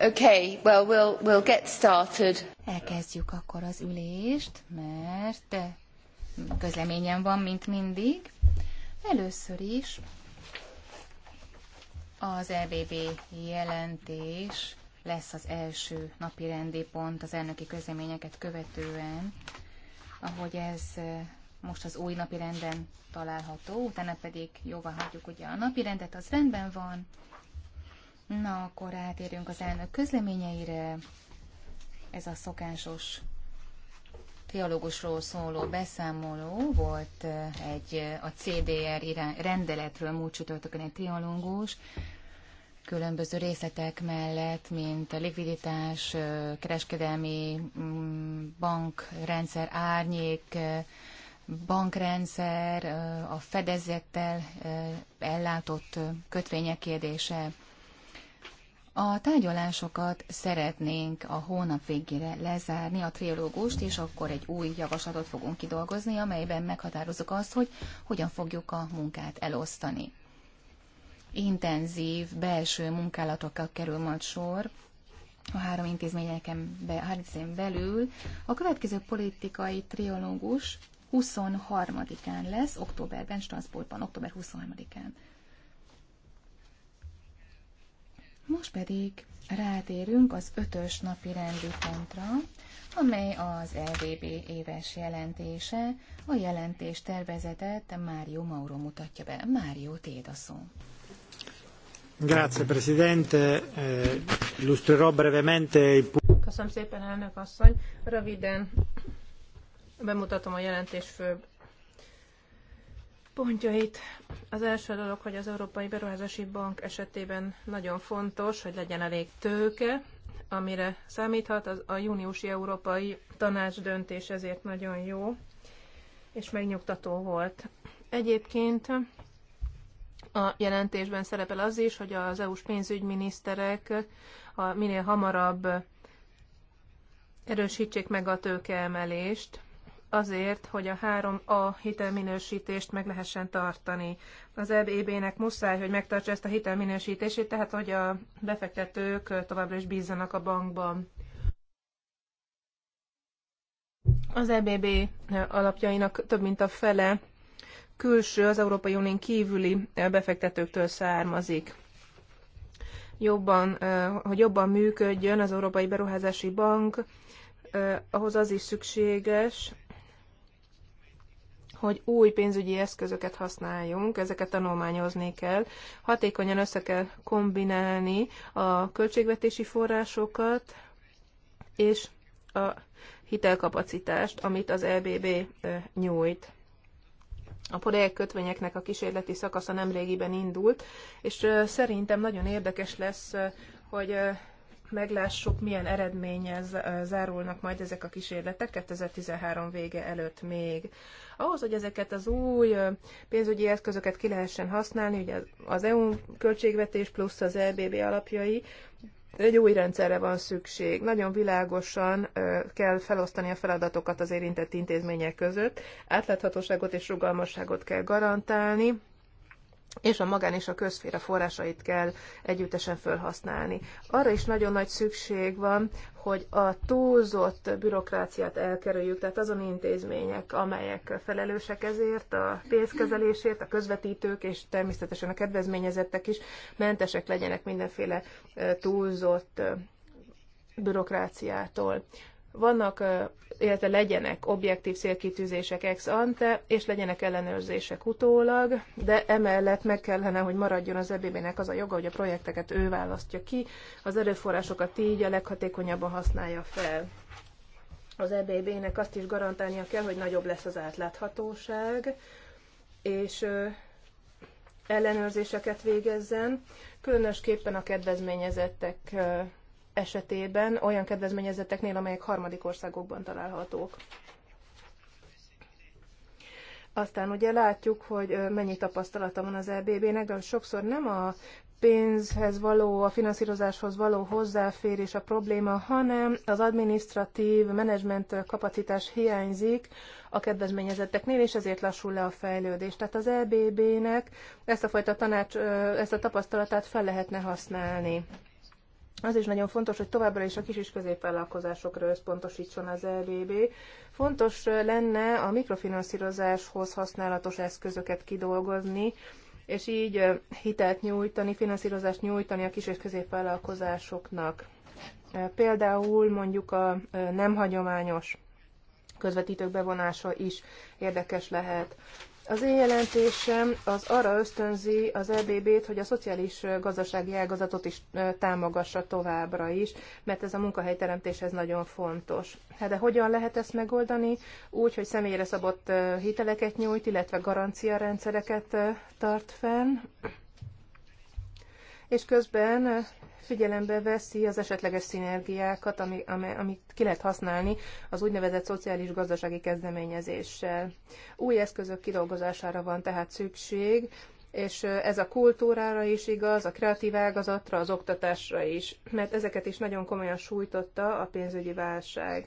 Okay, well, we'll, we'll get started. Elkezdjük akkor az ülést, mert közleményem van, mint mindig. Először is az EBB jelentés lesz az első napi rendi pont az elnöki közleményeket követően, ahogy ez eh, most az új napi renden található, utána pedig jóvá hagyjuk ugye a napi rendet, az rendben van, Na, akkor átérünk az elnök közleményeire. Ez a szokásos teológusról szóló beszámoló volt eh, egy eh, a CDR irány, rendeletről múlt csütörtökön egy teológus. különböző részletek mellett, mint a likviditás, eh, kereskedelmi mm, bankrendszer, árnyék, bankrendszer, a fedezettel ellátott kötvények kérdése, a tárgyalásokat szeretnénk a hónap végére lezárni, a triológust, és akkor egy új javaslatot fogunk kidolgozni, amelyben meghatározzuk azt, hogy hogyan fogjuk a munkát elosztani. Intenzív belső munkálatokkal kerül majd sor a három intézményeken be, három belül. A következő politikai triológus 23-án lesz, októberben, Strasbourgban, október 23-án. Most pedig rátérünk az ötös napi rendi pontra, amely az LVB éves jelentése, a jelentés tervezetet Mário Mauro mutatja be. Mário, Tédaszó. Grazie, Presidente. Eh, illustrerò brevemente il... Köszönöm szépen, elnök asszony. Röviden bemutatom a jelentés fő pontjait. Az első dolog, hogy az Európai Beruházási Bank esetében nagyon fontos, hogy legyen elég tőke, amire számíthat, az a júniusi Európai Tanács döntés ezért nagyon jó, és megnyugtató volt. Egyébként a jelentésben szerepel az is, hogy az EU-s pénzügyminiszterek a minél hamarabb erősítsék meg a tőkeemelést, azért, hogy a 3A hitelminősítést meg lehessen tartani. Az EBB-nek muszáj, hogy megtartsa ezt a hitelminősítését, tehát hogy a befektetők továbbra is bízzanak a bankban. Az EBB alapjainak több mint a fele külső, az Európai Unión kívüli befektetőktől származik jobban, hogy jobban működjön az Európai Beruházási Bank, ahhoz az is szükséges, hogy új pénzügyi eszközöket használjunk, ezeket tanulmányozni kell. Hatékonyan össze kell kombinálni a költségvetési forrásokat és a hitelkapacitást, amit az EBB nyújt. A projekt kötvényeknek a kísérleti szakasza nemrégiben indult, és szerintem nagyon érdekes lesz, hogy meglássuk, milyen eredményhez zárulnak majd ezek a kísérletek 2013 vége előtt még. Ahhoz, hogy ezeket az új pénzügyi eszközöket ki lehessen használni, ugye az EU költségvetés plusz az EBB alapjai, egy új rendszerre van szükség. Nagyon világosan kell felosztani a feladatokat az érintett intézmények között, átláthatóságot és rugalmasságot kell garantálni, és a magán és a közféra forrásait kell együttesen felhasználni. Arra is nagyon nagy szükség van, hogy a túlzott bürokráciát elkerüljük, tehát azon intézmények, amelyek felelősek ezért, a pénzkezelésért, a közvetítők és természetesen a kedvezményezettek is mentesek legyenek mindenféle eh, túlzott eh, bürokráciától vannak, illetve legyenek objektív célkitűzések ex ante, és legyenek ellenőrzések utólag, de emellett meg kellene, hogy maradjon az EBB-nek az a joga, hogy a projekteket ő választja ki, az erőforrásokat így a leghatékonyabban használja fel. Az EBB-nek azt is garantálnia kell, hogy nagyobb lesz az átláthatóság, és ellenőrzéseket végezzen, különösképpen a kedvezményezettek esetében olyan kedvezményezeteknél, amelyek harmadik országokban találhatók. Aztán ugye látjuk, hogy mennyi tapasztalata van az EBB-nek, de sokszor nem a pénzhez való, a finanszírozáshoz való hozzáférés a probléma, hanem az administratív menedzsment kapacitás hiányzik a kedvezményezetteknél, és ezért lassul le a fejlődés. Tehát az EBB-nek ezt a fajta tanács, ezt a tapasztalatát fel lehetne használni az is nagyon fontos, hogy továbbra is a kis és középvállalkozásokra összpontosítson az LVB. E fontos lenne a mikrofinanszírozáshoz használatos eszközöket kidolgozni, és így hitelt nyújtani, finanszírozást nyújtani a kis és középvállalkozásoknak. Például mondjuk a nem hagyományos közvetítők bevonása is érdekes lehet. Az én jelentésem az arra ösztönzi az EBB-t, hogy a szociális gazdasági ágazatot is támogassa továbbra is, mert ez a munkahelyteremtéshez nagyon fontos. Hát de hogyan lehet ezt megoldani? Úgy, hogy személyre szabott hiteleket nyújt, illetve garanciarendszereket tart fenn és közben figyelembe veszi az esetleges szinergiákat, ami, ami, amit ki lehet használni az úgynevezett szociális-gazdasági kezdeményezéssel. Új eszközök kidolgozására van tehát szükség, és ez a kultúrára is igaz, a kreatív ágazatra, az oktatásra is, mert ezeket is nagyon komolyan sújtotta a pénzügyi válság.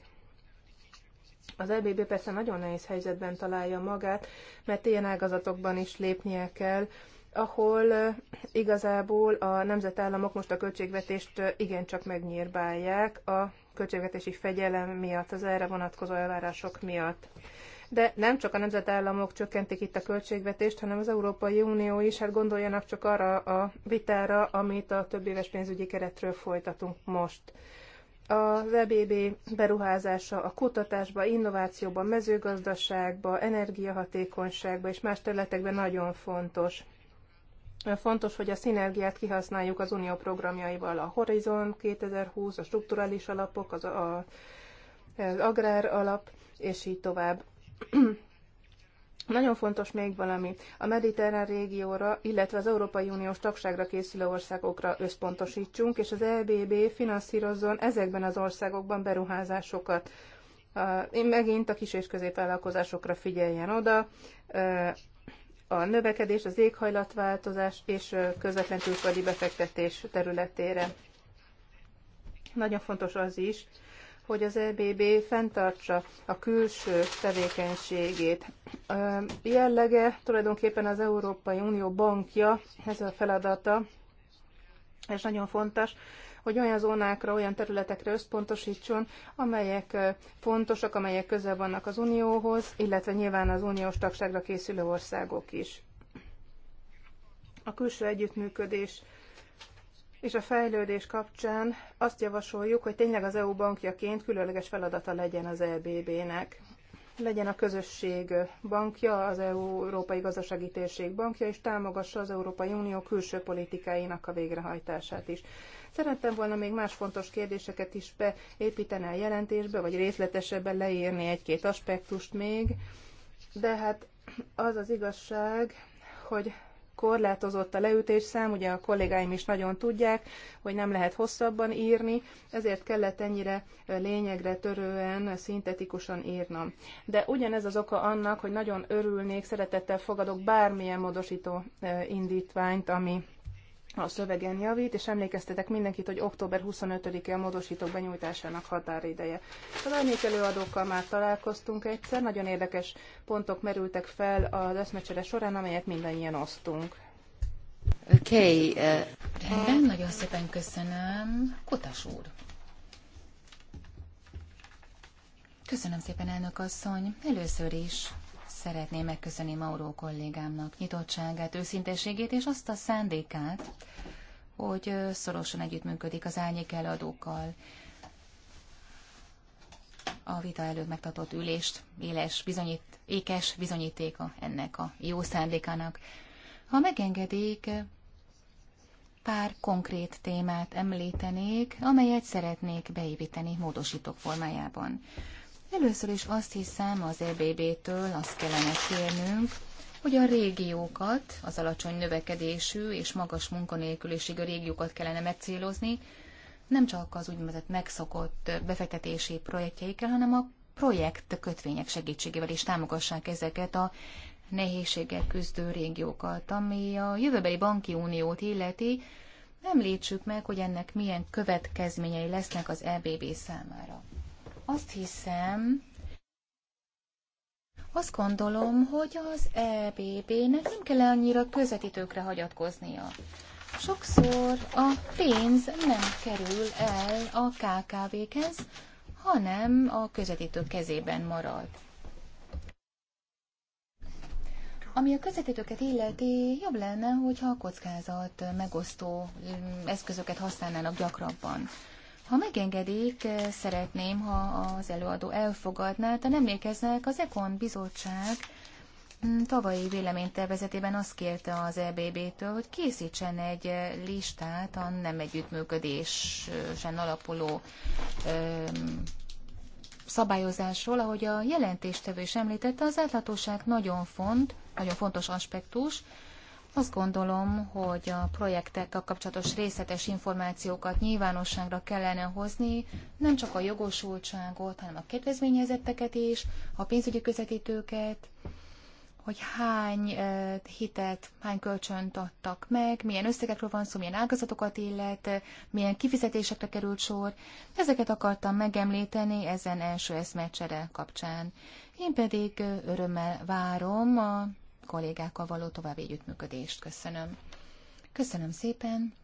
Az EBB persze nagyon nehéz helyzetben találja magát, mert ilyen ágazatokban is lépnie kell, ahol igazából a nemzetállamok most a költségvetést igencsak megnyírbálják a költségvetési fegyelem miatt, az erre vonatkozó elvárások miatt. De nem csak a nemzetállamok csökkentik itt a költségvetést, hanem az Európai Unió is, hát gondoljanak csak arra a vitára, amit a több éves pénzügyi keretről folytatunk most. Az EBB beruházása a kutatásba, innovációba, mezőgazdaságba, energiahatékonyságba és más területekben nagyon fontos. Fontos, hogy a szinergiát kihasználjuk az unió programjaival, a Horizon 2020, a strukturális alapok, az, a, az agrár alap, és így tovább. Nagyon fontos még valami. A mediterrán régióra, illetve az Európai Uniós tagságra készülő országokra összpontosítsunk, és az EBB finanszírozzon ezekben az országokban beruházásokat. Én megint a kis és középvállalkozásokra figyeljen oda, a növekedés, az éghajlatváltozás és közvetlen külföldi befektetés területére. Nagyon fontos az is, hogy az EBB fenntartsa a külső tevékenységét. Jellege tulajdonképpen az Európai Unió bankja, ez a feladata, és nagyon fontos, hogy olyan zónákra, olyan területekre összpontosítson, amelyek fontosak, amelyek közel vannak az Unióhoz, illetve nyilván az uniós tagságra készülő országok is. A külső együttműködés és a fejlődés kapcsán azt javasoljuk, hogy tényleg az EU bankjaként különleges feladata legyen az EBB-nek legyen a közösség bankja, az Európai Gazdasági Térség bankja, és támogassa az Európai Unió külső politikáinak a végrehajtását is. Szerettem volna még más fontos kérdéseket is beépíteni a jelentésbe, vagy részletesebben leírni egy-két aspektust még, de hát az az igazság, hogy korlátozott a leütés szám, ugye a kollégáim is nagyon tudják, hogy nem lehet hosszabban írni, ezért kellett ennyire lényegre törően, szintetikusan írnom. De ugyanez az oka annak, hogy nagyon örülnék, szeretettel fogadok bármilyen módosító eh, indítványt, ami a szövegen javít, és emlékeztetek mindenkit, hogy október 25-e a módosítók benyújtásának határideje. Az árnyék előadókkal már találkoztunk egyszer, nagyon érdekes pontok merültek fel az eszmecsere során, amelyet mindannyian osztunk. Oké, okay, uh... rendben, nagyon szépen köszönöm. Kutas úr. Köszönöm szépen, elnök asszony. Először is Szeretném megköszönni Mauró kollégámnak nyitottságát, őszinteségét és azt a szándékát, hogy szorosan együttműködik az árnyék előadókkal. A vita előtt megtartott ülést éles bizonyít, ékes bizonyítéka ennek a jó szándékának. Ha megengedik, pár konkrét témát említenék, amelyet szeretnék beépíteni módosítók formájában. Először is azt hiszem az EBB-től azt kellene kérnünk, hogy a régiókat, az alacsony növekedésű és magas munkanélküliségű régiókat kellene megcélozni, nem csak az úgynevezett megszokott befektetési projektjeikkel, hanem a projekt kötvények segítségével is támogassák ezeket a nehézségek küzdő régiókat, ami a jövőbeli banki uniót illeti, említsük meg, hogy ennek milyen következményei lesznek az EBB számára. Azt hiszem, azt gondolom, hogy az EBB-nek nem kell annyira közvetítőkre hagyatkoznia. Sokszor a pénz nem kerül el a KKV-khez, hanem a közvetítők kezében marad. Ami a közvetítőket illeti, jobb lenne, hogyha a kockázat megosztó mm, eszközöket használnának gyakrabban. Ha megengedik, szeretném, ha az előadó elfogadná, de nem érkeznek az Ekon bizottság mm, tavalyi véleménytervezetében azt kérte az EBB-től, hogy készítsen egy listát a nem együttműködésen alapuló szabályozásról, ahogy a jelentéstevő is említette, az átlatóság nagyon font, nagyon fontos aspektus, azt gondolom, hogy a projektekkel kapcsolatos részletes információkat nyilvánosságra kellene hozni, nem csak a jogosultságot, hanem a kedvezményezetteket is, a pénzügyi közvetítőket, hogy hány hitet, hány kölcsönt adtak meg, milyen összegekről van szó, milyen ágazatokat illet, milyen kifizetésekre került sor. Ezeket akartam megemlíteni ezen első eszmecsere kapcsán. Én pedig örömmel várom a kollégákkal való további együttműködést. Köszönöm. Köszönöm szépen.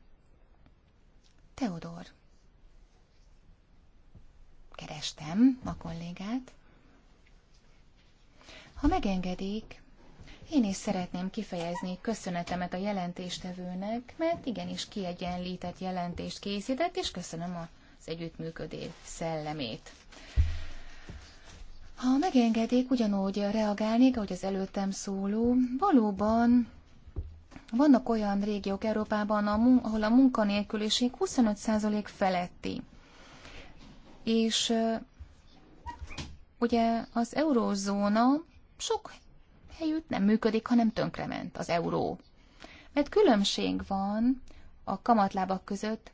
Teodor. Kerestem a kollégát. Ha megengedik, én is szeretném kifejezni köszönetemet a jelentéstevőnek, mert igenis kiegyenlített jelentést készített, és köszönöm az együttműködés szellemét. Ha megengedik, ugyanúgy reagálnék, ahogy az előttem szóló. Valóban vannak olyan régiók Európában, ahol a munkanélküliség 25% feletti. És ugye az eurózóna sok helyütt nem működik, hanem tönkrement az euró. Mert különbség van a kamatlábak között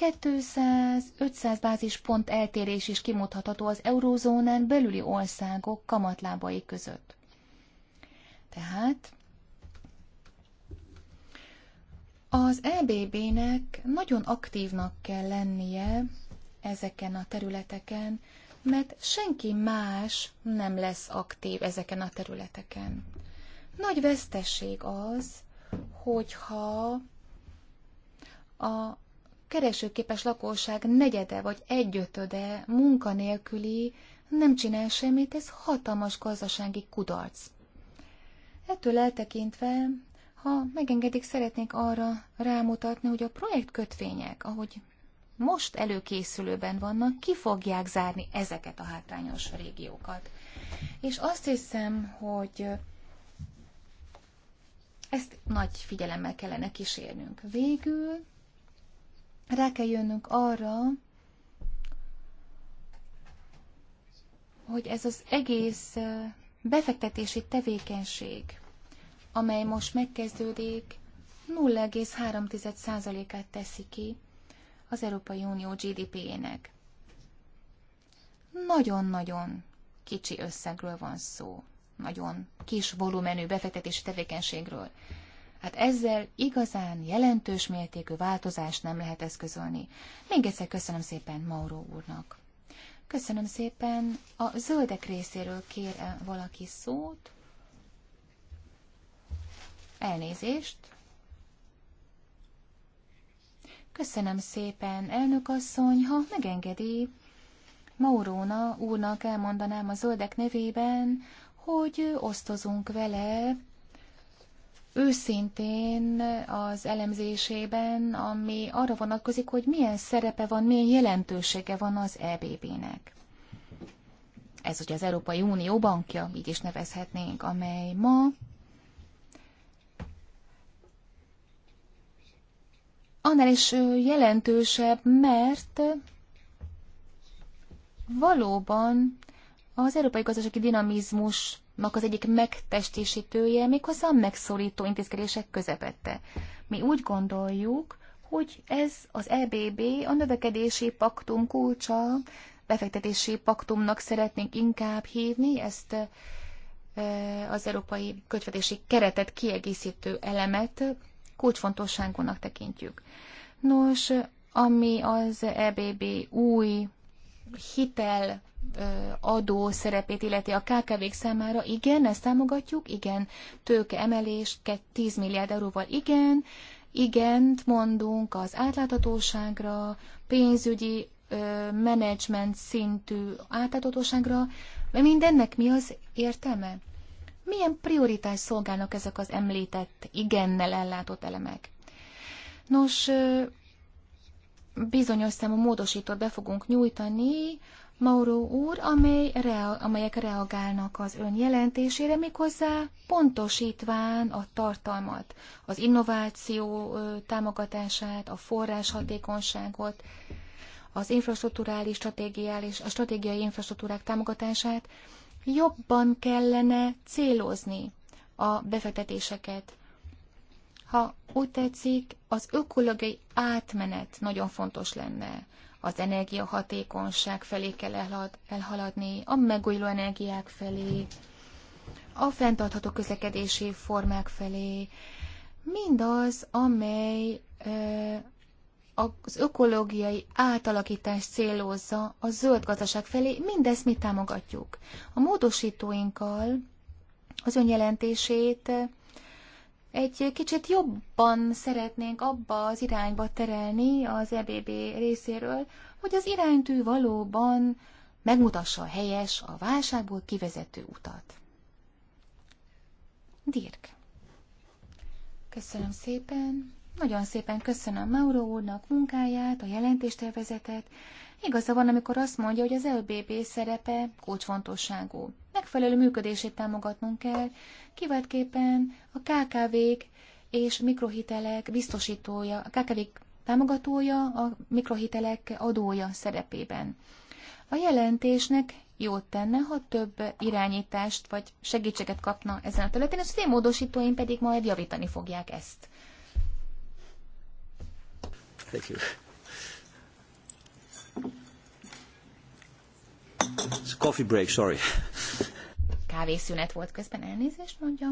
200-500 bázispont eltérés is kimutatható az eurózónán belüli országok kamatlábai között. Tehát az EBB-nek nagyon aktívnak kell lennie ezeken a területeken, mert senki más nem lesz aktív ezeken a területeken. Nagy veszteség az, hogyha a keresőképes lakosság negyede vagy egyötöde munkanélküli, nem csinál semmit, ez hatalmas gazdasági kudarc. Ettől eltekintve, ha megengedik, szeretnék arra rámutatni, hogy a projektkötvények, ahogy most előkészülőben vannak, ki fogják zárni ezeket a hátrányos régiókat. És azt hiszem, hogy ezt nagy figyelemmel kellene kísérnünk. Végül rá kell jönnünk arra, hogy ez az egész befektetési tevékenység, amely most megkezdődik, 0,3%-át teszi ki az Európai Unió GDP-ének. Nagyon-nagyon kicsi összegről van szó, nagyon kis volumenű befektetési tevékenységről. Hát ezzel igazán jelentős mértékű változást nem lehet eszközölni. Még egyszer köszönöm szépen Mauro úrnak. Köszönöm szépen. A zöldek részéről kér -e valaki szót? Elnézést. Köszönöm szépen, elnök asszony, ha megengedi. Mauróna úrnak elmondanám a zöldek nevében, hogy osztozunk vele őszintén az elemzésében, ami arra vonatkozik, hogy milyen szerepe van, milyen jelentősége van az EBB-nek. Ez ugye az Európai Unió bankja, így is nevezhetnénk, amely ma annál is jelentősebb, mert valóban az európai gazdasági dinamizmus az egyik megtestésítője, méghozzá a megszorító intézkedések közepette. Mi úgy gondoljuk, hogy ez az EBB a növekedési paktum kulcsa, befektetési paktumnak szeretnénk inkább hívni, ezt e, az európai kötvetési keretet kiegészítő elemet kulcsfontosságúnak tekintjük. Nos, ami az EBB új hitel adó szerepét illeti a KKV-k számára, igen, ezt támogatjuk, igen, tőke emelés 10 milliárd euróval, igen, igent mondunk az átláthatóságra, pénzügyi menedzsment szintű átláthatóságra, mert mindennek mi az értelme? Milyen prioritás szolgálnak ezek az említett igennel ellátott elemek? Nos, bizonyos számú módosítót be fogunk nyújtani, Mauro úr, amely rea, amelyek reagálnak az ön jelentésére, méghozzá pontosítván a tartalmat, az innováció támogatását, a forrás hatékonyságot, az infrastruktúrális és a stratégiai infrastruktúrák támogatását jobban kellene célozni a befektetéseket. Ha úgy tetszik, az ökológiai átmenet nagyon fontos lenne. Az energiahatékonyság felé kell elhalad, elhaladni, a megújuló energiák felé, a fenntartható közlekedési formák felé, mindaz, amely az ökológiai átalakítás célozza a zöld gazdaság felé, mindezt mi támogatjuk. A módosítóinkkal az önjelentését egy kicsit jobban szeretnénk abba az irányba terelni az EBB részéről, hogy az iránytű valóban megmutassa a helyes, a válságból kivezető utat. Dirk. Köszönöm szépen. Nagyon szépen köszönöm Mauro úrnak munkáját, a jelentéstervezetet. Igaza van, amikor azt mondja, hogy az LBB szerepe kulcsfontosságú. Megfelelő működését támogatnunk kell, kiváltképpen a KKV-k és mikrohitelek biztosítója, a kkv támogatója, a mikrohitelek adója szerepében. A jelentésnek jót tenne, ha több irányítást vagy segítséget kapna ezen a területen, és az én módosítóim pedig majd javítani fogják ezt. Thank you. Coffee break, sorry. Kávészünet volt közben, elnézést mondja.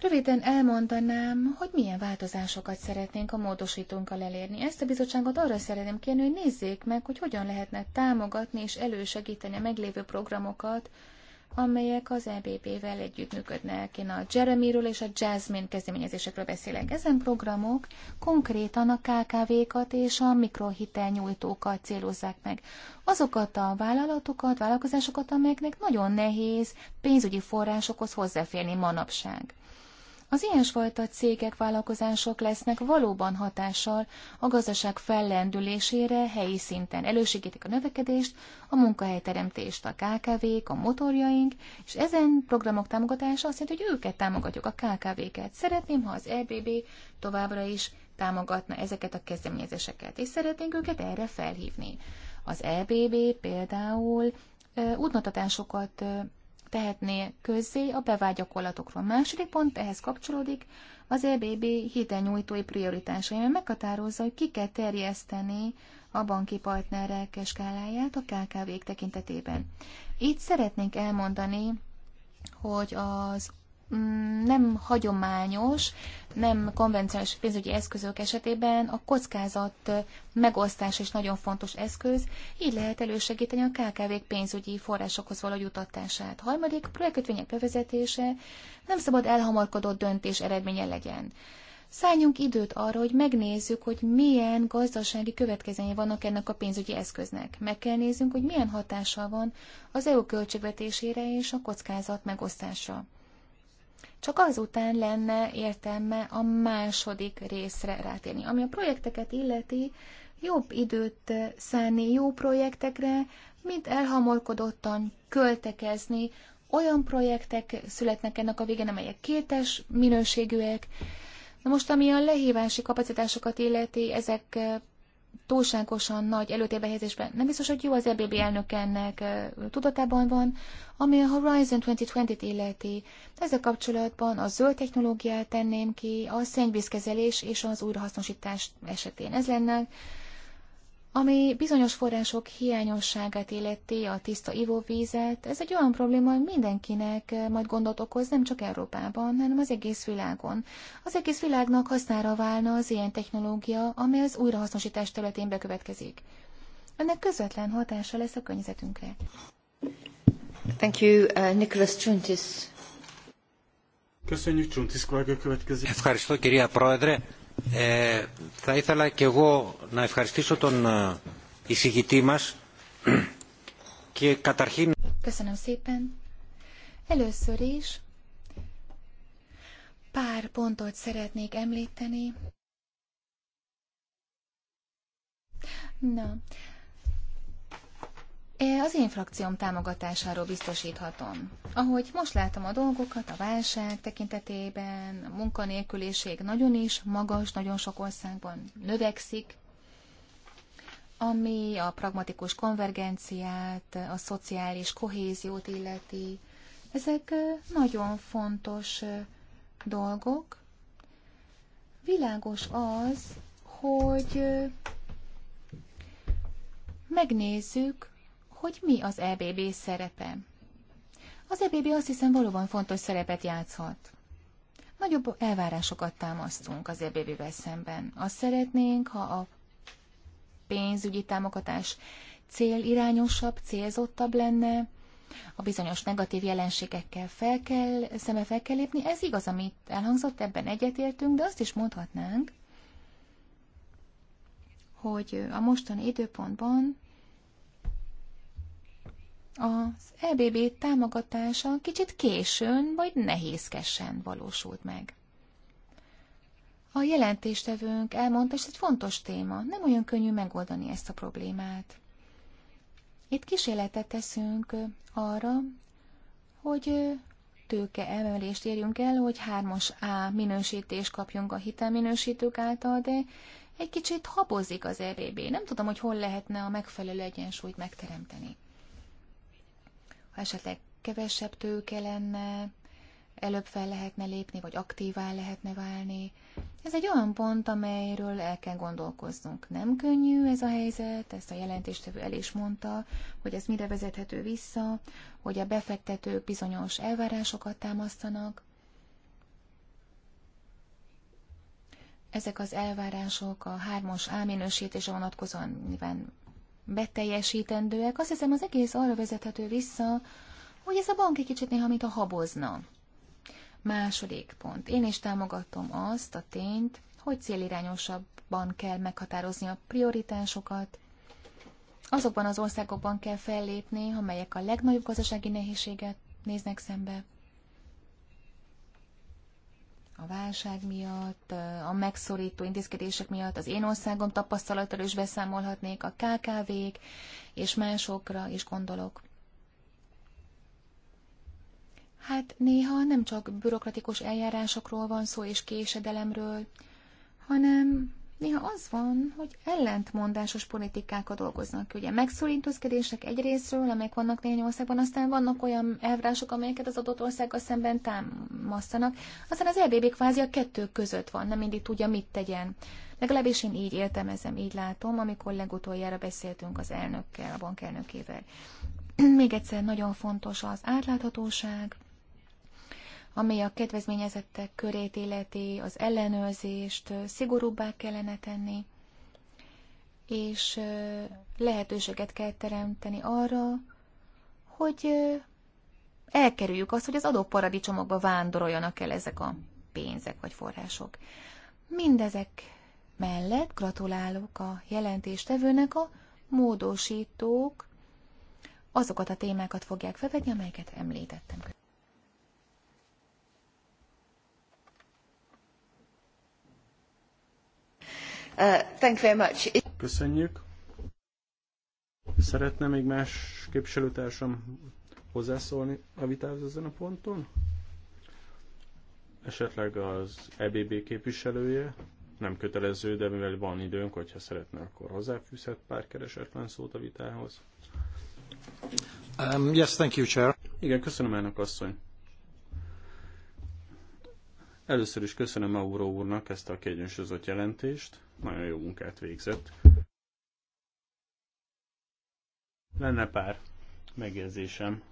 Röviden elmondanám, hogy milyen változásokat szeretnénk a módosítónkkal elérni. Ezt a bizottságot arra szeretném kérni, hogy nézzék meg, hogy hogyan lehetne támogatni és elősegíteni a meglévő programokat, amelyek az EBB-vel együttműködnek. Én a Jeremyről és a Jasmine kezdeményezésekről beszélek. Ezen programok konkrétan a KKV-kat és a mikrohitel nyújtókat célozzák meg. Azokat a vállalatokat, vállalkozásokat, amelyeknek nagyon nehéz pénzügyi forrásokhoz hozzáférni manapság. Az ilyesfajta cégek, vállalkozások lesznek valóban hatással a gazdaság fellendülésére helyi szinten. Elősegítik a növekedést, a munkahelyteremtést, a KKV-k, a motorjaink, és ezen programok támogatása azt jelenti, hogy őket támogatjuk, a KKV-ket. Szeretném, ha az EBB továbbra is támogatna ezeket a kezdeményezéseket, és szeretnénk őket erre felhívni. Az EBB például útmutatásokat tehetné közzé a bevágyakorlatokról. Második pont ehhez kapcsolódik az EBB hitelnyújtói prioritásai, mert meghatározza, hogy ki kell terjeszteni a banki partnerek skáláját a KKV-k tekintetében. Itt szeretnénk elmondani, hogy az Mm, nem hagyományos, nem konvencionális pénzügyi eszközök esetében a kockázat megosztás is nagyon fontos eszköz, így lehet elősegíteni a KKV-k pénzügyi forrásokhoz való jutatását. Harmadik, projektkötvények bevezetése nem szabad elhamarkodott döntés eredménye legyen. Szálljunk időt arra, hogy megnézzük, hogy milyen gazdasági következménye vannak ennek a pénzügyi eszköznek. Meg kell néznünk, hogy milyen hatással van az EU költségvetésére és a kockázat megosztásra csak azután lenne értelme a második részre rátérni. Ami a projekteket illeti, jobb időt szánni jó projektekre, mint elhamolkodottan költekezni. Olyan projektek születnek ennek a végén, amelyek kétes minőségűek. Na most, ami a lehívási kapacitásokat illeti, ezek túlságosan nagy előtérbe helyezésben. Nem biztos, hogy jó az EBB elnök ennek tudatában van, ami a Horizon 2020-t illeti. Ezzel kapcsolatban a zöld technológiát tenném ki, a szennyvízkezelés és az újrahasznosítás esetén. Ez lenne ami bizonyos források hiányosságát illeti, a tiszta ivóvízet, ez egy olyan probléma, hogy mindenkinek eh, majd gondot okoz, nem csak Európában, hanem az egész világon. Az egész világnak hasznára válna az ilyen technológia, amely az újrahasznosítás területén bekövetkezik. Ennek közvetlen hatása lesz a környezetünkre. Thank you, uh, Nicholas Csuntis. Köszönjük, Csuntis kollega következik. Köszönjük, Ε, θα ήθελα και εγώ να ευχαριστήσω τον εισηγητή μας και καταρχήν... Köszönöm szépen. Először is pár pontot szeretnék említeni. Na, E, az én frakcióm támogatásáról biztosíthatom. Ahogy most látom a dolgokat, a válság tekintetében, a munkanélküliség nagyon is magas, nagyon sok országban növekszik, ami a pragmatikus konvergenciát, a szociális kohéziót illeti. Ezek e, nagyon fontos e, dolgok. Világos az, hogy megnézzük, hogy mi az EBB szerepe. Az EBB azt hiszem valóban fontos szerepet játszhat. Nagyobb elvárásokat támasztunk az EBB-vel szemben. Azt szeretnénk, ha a pénzügyi támogatás célirányosabb, célzottabb lenne, a bizonyos negatív jelenségekkel fel kell, szeme fel kell lépni. Ez igaz, amit elhangzott, ebben egyetértünk, de azt is mondhatnánk, hogy a mostani időpontban az EBB támogatása kicsit későn vagy nehézkesen valósult meg. A jelentéstevőnk elmondta, hogy ez egy fontos téma, nem olyan könnyű megoldani ezt a problémát. Itt kísérletet teszünk arra, hogy tőke emelést érjünk el, hogy hármas A minősítést kapjunk a hitelminősítők által, de egy kicsit habozik az EBB. Nem tudom, hogy hol lehetne a megfelelő egyensúlyt megteremteni ha esetleg kevesebb tőke lenne, előbb fel lehetne lépni, vagy aktívá lehetne válni. Ez egy olyan pont, amelyről el kell gondolkoznunk. Nem könnyű ez a helyzet, ezt a jelentéstevő el is mondta, hogy ez mire vezethető vissza, hogy a befektetők bizonyos elvárásokat támasztanak. Ezek az elvárások a hármas A minősítése vonatkozóan nyilván beteljesítendőek. Azt hiszem az egész arra vezethető vissza, hogy ez a bank egy kicsit néha, mint a habozna. Második pont. Én is támogatom azt a tényt, hogy célirányosabban kell meghatározni a prioritásokat, azokban az országokban kell fellépni, amelyek a legnagyobb gazdasági nehézséget néznek szembe a válság miatt, a megszorító intézkedések miatt, az én országom tapasztalatról is beszámolhatnék, a KKV-k és másokra is gondolok. Hát néha nem csak bürokratikus eljárásokról van szó és késedelemről, hanem néha az van, hogy ellentmondásos politikákat dolgoznak. Ugye megszólintózkedések egyrésztről, amelyek vannak néhány országban, aztán vannak olyan elvrások, amelyeket az adott országgal szemben támasztanak. Aztán az LBB kvázi a kettő között van, nem mindig tudja, mit tegyen. Legalábbis én így értelmezem, így látom, amikor legutoljára beszéltünk az elnökkel, a bankelnökével. Még egyszer nagyon fontos az átláthatóság, Amely a kedvezményezettek körét illeti, az ellenőrzést szigorúbbá kellene tenni, és lehetőséget kell teremteni arra, hogy elkerüljük azt, hogy az adóparadicsomokba vándoroljanak el ezek a pénzek vagy források. Mindezek mellett gratulálok a jelentéstevőnek a módosítók, azokat a témákat fogják felvetni, amelyeket említettem. Uh, thank very much. Köszönjük. Szeretne még más képviselőtársam hozzászólni a vitához ezen a ponton? Esetleg az EBB képviselője, nem kötelező, de mivel van időnk, hogyha szeretne, akkor hozzáfűzhet pár keresetlen szót a vitához. Um, yes, thank you, Chair. Igen, köszönöm elnök asszony. Először is köszönöm Auró úrnak ezt a kiegyensúlyozott jelentést nagyon jó munkát végzett. Lenne pár megjegyzésem.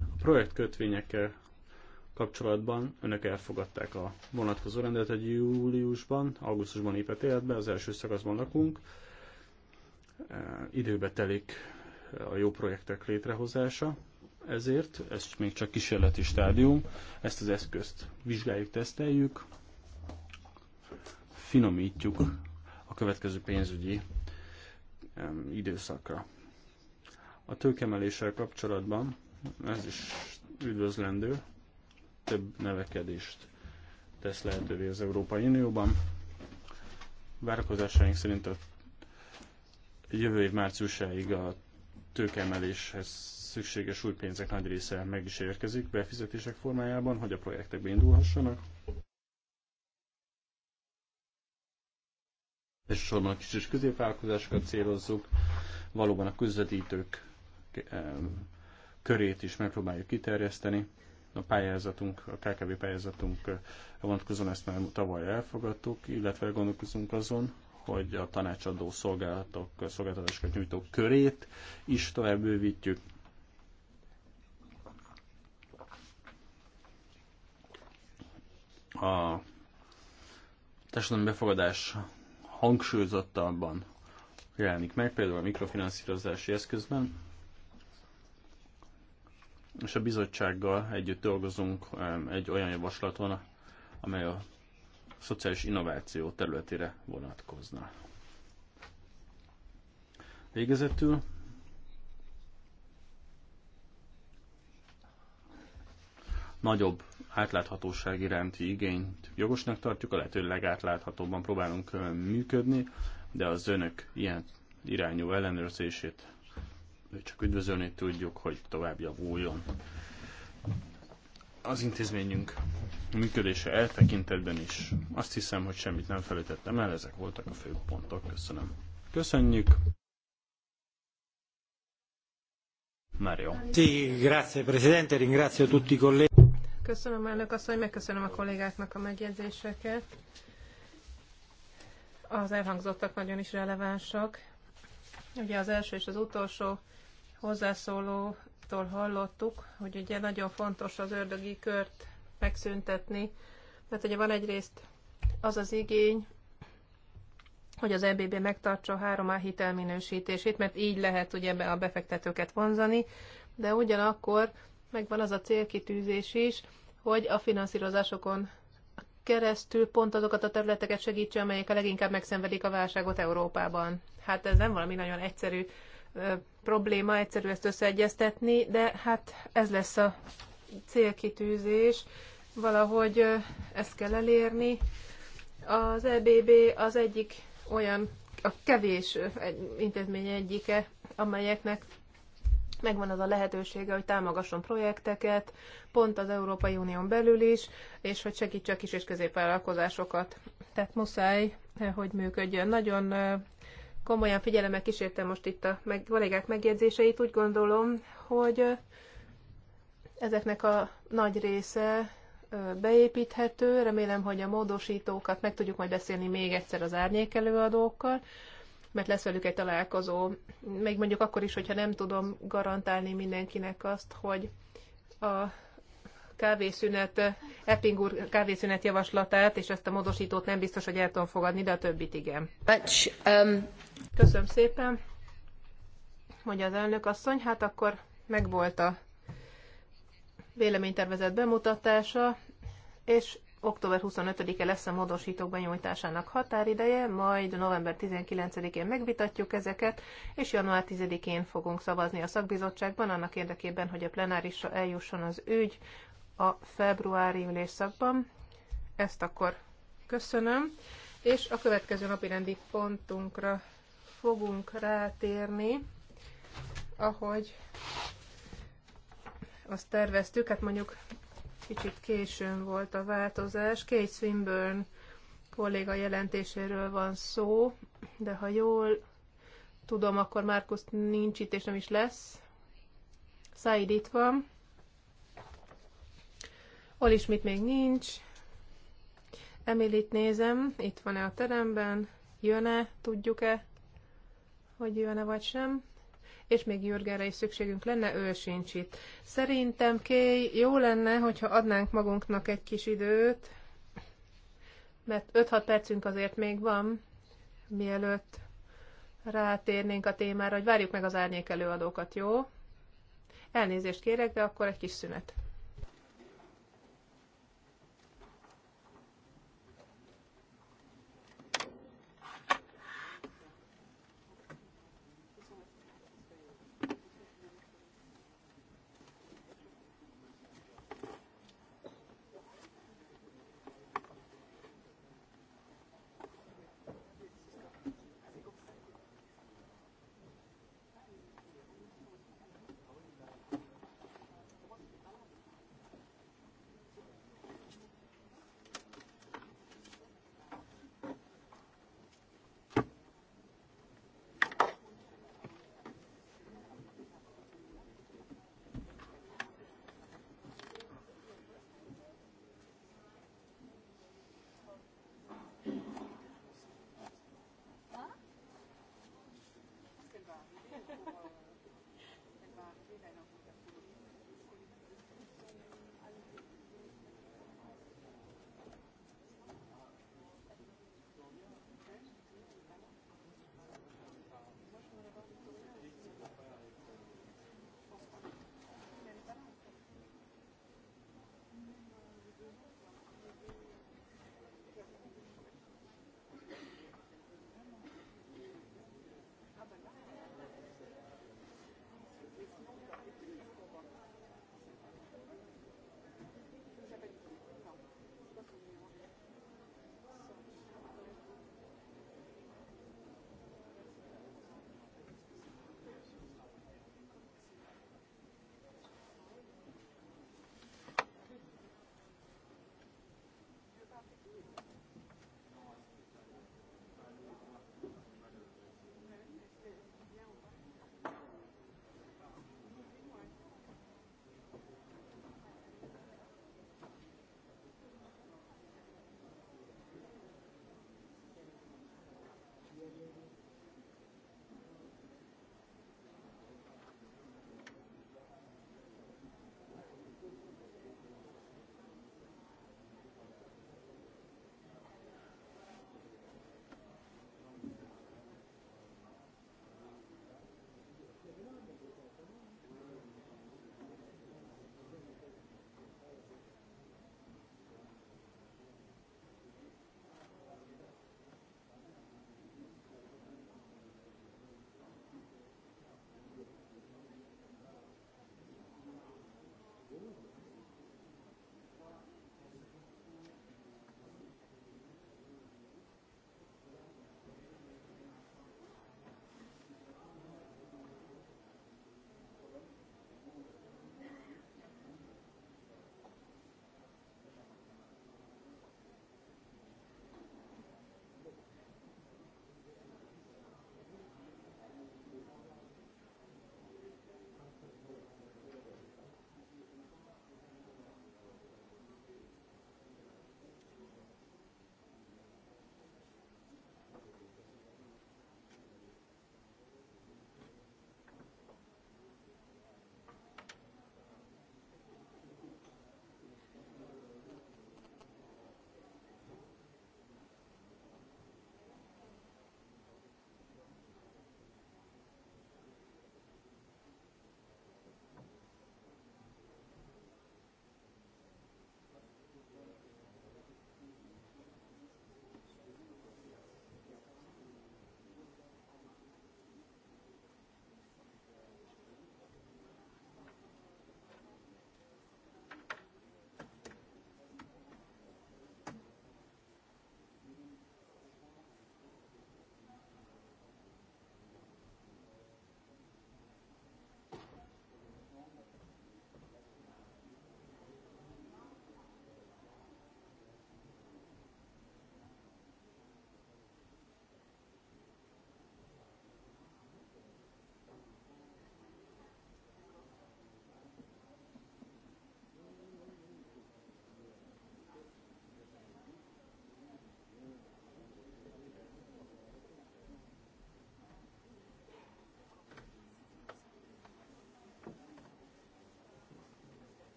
A projektkötvényekkel kapcsolatban önök elfogadták a vonatkozó rendet egy júliusban, augusztusban lépett életbe, az első szakaszban lakunk. Időbe telik a jó projektek létrehozása ezért, ez még csak kísérleti stádium, ezt az eszközt vizsgáljuk, teszteljük, finomítjuk a következő pénzügyi időszakra. A tőkemeléssel kapcsolatban ez is üdvözlendő, több nevekedést tesz lehetővé az Európai Unióban. Várakozásaink szerint a jövő év márciusáig a tőkemeléshez szükséges új pénzek nagy része meg is érkezik befizetések formájában, hogy a projektek beindulhassanak. Elsősorban a kis és középvállalkozásokat célozzuk, valóban a közvetítők eh, körét is megpróbáljuk kiterjeszteni. A pályázatunk, a KKV pályázatunk eh, vonatkozóan ezt már tavaly elfogadtuk, illetve gondolkozunk azon, hogy a tanácsadó szolgálatok, szolgáltatásokat nyújtók körét is tovább bővítjük, a társadalmi befogadás hangsúlyozottabban jelenik meg, például a mikrofinanszírozási eszközben, és a bizottsággal együtt dolgozunk egy olyan javaslaton, amely a szociális innováció területére vonatkozna. Végezetül nagyobb átláthatóság iránti igényt jogosnak tartjuk, a lehető legátláthatóban próbálunk működni, de az önök ilyen irányú ellenőrzését csak üdvözölni tudjuk, hogy tovább javuljon. Az intézményünk működése eltekintetben is azt hiszem, hogy semmit nem felejtettem el, ezek voltak a fő pontok. Köszönöm. Köszönjük! Mario. Sì, grazie Presidente, ringrazio tutti i colleghi. Köszönöm elnök asszony, megköszönöm a kollégáknak a megjegyzéseket. Az elhangzottak nagyon is relevánsak. Ugye az első és az utolsó hozzászólótól hallottuk, hogy ugye nagyon fontos az ördögi kört megszüntetni, mert hát ugye van egyrészt az az igény, hogy az EBB megtartsa a 3A hitelminősítését, mert így lehet ugye be a befektetőket vonzani, de ugyanakkor megvan az a célkitűzés is, hogy a finanszírozásokon keresztül pont azokat a területeket segítse, amelyek a leginkább megszenvedik a válságot Európában. Hát ez nem valami nagyon egyszerű ö, probléma, egyszerű ezt összeegyeztetni, de hát ez lesz a célkitűzés, valahogy ö, ezt kell elérni. Az EBB az egyik olyan, a kevés intézmény egyike, amelyeknek megvan az a lehetősége, hogy támogasson projekteket, pont az Európai Unión belül is, és hogy segítse a kis és középvállalkozásokat. Tehát muszáj, eh, hogy működjön. Nagyon eh, komolyan figyelemmel kísértem most itt a meg, kollégák megjegyzéseit. Úgy gondolom, hogy eh, ezeknek a nagy része beépíthető. Remélem, hogy a módosítókat meg tudjuk majd beszélni még egyszer az árnyék előadókkal, mert lesz velük egy találkozó. Még mondjuk akkor is, hogyha nem tudom garantálni mindenkinek azt, hogy a kávészünet, Epping úr kávészünet javaslatát, és ezt a módosítót nem biztos, hogy el tudom fogadni, de a többit igen. Um, Köszönöm szépen, mondja az elnök asszony, hát akkor megvolt a véleménytervezet bemutatása, és október 25-e lesz a módosítók benyújtásának határideje, majd november 19-én megvitatjuk ezeket, és január 10-én fogunk szavazni a szakbizottságban, annak érdekében, hogy a plenárisra eljusson az ügy a februári ülésszakban. Ezt akkor köszönöm, és a következő napi rendi pontunkra fogunk rátérni, ahogy azt terveztük, hát mondjuk kicsit későn volt a változás. Kate Swinburne kolléga jelentéséről van szó, de ha jól tudom, akkor Márkusz nincs itt, és nem is lesz. Said itt van. Oli Schmidt még nincs. Emilit nézem, itt van-e a teremben? Jön-e? Tudjuk-e, hogy jön-e vagy sem? és még Jürgenre is szükségünk lenne, ő sincs itt. Szerintem, Kay, jó lenne, hogyha adnánk magunknak egy kis időt, mert 5-6 percünk azért még van, mielőtt rátérnénk a témára, hogy várjuk meg az árnyék előadókat, jó? Elnézést kérek, de akkor egy kis szünet.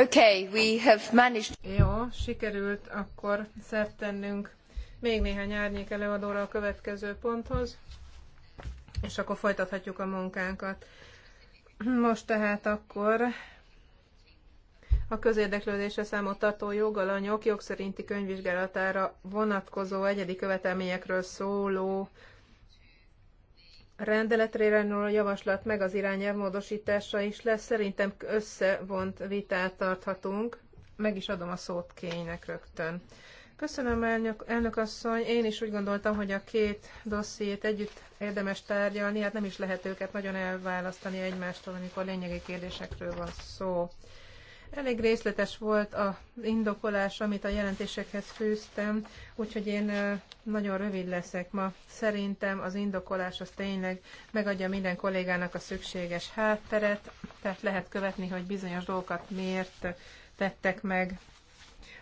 Okay, we have managed... Jó, sikerült akkor szert tennünk még néhány árnyék előadóra a következő ponthoz, és akkor folytathatjuk a munkánkat. Most tehát akkor a közérdeklődésre számot tartó jogalanyok jogszerinti könyvvizsgálatára vonatkozó egyedi követelményekről szóló rendeletre irányuló javaslat meg az irányelv módosítása is lesz. Szerintem összevont vitát tarthatunk. Meg is adom a szót kénynek rögtön. Köszönöm, elnök, elnök asszony. Én is úgy gondoltam, hogy a két dossziét együtt érdemes tárgyalni, hát nem is lehet őket nagyon elválasztani egymástól, amikor lényegi kérdésekről van szó. Elég részletes volt a indokolás, amit a jelentésekhez fűztem, úgyhogy én nagyon rövid leszek ma. Szerintem az indokolás az tényleg megadja minden kollégának a szükséges hátteret, tehát lehet követni, hogy bizonyos dolgokat miért tettek meg.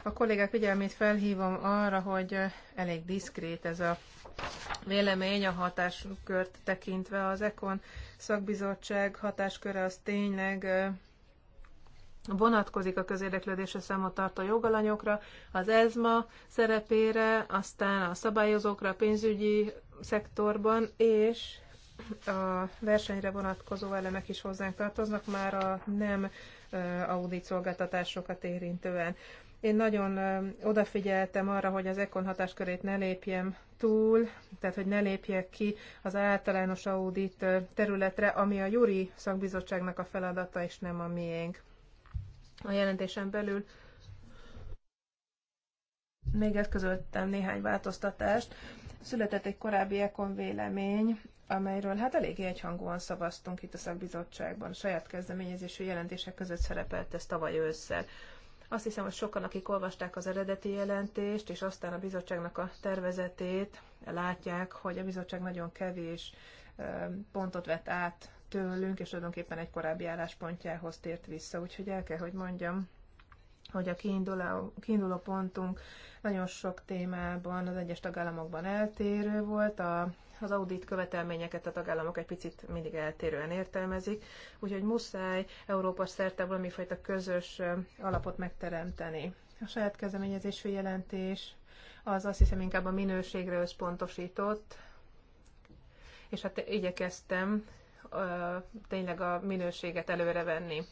A kollégák figyelmét felhívom arra, hogy elég diszkrét ez a vélemény a hatáskört tekintve. Az EKON szakbizottság hatásköre az tényleg vonatkozik a közérdeklődésre számot tartó jogalanyokra, az ESMA szerepére, aztán a szabályozókra a pénzügyi szektorban, és a versenyre vonatkozó elemek is hozzánk tartoznak, már a nem audit szolgáltatásokat érintően. Én nagyon odafigyeltem arra, hogy az ekon hatáskörét ne lépjem túl, tehát hogy ne lépjek ki az általános audit területre, ami a Juri szakbizottságnak a feladata, és nem a miénk a jelentésen belül még eszközöltem néhány változtatást. Született egy korábbi ekon vélemény, amelyről hát eléggé egyhangúan szavaztunk itt a szakbizottságban. A saját kezdeményezésű jelentések között szerepelt ez tavaly ősszel. Azt hiszem, hogy sokan, akik olvasták az eredeti jelentést, és aztán a bizottságnak a tervezetét, látják, hogy a bizottság nagyon kevés pontot vett át tőlünk, és tulajdonképpen egy korábbi álláspontjához tért vissza. Úgyhogy el kell, hogy mondjam, hogy a kiinduló, kiinduló pontunk nagyon sok témában az egyes tagállamokban eltérő volt, a, az audit követelményeket a tagállamok egy picit mindig eltérően értelmezik, úgyhogy muszáj Európa szerte valamifajta közös alapot megteremteni. A saját kezdeményezésű jelentés az azt hiszem inkább a minőségre összpontosított, és hát igyekeztem tényleg a minőséget előrevenni.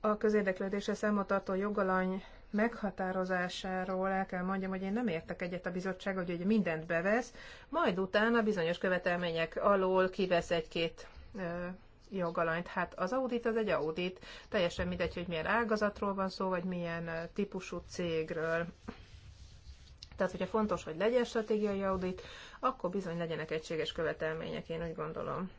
A közérdeklődésre számotartó jogalany meghatározásáról el kell mondjam, hogy én nem értek egyet a bizottság, hogy ugye mindent bevesz, majd utána bizonyos követelmények alól kivesz egy-két jogalanyt. Hát az audit az egy audit, teljesen mindegy, hogy milyen ágazatról van szó, vagy milyen típusú cégről. Tehát, hogyha fontos, hogy legyen stratégiai audit, akkor bizony legyenek egységes követelmények, én úgy gondolom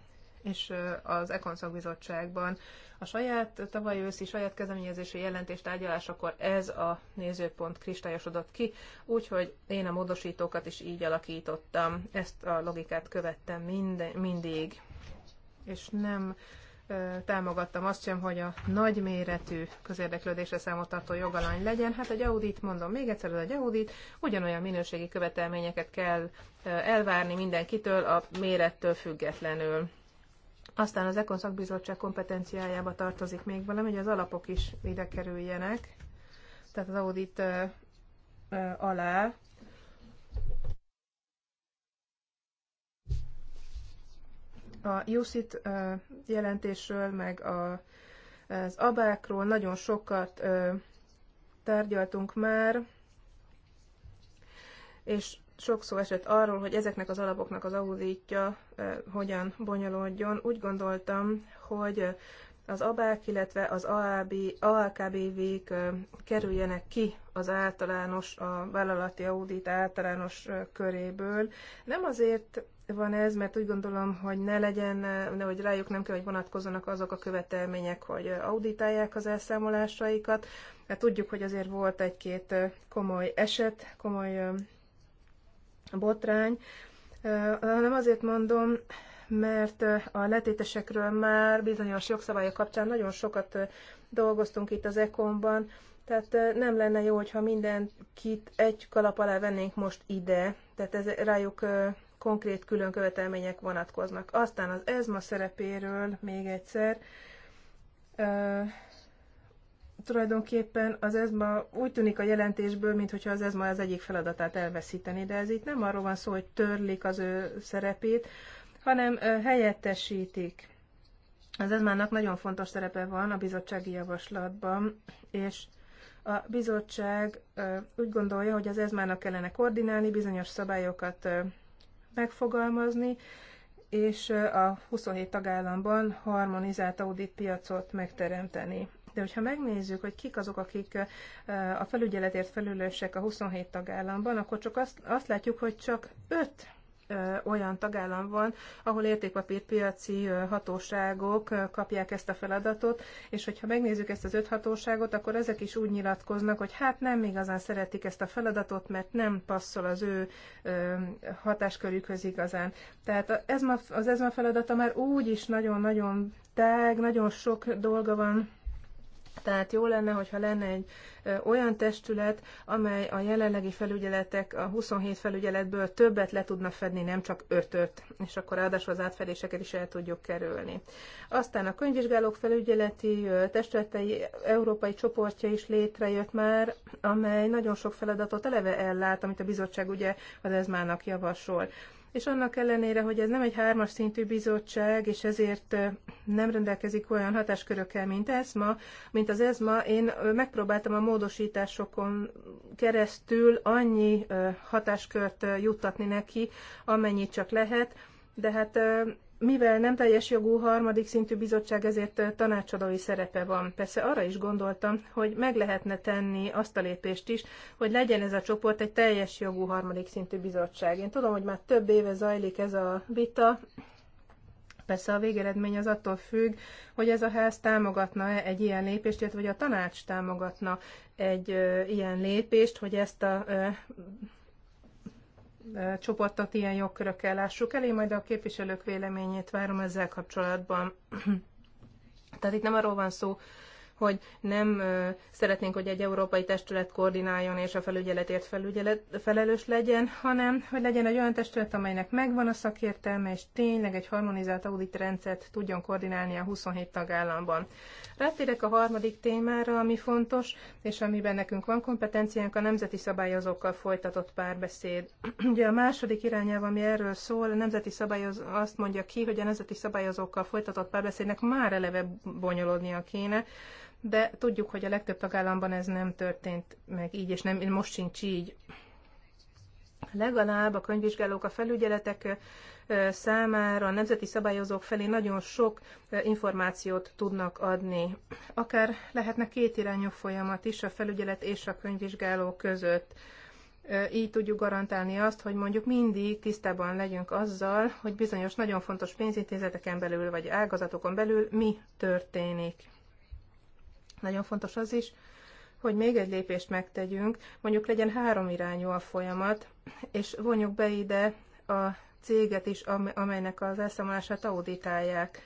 és az Econ szakbizottságban a saját tavaly őszi saját kezdeményezési jelentés tárgyalásakor ez a nézőpont kristályosodott ki, úgyhogy én a módosítókat is így alakítottam, ezt a logikát követtem minden, mindig, és nem támogattam azt sem, hogy a nagyméretű közérdeklődésre számot tartó jogalany legyen. Hát egy audit, mondom még egyszer, ez egy audit, ugyanolyan minőségi követelményeket kell elvárni mindenkitől a mérettől függetlenül. Aztán az ECON szakbizottság kompetenciájába tartozik még valami, hogy az alapok is ide kerüljenek, tehát az audit alá, A Jusit jelentésről, meg a, az abákról nagyon sokat tárgyaltunk már, és sok szó esett arról, hogy ezeknek az alapoknak az audítja hogyan bonyolódjon. Úgy gondoltam, hogy az ABÁK, illetve az akbv k kerüljenek ki az általános, a vállalati audit általános köréből. Nem azért, van ez, mert úgy gondolom, hogy ne legyen, ne, hogy rájuk nem kell, hogy vonatkozzanak azok a követelmények, hogy auditálják az elszámolásaikat. Mert hát tudjuk, hogy azért volt egy-két komoly eset, komoly botrány, hanem azért mondom, mert a letétesekről már bizonyos jogszabályok kapcsán nagyon sokat dolgoztunk itt az Ekonban. tehát nem lenne jó, hogyha mindenkit egy kalap alá vennénk most ide, tehát ez rájuk konkrét külön követelmények vonatkoznak. Aztán az ESMA szerepéről még egyszer. Ö, tulajdonképpen az ESMA úgy tűnik a jelentésből, mintha az ESMA az egyik feladatát elveszíteni, de ez itt nem arról van szó, hogy törlik az ő szerepét, hanem helyettesítik. Az ESMA-nak nagyon fontos szerepe van a bizottsági javaslatban, és a bizottság úgy gondolja, hogy az ezmának kellene koordinálni, bizonyos szabályokat megfogalmazni, és a 27 tagállamban harmonizált piacot megteremteni. De hogyha megnézzük, hogy kik azok, akik a felügyeletért felülősek a 27 tagállamban, akkor csak azt, azt látjuk, hogy csak 5 olyan tagállam van, ahol értékpapírpiaci hatóságok kapják ezt a feladatot, és hogyha megnézzük ezt az öt hatóságot, akkor ezek is úgy nyilatkoznak, hogy hát nem igazán szeretik ezt a feladatot, mert nem passzol az ő hatáskörükhöz igazán. Tehát ez ma, az ezma feladata már úgy is nagyon-nagyon tág, nagyon sok dolga van tehát jó lenne, hogyha lenne egy olyan testület, amely a jelenlegi felügyeletek, a 27 felügyeletből többet le tudna fedni, nem csak ötöt, és akkor ráadásul az átfedéseket is el tudjuk kerülni. Aztán a könyvvizsgálók felügyeleti testületei európai csoportja is létrejött már, amely nagyon sok feladatot eleve ellát, amit a bizottság ugye az ezmának javasol és annak ellenére, hogy ez nem egy hármas szintű bizottság, és ezért nem rendelkezik olyan hatáskörökkel, mint ESMA, mint az ESMA, én megpróbáltam a módosításokon keresztül annyi hatáskört juttatni neki, amennyit csak lehet, de hát mivel nem teljes jogú harmadik szintű bizottság, ezért tanácsadói szerepe van. Persze arra is gondoltam, hogy meg lehetne tenni azt a lépést is, hogy legyen ez a csoport egy teljes jogú harmadik szintű bizottság. Én tudom, hogy már több éve zajlik ez a vita, Persze a végeredmény az attól függ, hogy ez a ház támogatna-e egy ilyen lépést, illetve hogy a tanács támogatna egy ö, ilyen lépést, hogy ezt a ö, csoportot ilyen jogkörökkel lássuk elé, majd a képviselők véleményét várom ezzel kapcsolatban. Tehát itt nem arról van szó, hogy nem szeretnénk, hogy egy európai testület koordináljon és a felügyeletért felügyelet, felelős legyen, hanem hogy legyen egy olyan testület, amelynek megvan a szakértelme, és tényleg egy harmonizált auditrendszert tudjon koordinálni a 27 tagállamban. Rátérek a harmadik témára, ami fontos, és amiben nekünk van kompetenciánk, a nemzeti szabályozókkal folytatott párbeszéd. Ugye a második irányelv, ami erről szól, a nemzeti szabályozó azt mondja ki, hogy a nemzeti szabályozókkal folytatott párbeszédnek már eleve bonyolódnia kéne, de tudjuk, hogy a legtöbb tagállamban ez nem történt meg így, és nem, most sincs így. Legalább a könyvvizsgálók, a felügyeletek számára a nemzeti szabályozók felé nagyon sok információt tudnak adni. Akár lehetne irányú folyamat is a felügyelet és a könyvvizsgáló között. Így tudjuk garantálni azt, hogy mondjuk mindig tisztában legyünk azzal, hogy bizonyos nagyon fontos pénzintézeteken belül vagy ágazatokon belül mi történik. Nagyon fontos az is, hogy még egy lépést megtegyünk, mondjuk legyen három irányú a folyamat, és vonjuk be ide a céget is, amelynek az elszámolását auditálják.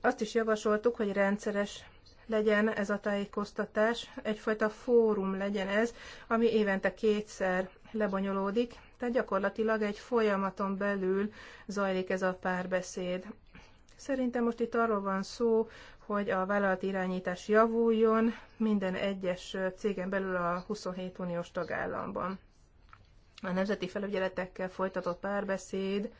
Azt is javasoltuk, hogy rendszeres legyen ez a tájékoztatás, egyfajta fórum legyen ez, ami évente kétszer lebonyolódik, tehát gyakorlatilag egy folyamaton belül zajlik ez a párbeszéd. Szerintem most itt arról van szó, hogy a vállalati irányítás javuljon minden egyes cégen belül a 27 uniós tagállamban. A nemzeti felügyeletekkel folytatott párbeszéd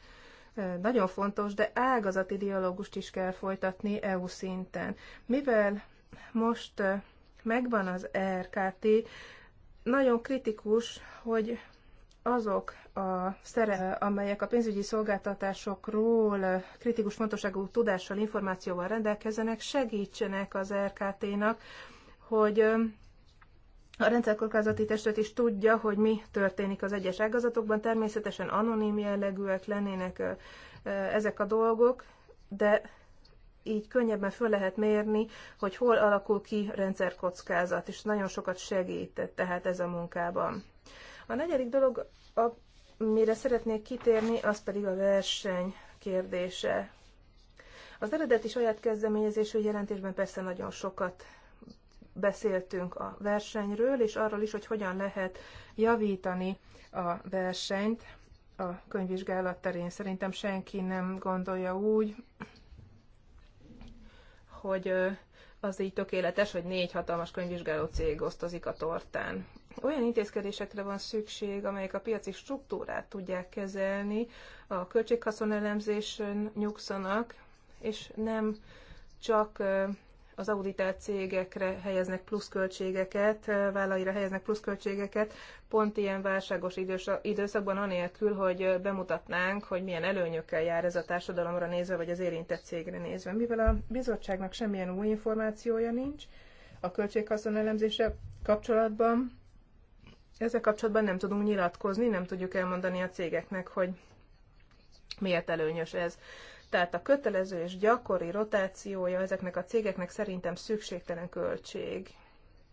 nagyon fontos, de ágazati dialógust is kell folytatni EU szinten. Mivel most megvan az ERKT, nagyon kritikus, hogy azok a szerep, amelyek a pénzügyi szolgáltatásokról kritikus fontosságú tudással, információval rendelkezenek, segítsenek az RKT-nak, hogy a rendszerkorkázati testület is tudja, hogy mi történik az egyes ágazatokban. Természetesen anonim jellegűek lennének ezek a dolgok, de így könnyebben föl lehet mérni, hogy hol alakul ki rendszerkockázat, és nagyon sokat segített tehát ez a munkában. A negyedik dolog, amire szeretnék kitérni, az pedig a verseny kérdése. Az eredeti saját kezdeményezésű jelentésben persze nagyon sokat beszéltünk a versenyről, és arról is, hogy hogyan lehet javítani a versenyt a könyvvizsgálat terén. Szerintem senki nem gondolja úgy, hogy az így tökéletes, hogy négy hatalmas könyvvizsgáló cég osztozik a tortán. Olyan intézkedésekre van szükség, amelyek a piaci struktúrát tudják kezelni, a költséghaszon elemzésen nyugszanak, és nem csak az auditált cégekre helyeznek pluszköltségeket, vállalira helyeznek pluszköltségeket, pont ilyen válságos időszakban, anélkül, hogy bemutatnánk, hogy milyen előnyökkel jár ez a társadalomra nézve, vagy az érintett cégre nézve. Mivel a bizottságnak semmilyen új információja nincs a költséghaszon elemzése kapcsolatban, ezzel kapcsolatban nem tudunk nyilatkozni, nem tudjuk elmondani a cégeknek, hogy miért előnyös ez. Tehát a kötelező és gyakori rotációja ezeknek a cégeknek szerintem szükségtelen költség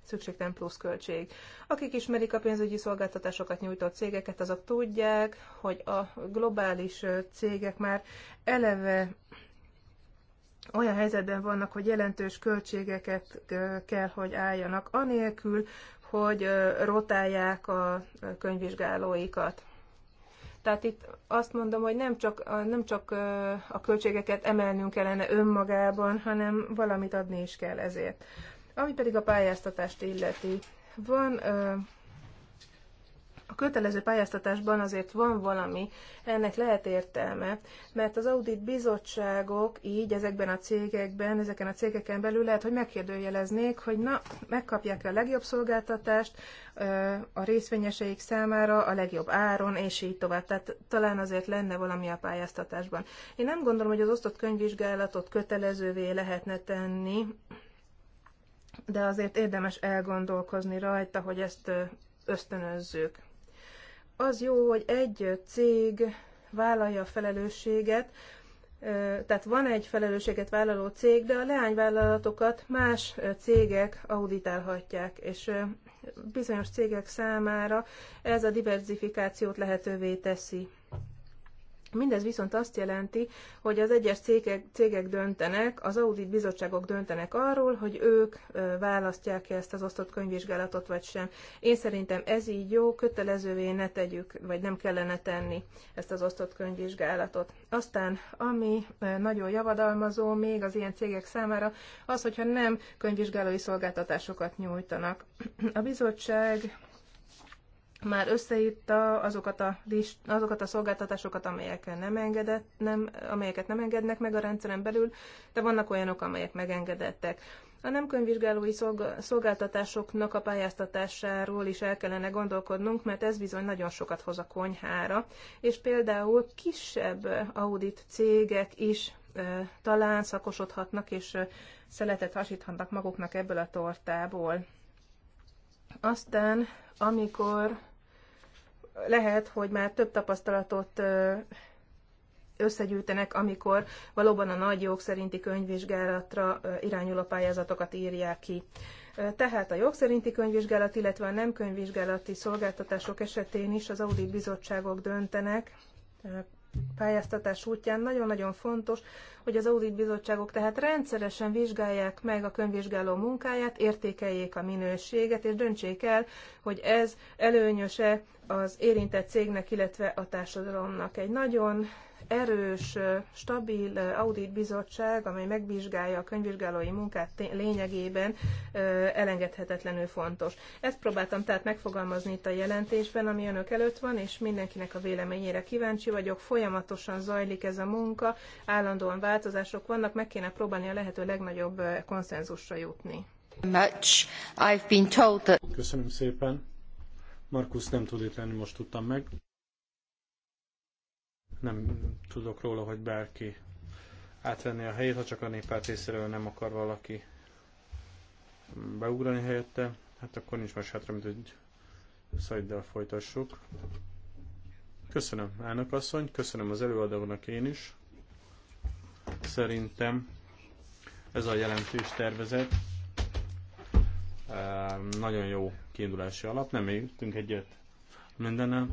szükségtelen plusz költség. Akik ismerik a pénzügyi szolgáltatásokat nyújtó cégeket, azok tudják, hogy a globális cégek már eleve olyan helyzetben vannak, hogy jelentős költségeket kell, hogy álljanak, anélkül, hogy rotálják a könyvvizsgálóikat. Tehát itt azt mondom, hogy nem csak, nem csak a költségeket emelnünk kellene önmagában, hanem valamit adni is kell ezért. Ami pedig a pályáztatást illeti, van a kötelező pályáztatásban azért van valami, ennek lehet értelme, mert az audit bizottságok így ezekben a cégekben, ezeken a cégeken belül lehet, hogy megkérdőjeleznék, hogy na, megkapják a legjobb szolgáltatást a részvényeseik számára a legjobb áron, és így tovább. Tehát talán azért lenne valami a pályáztatásban. Én nem gondolom, hogy az osztott könyvvizsgálatot kötelezővé lehetne tenni, de azért érdemes elgondolkozni rajta, hogy ezt ösztönözzük az jó, hogy egy cég vállalja a felelősséget, tehát van egy felelősséget vállaló cég, de a leányvállalatokat más cégek auditálhatják, és bizonyos cégek számára ez a diversifikációt lehetővé teszi. Mindez viszont azt jelenti, hogy az egyes cégek, cégek döntenek, az audit bizottságok döntenek arról, hogy ők választják ezt az osztott könyvvizsgálatot vagy sem. Én szerintem ez így jó, kötelezővé ne tegyük, vagy nem kellene tenni ezt az osztott könyvvizsgálatot. Aztán, ami nagyon javadalmazó még az ilyen cégek számára, az, hogyha nem könyvvizsgálói szolgáltatásokat nyújtanak. A bizottság már összeírta azokat a, list, azokat a szolgáltatásokat, amelyek nem engedett, nem, amelyeket nem engednek meg a rendszeren belül, de vannak olyanok, amelyek megengedettek. A nem könyvvizsgálói szolgáltatásoknak a pályáztatásáról is el kellene gondolkodnunk, mert ez bizony nagyon sokat hoz a konyhára, és például kisebb audit cégek is e, talán szakosodhatnak és szeletet hasíthatnak maguknak ebből a tortából. Aztán, amikor lehet, hogy már több tapasztalatot összegyűjtenek, amikor valóban a nagy jog szerinti könyvvizsgálatra irányuló pályázatokat írják ki. Tehát a jogszerinti könyvvizsgálat, illetve a nem könyvvizsgálati szolgáltatások esetén is az audit bizottságok döntenek pályáztatás útján nagyon-nagyon fontos, hogy az auditbizottságok tehát rendszeresen vizsgálják meg a könyvvizsgáló munkáját, értékeljék a minőséget, és döntsék el, hogy ez előnyöse az érintett cégnek, illetve a társadalomnak. Egy nagyon erős, stabil audit bizottság, amely megvizsgálja a könyvvizsgálói munkát lényegében elengedhetetlenül fontos. Ezt próbáltam tehát megfogalmazni itt a jelentésben, ami önök előtt van, és mindenkinek a véleményére kíváncsi vagyok. Folyamatosan zajlik ez a munka, állandóan változások vannak, meg kéne próbálni a lehető legnagyobb konszenzusra jutni. Köszönöm szépen. Markus nem tud itt lenni, most tudtam meg. Nem tudok róla, hogy bárki átvenni a helyét, ha csak a néppárt részéről nem akar valaki beugrani helyette, hát akkor nincs más hátra, mint hogy szajddal folytassuk. Köszönöm, elnök asszony, köszönöm az előadónak én is. Szerintem ez a jelentős tervezet ehm, nagyon jó kiindulási alap, nem értünk egyet mindennel,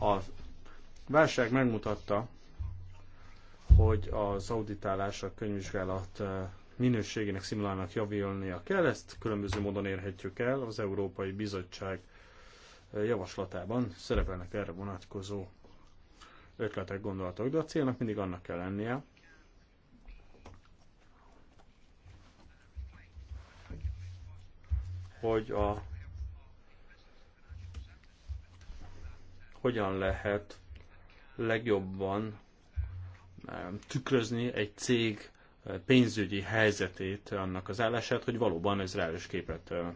A válság megmutatta, hogy az auditálás, a könyvvizsgálat eh, minőségének szimulálnak javulnia kell, ezt különböző módon érhetjük el. Az Európai Bizottság eh, javaslatában szerepelnek erre vonatkozó ötletek, gondolatok, de a célnak mindig annak kell lennie, hogy a hogyan lehet legjobban tükrözni egy cég eh, pénzügyi helyzetét, annak az állását, hogy valóban ez reális képet eh,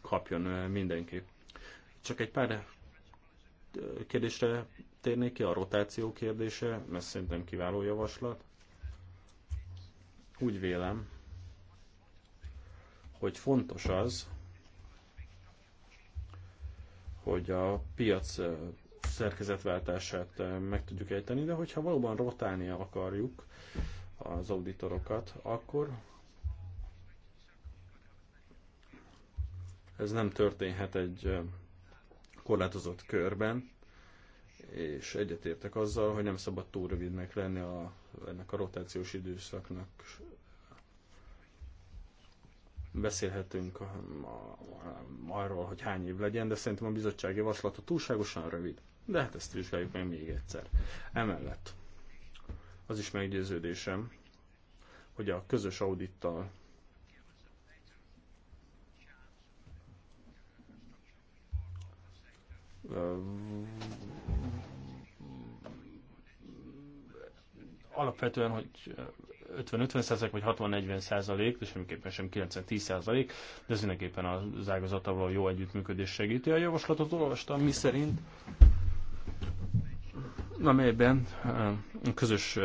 kapjon eh, mindenki. Csak egy pár kérdésre térnék ki, a rotáció kérdése, mert szerintem kiváló javaslat. Úgy vélem, hogy fontos az, hogy a piac szerkezetváltását meg tudjuk ejteni, de hogyha valóban rotálni akarjuk az auditorokat, akkor ez nem történhet egy korlátozott körben, és egyetértek azzal, hogy nem szabad túl rövidnek lenni a, ennek a rotációs időszaknak beszélhetünk arról, hogy hány év legyen, de szerintem a bizottság javaslata túlságosan rövid. De hát ezt vizsgáljuk meg még egyszer. Emellett az is meggyőződésem, hogy a közös audittal alapvetően, hogy 50-50 százalék, vagy 60-40 százalék, de semmiképpen sem 90-10 százalék, de ez mindenképpen az ágazatával jó együttműködés segíti. A javaslatot olvastam, mi szerint amelyben a közös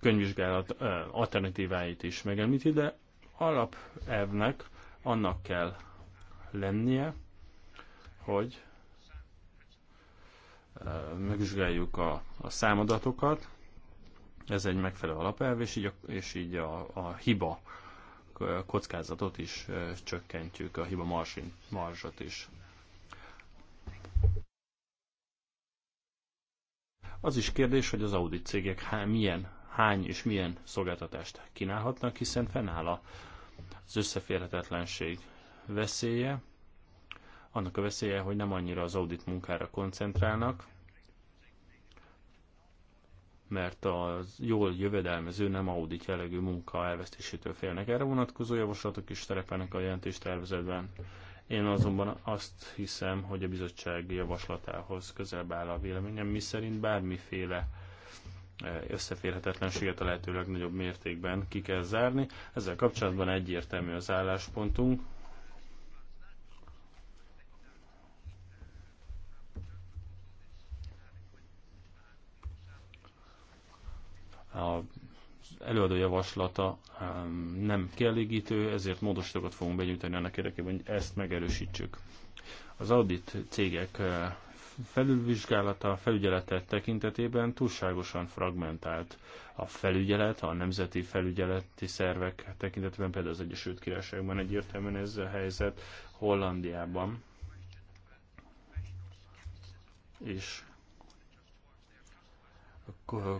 könyvvizsgálat alternatíváit is megemlíti, de alapelvnek annak kell lennie, hogy megvizsgáljuk a, a számadatokat, ez egy megfelelő alapelv, és így a, és így a, a hiba kockázatot is csökkentjük, a hiba marsin marzsot is. Az is kérdés, hogy az audit cégek há, milyen, hány és milyen szolgáltatást kínálhatnak, hiszen fennáll az összeférhetetlenség veszélye, annak a veszélye, hogy nem annyira az audit munkára koncentrálnak, mert a jól jövedelmező, nem audit jellegű munka elvesztésétől félnek. Erre vonatkozó javaslatok is szerepelnek a jelentéstervezetben. Én azonban azt hiszem, hogy a bizottság javaslatához közelebb áll a véleményem, szerint bármiféle e, összeférhetetlenséget a lehető legnagyobb mértékben ki kell zárni. Ezzel kapcsolatban egyértelmű az álláspontunk, a előadó javaslata nem kielégítő, ezért módosítókat fogunk benyújtani annak érdekében, hogy ezt megerősítsük. Az audit cégek eh, felülvizsgálata, felügyelete tekintetében túlságosan fragmentált a felügyelet, a nemzeti felügyeleti szervek tekintetében, például az Egyesült Királyságban egyértelműen ez a helyzet, Hollandiában és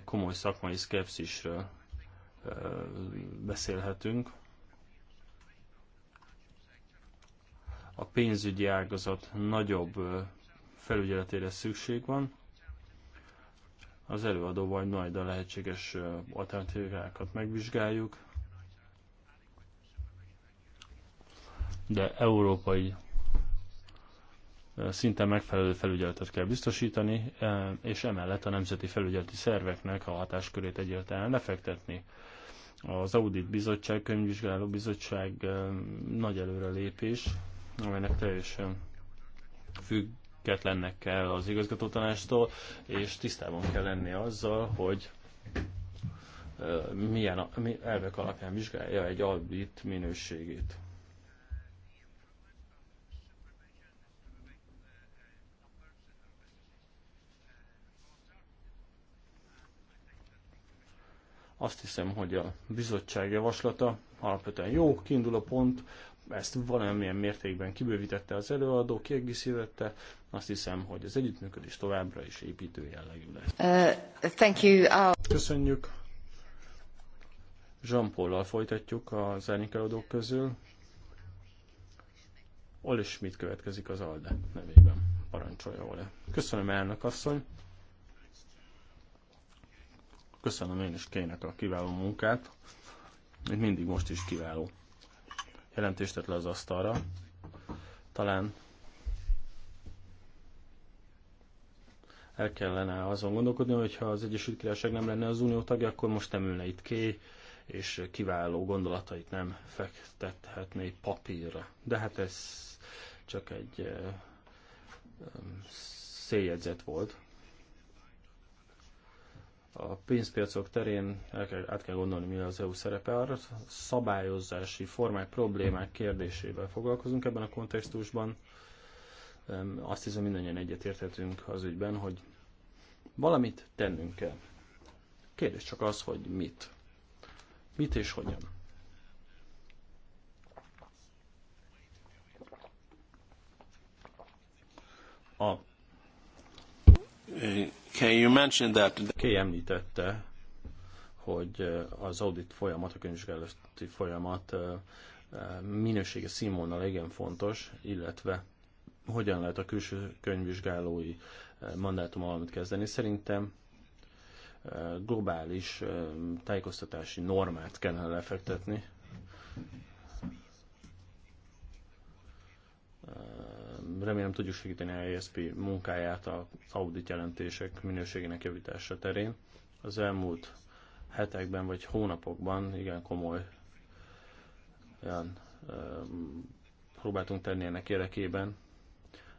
komoly szakmai szkepszisről beszélhetünk. A pénzügyi ágazat nagyobb felügyeletére szükség van. Az előadó vagy majd a lehetséges alternatívákat megvizsgáljuk. De európai szinten megfelelő felügyeletet kell biztosítani, e, és emellett a nemzeti felügyeleti szerveknek a hatáskörét egyáltalán lefektetni. Az Audit Bizottság, Könyvvizsgáló Bizottság e, nagy előrelépés, amelynek teljesen függetlennek kell az igazgatótanástól, és tisztában kell lenni azzal, hogy e, milyen elvek alapján vizsgálja egy audit minőségét Azt hiszem, hogy a bizottság javaslata alapvetően jó kiinduló pont, ezt valamilyen mértékben kibővítette az előadó, kiegészítette. Azt hiszem, hogy az együttműködés továbbra is építő jellegű lesz. Uh, thank you. I'll... Köszönjük. jean paul folytatjuk az előadók közül. Oli Schmidt következik az ALDE nevében. Parancsolja Oli. Köszönöm elnök asszony. Köszönöm én is Kének a kiváló munkát. Még mindig most is kiváló. Jelentést tett le az asztalra. Talán el kellene azon gondolkodni, hogy ha az Egyesült Királyság nem lenne az unió tagja, akkor most nem ülne itt ki, és kiváló gondolatait nem fektethetné papírra. De hát ez csak egy eh, széljegyzet volt a pénzpiacok terén el kell, át kell gondolni, mi az EU szerepe. Arra szabályozási formák, problémák kérdésével foglalkozunk ebben a kontextusban. Azt hiszem mindannyian egyetérthetünk az ügyben, hogy valamit tennünk kell. Kérdés csak az, hogy mit. Mit és hogyan. A Kay, you that. Kay említette, hogy eh, az audit folyamat, a könyvvizsgálati folyamat eh, eh, minősége színvonal igen fontos, illetve hogyan lehet a külső könyvvizsgálói mandátum valamit kezdeni. Szerintem globális tájékoztatási normát kellene lefektetni remélem tudjuk segíteni a ESP munkáját az audit jelentések minőségének javítása terén. Az elmúlt hetekben vagy hónapokban igen komoly olyan, ö, próbáltunk tenni ennek érdekében,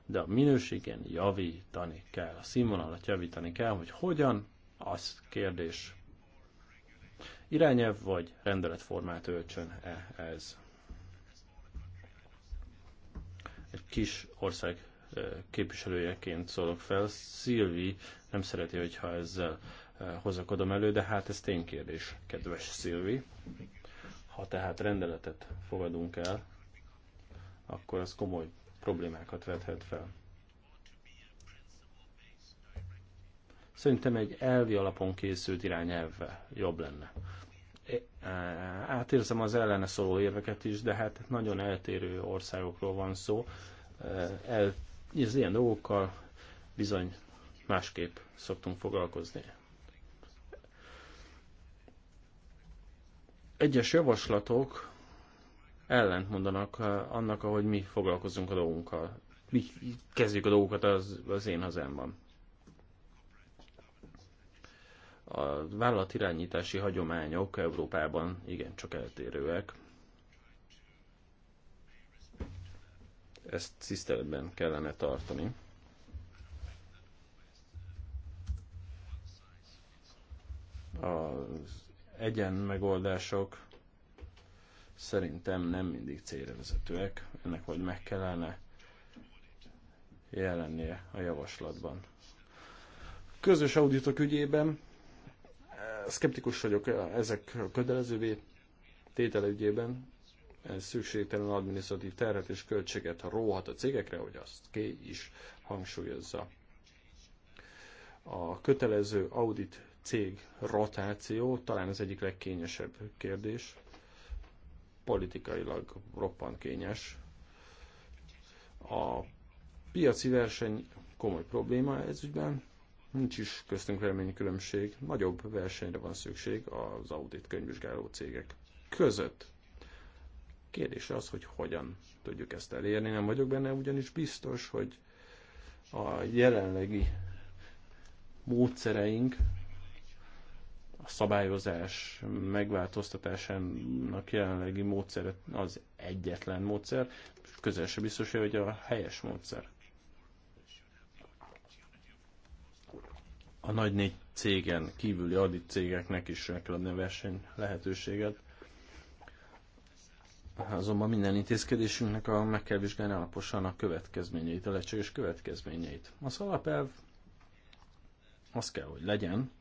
de a minőségen javítani kell, a színvonalat javítani kell, hogy hogyan, az kérdés. Irányelv vagy rendeletformát öltsön-e ez? egy kis ország képviselőjeként szólok fel. Szilvi nem szereti, hogyha ezzel hozakodom elő, de hát ez ténykérdés, kedves Szilvi. Ha tehát rendeletet fogadunk el, akkor az komoly problémákat vethet fel. Szerintem egy elvi alapon készült irányelve jobb lenne. E, átérzem az ellene szóló érveket is, de hát nagyon eltérő országokról van szó. E, el, az ilyen dolgokkal bizony másképp szoktunk foglalkozni. Egyes javaslatok ellent mondanak e, annak, ahogy mi foglalkozunk a dolgunkkal. Mi kezdjük a dolgokat az, az én hazámban. A vállalatirányítási hagyományok Európában igencsak eltérőek. Ezt tiszteletben kellene tartani. Az egyen megoldások szerintem nem mindig célra vezetőek, ennek vagy meg kellene jelennie a javaslatban. Közös auditok ügyében Szkeptikus vagyok ezek kötelezővé tétele ügyében, ez szükségtelen adminisztratív terhet és költséget róhat a cégekre, hogy azt ki is hangsúlyozza. A kötelező audit cég rotáció talán az egyik legkényesebb kérdés, politikailag roppant kényes. A piaci verseny komoly probléma ez ügyben, Nincs is köztünk különbség, nagyobb versenyre van szükség az audit könyvvizsgáló cégek között. Kérdés az, hogy hogyan tudjuk ezt elérni. Nem vagyok benne ugyanis biztos, hogy a jelenlegi módszereink a szabályozás megváltoztatásának jelenlegi módszer az egyetlen módszer, és közel se biztos, hogy a helyes módszer. a nagy négy cégen kívüli adit cégeknek is kell adni a verseny lehetőséget. Azonban minden intézkedésünknek a, meg kell vizsgálni alaposan a következményeit, a lehetséges következményeit. Az alapelv az kell, hogy legyen,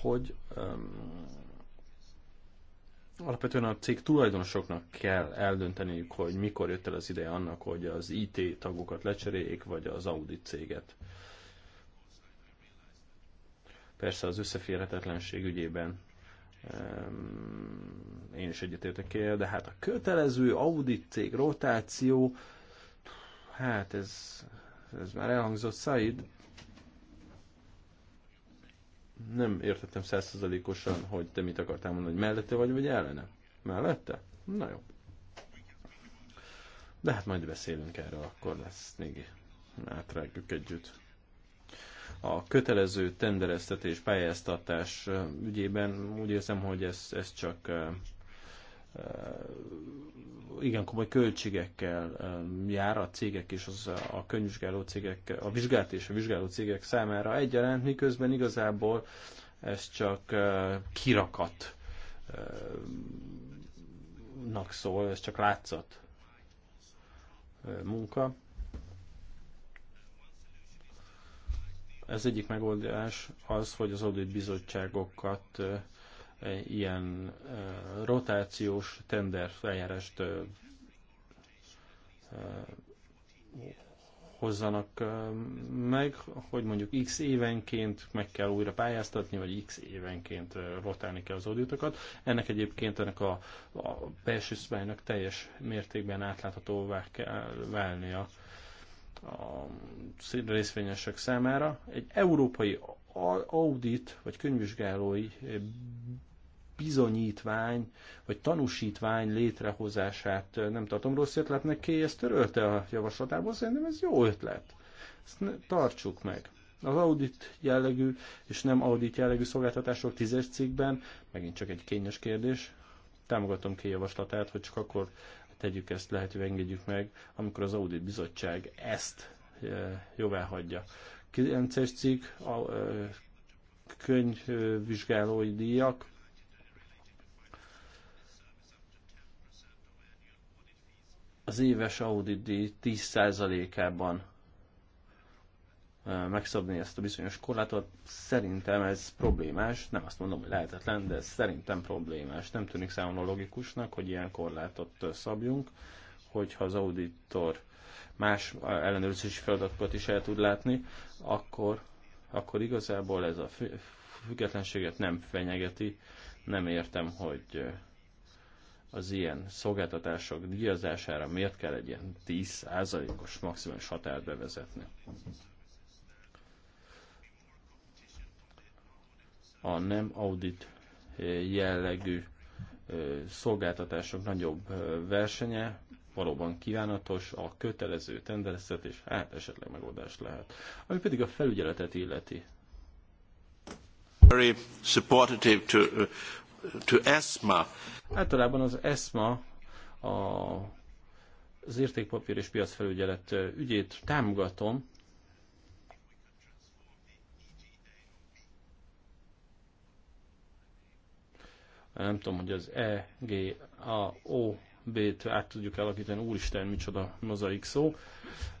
hogy um, Alapvetően a cég tulajdonosoknak kell eldönteniük, hogy mikor jött el az ideje annak, hogy az IT tagokat lecseréljék, vagy az audit céget. Persze az összeférhetetlenség ügyében én is egyetértek el, de hát a kötelező audit cég rotáció, hát ez, ez már elhangzott Said, nem értettem százszerzalékosan, hogy te mit akartál mondani, hogy mellette vagy, vagy ellene. Mellette? Na jó. De hát majd beszélünk erről, akkor lesz még átrágjuk együtt. A kötelező tendereztetés, pályáztatás ügyében úgy érzem, hogy ez, ez csak igen komoly költségekkel jár a cégek és az a könyvvizsgáló cégek, a vizsgált és a vizsgáló cégek számára egyaránt, miközben igazából ez csak kirakat szól, ez csak látszat munka. Ez egyik megoldás az, hogy az audit bizottságokat ilyen rotációs tender feljárást hozzanak meg, hogy mondjuk x évenként meg kell újra pályáztatni, vagy x évenként rotálni kell az auditokat. Ennek egyébként ennek a, a belső szabálynak teljes mértékben átláthatóvá kell válnia a részvényesek számára. Egy európai audit vagy könyvvizsgálói bizonyítvány vagy tanúsítvány létrehozását nem tartom rossz ötletnek ki, ezt törölte a javaslatából, szerintem ez jó ötlet. Ezt ne, tartsuk meg. Az audit jellegű és nem audit jellegű szolgáltatások tízes cikkben, megint csak egy kényes kérdés, támogatom ki javaslatát, hogy csak akkor tegyük ezt, lehetővé engedjük meg, amikor az audit bizottság ezt e, jóvá hagyja. Kényes cikk, a, e, könyvvizsgálói díjak, az éves Audi díj 10%-ában megszabni ezt a bizonyos korlátot, szerintem ez problémás, nem azt mondom, hogy lehetetlen, de ez szerintem problémás. Nem tűnik számomra logikusnak, hogy ilyen korlátot szabjunk, hogyha az auditor más ellenőrzési feladatokat is el tud látni, akkor, akkor igazából ez a függetlenséget nem fenyegeti. Nem értem, hogy az ilyen szolgáltatások díjazására miért kell egy ilyen 10%-os maximális határt bevezetni? A nem audit eh, jellegű eh, szolgáltatások nagyobb eh, versenye valóban kívánatos, a kötelező tendereztetés, hát esetleg megoldás lehet. Ami pedig a felügyeletet illeti. Very supportive to to ESMA. Általában az ESMA a, az értékpapír és piacfelügyelet ügyét támogatom, nem tudom, hogy az E, G, A, O, B-t át tudjuk alakítani, úristen, micsoda mozaik szó,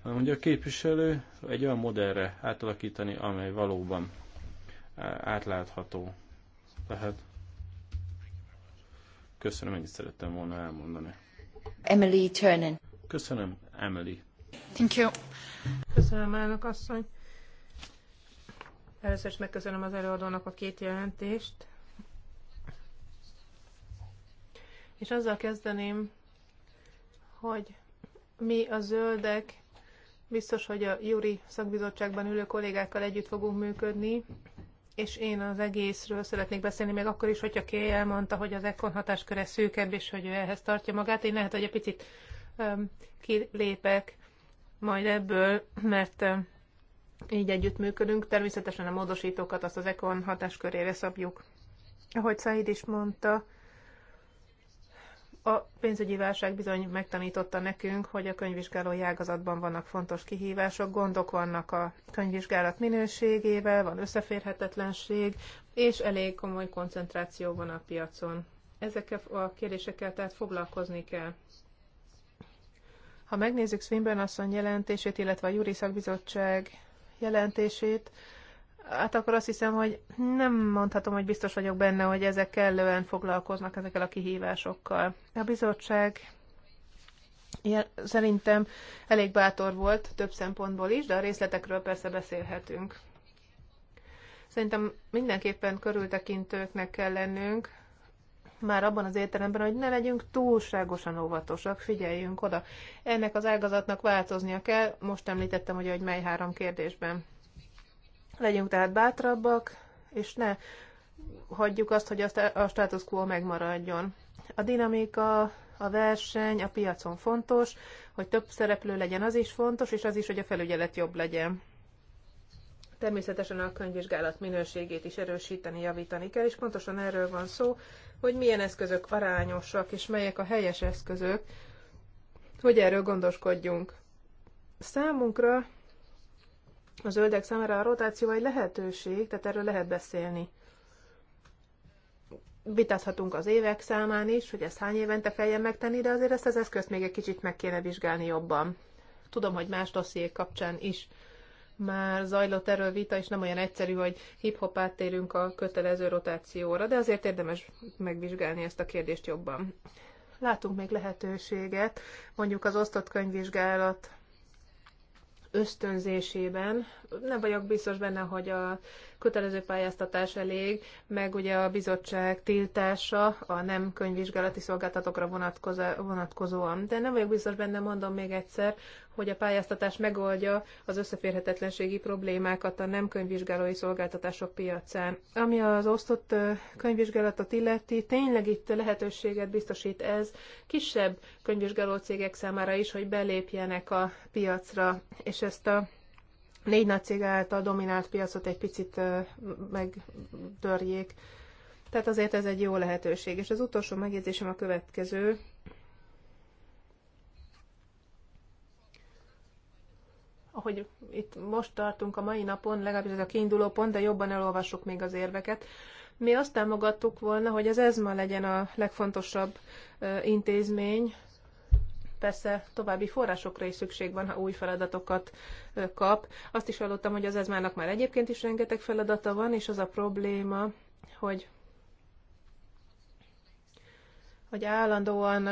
hogy a képviselő egy olyan modellre átalakítani, amely valóban átlátható. Tehát Köszönöm, ennyit szerettem volna elmondani. Emily Turnen. Köszönöm, Emily. Thank you. Köszönöm, elnök asszony. Először is megköszönöm az előadónak a két jelentést. És azzal kezdeném, hogy mi a zöldek, biztos, hogy a Juri szakbizottságban ülő kollégákkal együtt fogunk működni, és én az egészről szeretnék beszélni, még akkor is, hogyha Kéj elmondta, hogy az ekkor hatásköre szűkebb, és hogy ő ehhez tartja magát. Én lehet, hogy egy picit um, kilépek majd ebből, mert um, így együttműködünk. Természetesen a módosítókat azt az ekon hatáskörére szabjuk. Ahogy Said is mondta, a pénzügyi válság bizony megtanította nekünk, hogy a könyvvizsgálói ágazatban vannak fontos kihívások, gondok vannak a könyvvizsgálat minőségével, van összeférhetetlenség, és elég komoly koncentráció van a piacon. Ezekkel a kérdésekkel tehát foglalkozni kell. Ha megnézzük Swinburne asszony jelentését, illetve a Júri Szakbizottság jelentését, hát akkor azt hiszem, hogy nem mondhatom, hogy biztos vagyok benne, hogy ezek kellően foglalkoznak ezekkel a kihívásokkal. A bizottság szerintem elég bátor volt több szempontból is, de a részletekről persze beszélhetünk. Szerintem mindenképpen körültekintőknek kell lennünk, már abban az értelemben, hogy ne legyünk túlságosan óvatosak, figyeljünk oda. Ennek az ágazatnak változnia kell, most említettem, hogy, hogy mely három kérdésben. Legyünk tehát bátrabbak, és ne hagyjuk azt, hogy a status quo megmaradjon. A dinamika, a verseny a piacon fontos, hogy több szereplő legyen, az is fontos, és az is, hogy a felügyelet jobb legyen. Természetesen a könyvvizsgálat minőségét is erősíteni, javítani kell, és pontosan erről van szó, hogy milyen eszközök arányosak, és melyek a helyes eszközök, hogy erről gondoskodjunk. Számunkra a zöldek számára a rotáció egy lehetőség, tehát erről lehet beszélni. Vitázhatunk az évek számán is, hogy ezt hány évente kelljen megtenni, de azért ezt az eszközt még egy kicsit meg kéne vizsgálni jobban. Tudom, hogy más dossziék kapcsán is már zajlott erről vita, és nem olyan egyszerű, hogy hip-hop áttérünk a kötelező rotációra, de azért érdemes megvizsgálni ezt a kérdést jobban. Látunk még lehetőséget, mondjuk az osztott könyvvizsgálat ösztönzésében nem vagyok biztos benne, hogy a kötelező pályáztatás elég, meg ugye a bizottság tiltása a nem könyvvizsgálati szolgáltatókra vonatkozóan. De nem vagyok biztos benne, mondom még egyszer, hogy a pályáztatás megoldja az összeférhetetlenségi problémákat a nem könyvvizsgálói szolgáltatások piacán. Ami az osztott könyvvizsgálatot illeti, tényleg itt lehetőséget biztosít ez kisebb könyvvizsgáló cégek számára is, hogy belépjenek a piacra, és ezt a négy nagy cég által dominált piacot egy picit megtörjék. Tehát azért ez egy jó lehetőség. És az utolsó megjegyzésem a következő. Ahogy itt most tartunk a mai napon, legalábbis ez a kiinduló pont, de jobban elolvassuk még az érveket. Mi azt támogattuk volna, hogy az ESMA legyen a legfontosabb intézmény, persze további forrásokra is szükség van, ha új feladatokat kap. Azt is hallottam, hogy az ezmának már egyébként is rengeteg feladata van, és az a probléma, hogy hogy állandóan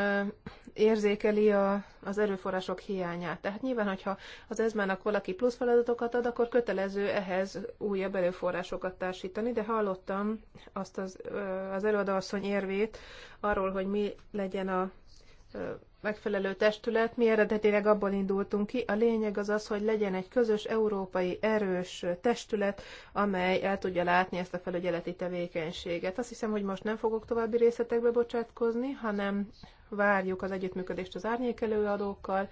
érzékeli a, az erőforrások hiányát. Tehát nyilván, hogyha az ezmának valaki plusz feladatokat ad, akkor kötelező ehhez újabb erőforrásokat társítani, de hallottam azt az, az előadóasszony érvét arról, hogy mi legyen a megfelelő testület, mi eredetileg abból indultunk ki. A lényeg az az, hogy legyen egy közös európai erős testület, amely el tudja látni ezt a felügyeleti tevékenységet. Azt hiszem, hogy most nem fogok további részletekbe bocsátkozni, hanem várjuk az együttműködést az adókkal.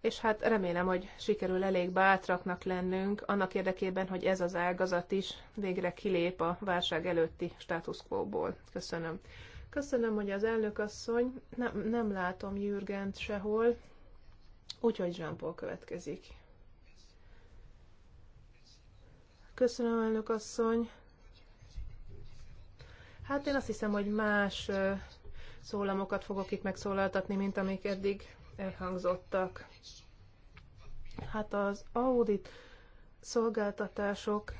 és hát remélem, hogy sikerül elég bátraknak lennünk annak érdekében, hogy ez az ágazat is végre kilép a válság előtti státuszkóból. Köszönöm. Köszönöm, hogy az elnök asszony, nem, nem látom Jürgent sehol, úgyhogy jean -Paul következik. Köszönöm, elnök asszony. Hát én azt hiszem, hogy más szólamokat fogok itt megszólaltatni, mint amik eddig elhangzottak. Hát az audit szolgáltatások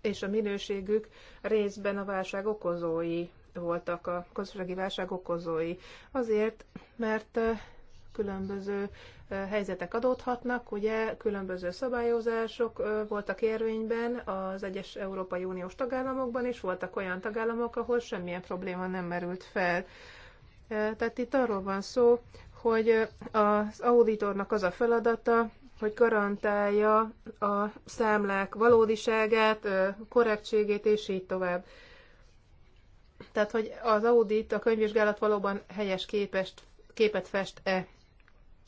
és a minőségük részben a válság okozói voltak a gazdasági válság okozói. Azért, mert különböző helyzetek adódhatnak, ugye különböző szabályozások voltak érvényben az egyes Európai Uniós tagállamokban, és voltak olyan tagállamok, ahol semmilyen probléma nem merült fel. Tehát itt arról van szó, hogy az auditornak az a feladata, hogy garantálja a számlák valódiságát, korrektségét, és így tovább. Tehát, hogy az audit, a könyvvizsgálat valóban helyes képest, képet fest-e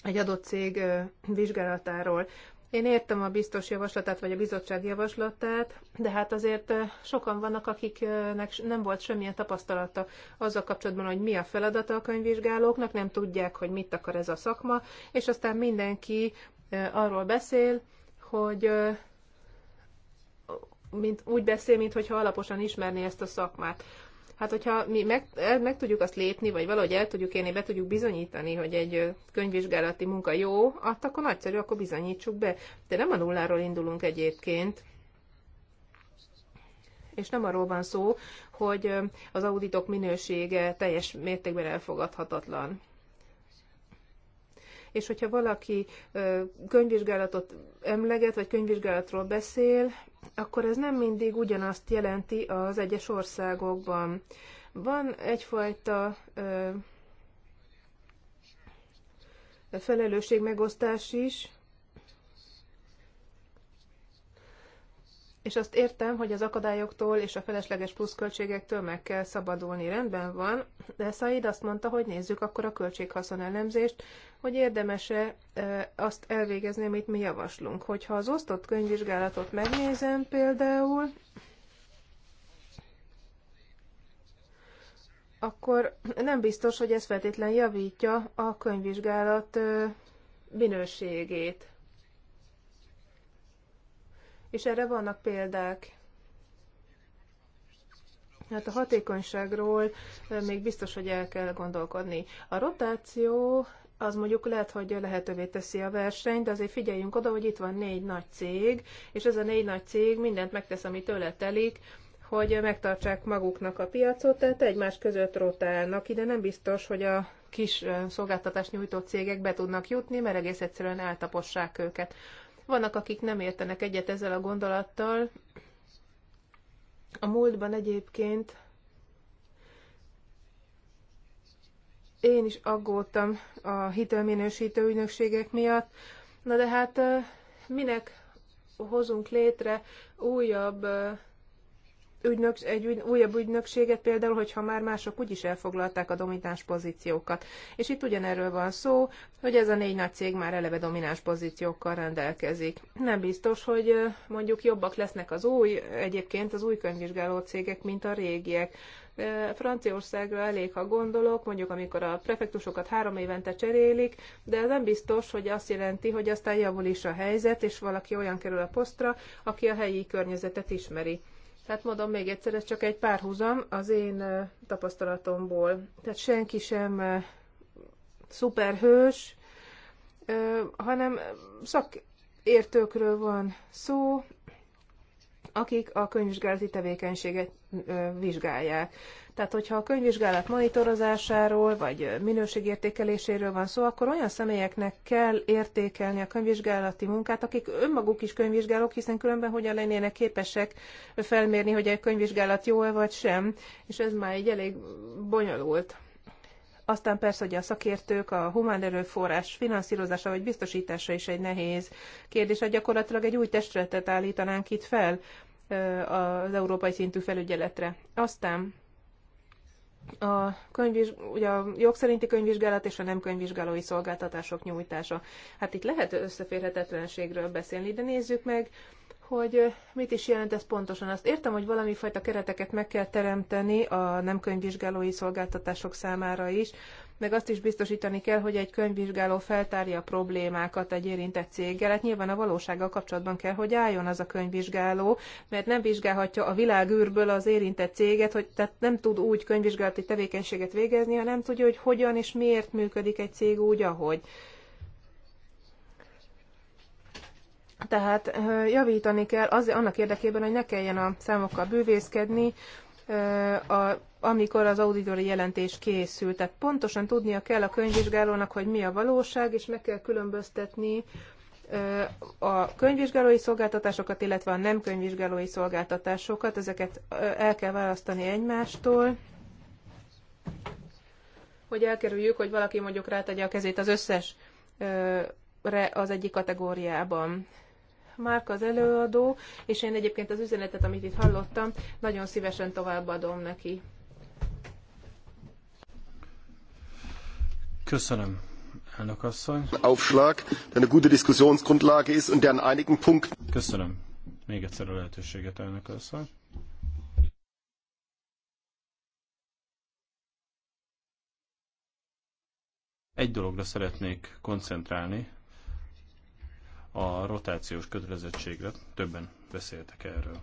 egy adott cég vizsgálatáról. Én értem a biztos javaslatát, vagy a bizottság javaslatát, de hát azért sokan vannak, akiknek nem volt semmilyen tapasztalata azzal kapcsolatban, hogy mi a feladata a könyvvizsgálóknak, nem tudják, hogy mit akar ez a szakma, és aztán mindenki arról beszél, hogy mint, úgy beszél, mintha alaposan ismerné ezt a szakmát hát hogyha mi meg, meg tudjuk azt lépni, vagy valahogy el tudjuk élni, be tudjuk bizonyítani, hogy egy könyvvizsgálati munka jó, att, hát akkor nagyszerű, akkor bizonyítsuk be. De nem a nulláról indulunk egyébként, és nem arról van szó, hogy az auditok minősége teljes mértékben elfogadhatatlan és hogyha valaki könyvvizsgálatot emleget, vagy könyvvizsgálatról beszél, akkor ez nem mindig ugyanazt jelenti az egyes országokban. Van egyfajta felelősségmegosztás is, És azt értem, hogy az akadályoktól és a felesleges pluszköltségektől meg kell szabadulni. Rendben van, de Said azt mondta, hogy nézzük akkor a költséghaszon elemzést, hogy érdemese azt elvégezni, amit mi javaslunk. Hogyha az osztott könyvvizsgálatot megnézem például, akkor nem biztos, hogy ez feltétlen javítja a könyvvizsgálat minőségét. És erre vannak példák. Hát a hatékonyságról még biztos, hogy el kell gondolkodni. A rotáció az mondjuk lehet, hogy lehetővé teszi a versenyt, de azért figyeljünk oda, hogy itt van négy nagy cég, és ez a négy nagy cég mindent megtesz, ami tőle telik, hogy megtartsák maguknak a piacot, tehát egymás között rotálnak. Ide nem biztos, hogy a kis szolgáltatás nyújtó cégek be tudnak jutni, mert egész egyszerűen eltapossák őket. Vannak, akik nem értenek egyet ezzel a gondolattal. A múltban egyébként én is aggódtam a hitelminősítő ügynökségek miatt. Na de hát minek hozunk létre újabb ügynök, egy ügy, újabb ügynökséget, például, hogyha már mások úgyis elfoglalták a domináns pozíciókat. És itt ugyanerről van szó, hogy ez a négy nagy cég már eleve domináns pozíciókkal rendelkezik. Nem biztos, hogy mondjuk jobbak lesznek az új, egyébként az új könyvvizsgáló cégek, mint a régiek. Franciaországra elég, ha gondolok, mondjuk amikor a prefektusokat három évente cserélik, de ez nem biztos, hogy azt jelenti, hogy aztán javul is a helyzet, és valaki olyan kerül a posztra, aki a helyi környezetet ismeri. Tehát mondom még egyszer, ez csak egy párhuzam az én tapasztalatomból. Tehát senki sem szuperhős, hanem szakértőkről van szó, akik a könyvvizsgálati tevékenységet vizsgálják. Tehát, hogyha a könyvvizsgálat monitorozásáról vagy minőségértékeléséről van szó, akkor olyan személyeknek kell értékelni a könyvvizsgálati munkát, akik önmaguk is könyvvizsgálók, hiszen különben hogyan lennének képesek felmérni, hogy egy könyvvizsgálat jó-e vagy sem, és ez már egy elég bonyolult aztán persze, hogy a szakértők, a humán erőforrás finanszírozása vagy biztosítása is egy nehéz kérdés. Hát gyakorlatilag egy új testületet állítanánk itt fel az európai szintű felügyeletre. Aztán a, könyvvizs, ugye a jogszerinti könyvvizsgálat és a nem könyvvizsgálói szolgáltatások nyújtása. Hát itt lehet összeférhetetlenségről beszélni, de nézzük meg, hogy mit is jelent ez pontosan. Azt értem, hogy valami fajta kereteket meg kell teremteni a nem könyvvizsgálói szolgáltatások számára is, meg azt is biztosítani kell, hogy egy könyvvizsgáló feltárja a problémákat egy érintett céggel. Hát nyilván a valósággal kapcsolatban kell, hogy álljon az a könyvvizsgáló, mert nem vizsgálhatja a világűrből az érintett céget, hogy tehát nem tud úgy könyvvizsgálati tevékenységet végezni, hanem tudja, hogy hogyan és miért működik egy cég úgy, ahogy. Tehát javítani kell az, annak érdekében, hogy ne kelljen a számokkal bűvészkedni, a, amikor az auditori jelentés készül. Tehát pontosan tudnia kell a könyvvizsgálónak, hogy mi a valóság, és meg kell különböztetni a könyvvizsgálói szolgáltatásokat, illetve a nem könyvvizsgálói szolgáltatásokat. Ezeket el kell választani egymástól, hogy elkerüljük, hogy valaki mondjuk rátegye a kezét az összesre az egyik kategóriában. Márk az előadó, és én egyébként az üzenetet, amit itt hallottam, nagyon szívesen továbbadom neki. Köszönöm. Elnök asszony. Aufschlag, der eine gute Diskussionsgrundlage ist und der an einigen Punkten. Köszönöm. Még egyszer a lehetőséget, elnök asszony. Egy dologra szeretnék koncentrálni, a rotációs kötelezettségre, többen beszéltek erről.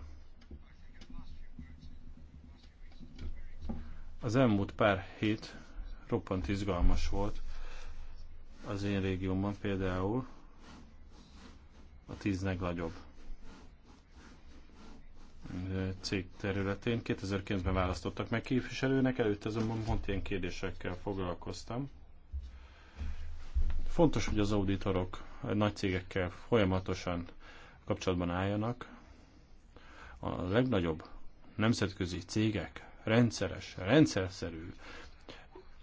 Az elmúlt pár hét roppant izgalmas volt az én régiómban például a tíz legnagyobb cég területén. 2009-ben választottak meg képviselőnek, előtte azonban pont ilyen kérdésekkel foglalkoztam. Fontos, hogy az auditorok nagy cégekkel folyamatosan kapcsolatban álljanak. A legnagyobb nemzetközi cégek rendszeres, rendszerszerű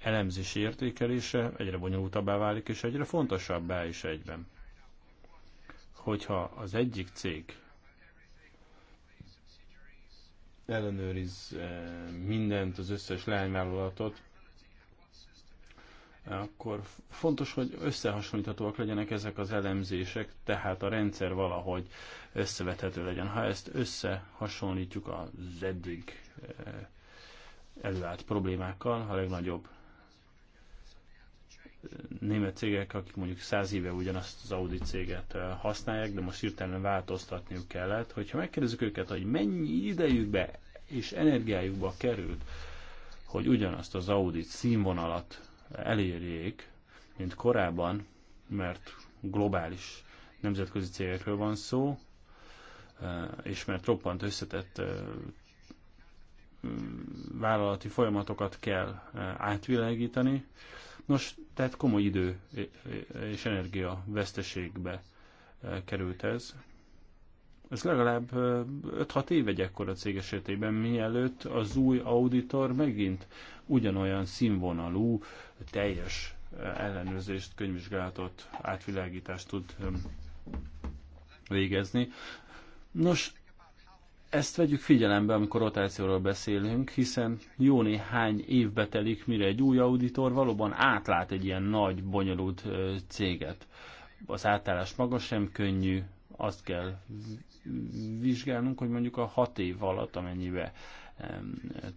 elemzési értékelése egyre bonyolultabbá válik, és egyre fontosabbá is egyben. Hogyha az egyik cég ellenőriz eh, mindent, az összes leányvállalatot, akkor fontos, hogy összehasonlíthatóak legyenek ezek az elemzések, tehát a rendszer valahogy összevethető legyen. Ha ezt összehasonlítjuk az eddig eh, előállt problémákkal, a legnagyobb eh, német cégek, akik mondjuk száz éve ugyanazt az Audi céget eh, használják, de most hirtelen változtatniuk kellett, hogyha megkérdezzük őket, hogy mennyi idejükbe és energiájukba került, hogy ugyanazt az Audi színvonalat elérjék, mint korábban, mert globális nemzetközi cégekről van szó, e, és mert roppant összetett e, vállalati folyamatokat kell e, átvilágítani. Nos, tehát komoly idő és energia veszteségbe került ez. Ez legalább 5-6 év egy ekkora cég esetében, mielőtt az új auditor megint ugyanolyan színvonalú, teljes ellenőrzést, könyvvizsgálatot, átvilágítást tud végezni. Nos, ezt vegyük figyelembe, amikor rotációról beszélünk, hiszen jó néhány év betelik, mire egy új auditor valóban átlát egy ilyen nagy, bonyolult céget. Az átállás maga sem könnyű, azt kell vizsgálnunk, hogy mondjuk a hat év alatt, amennyibe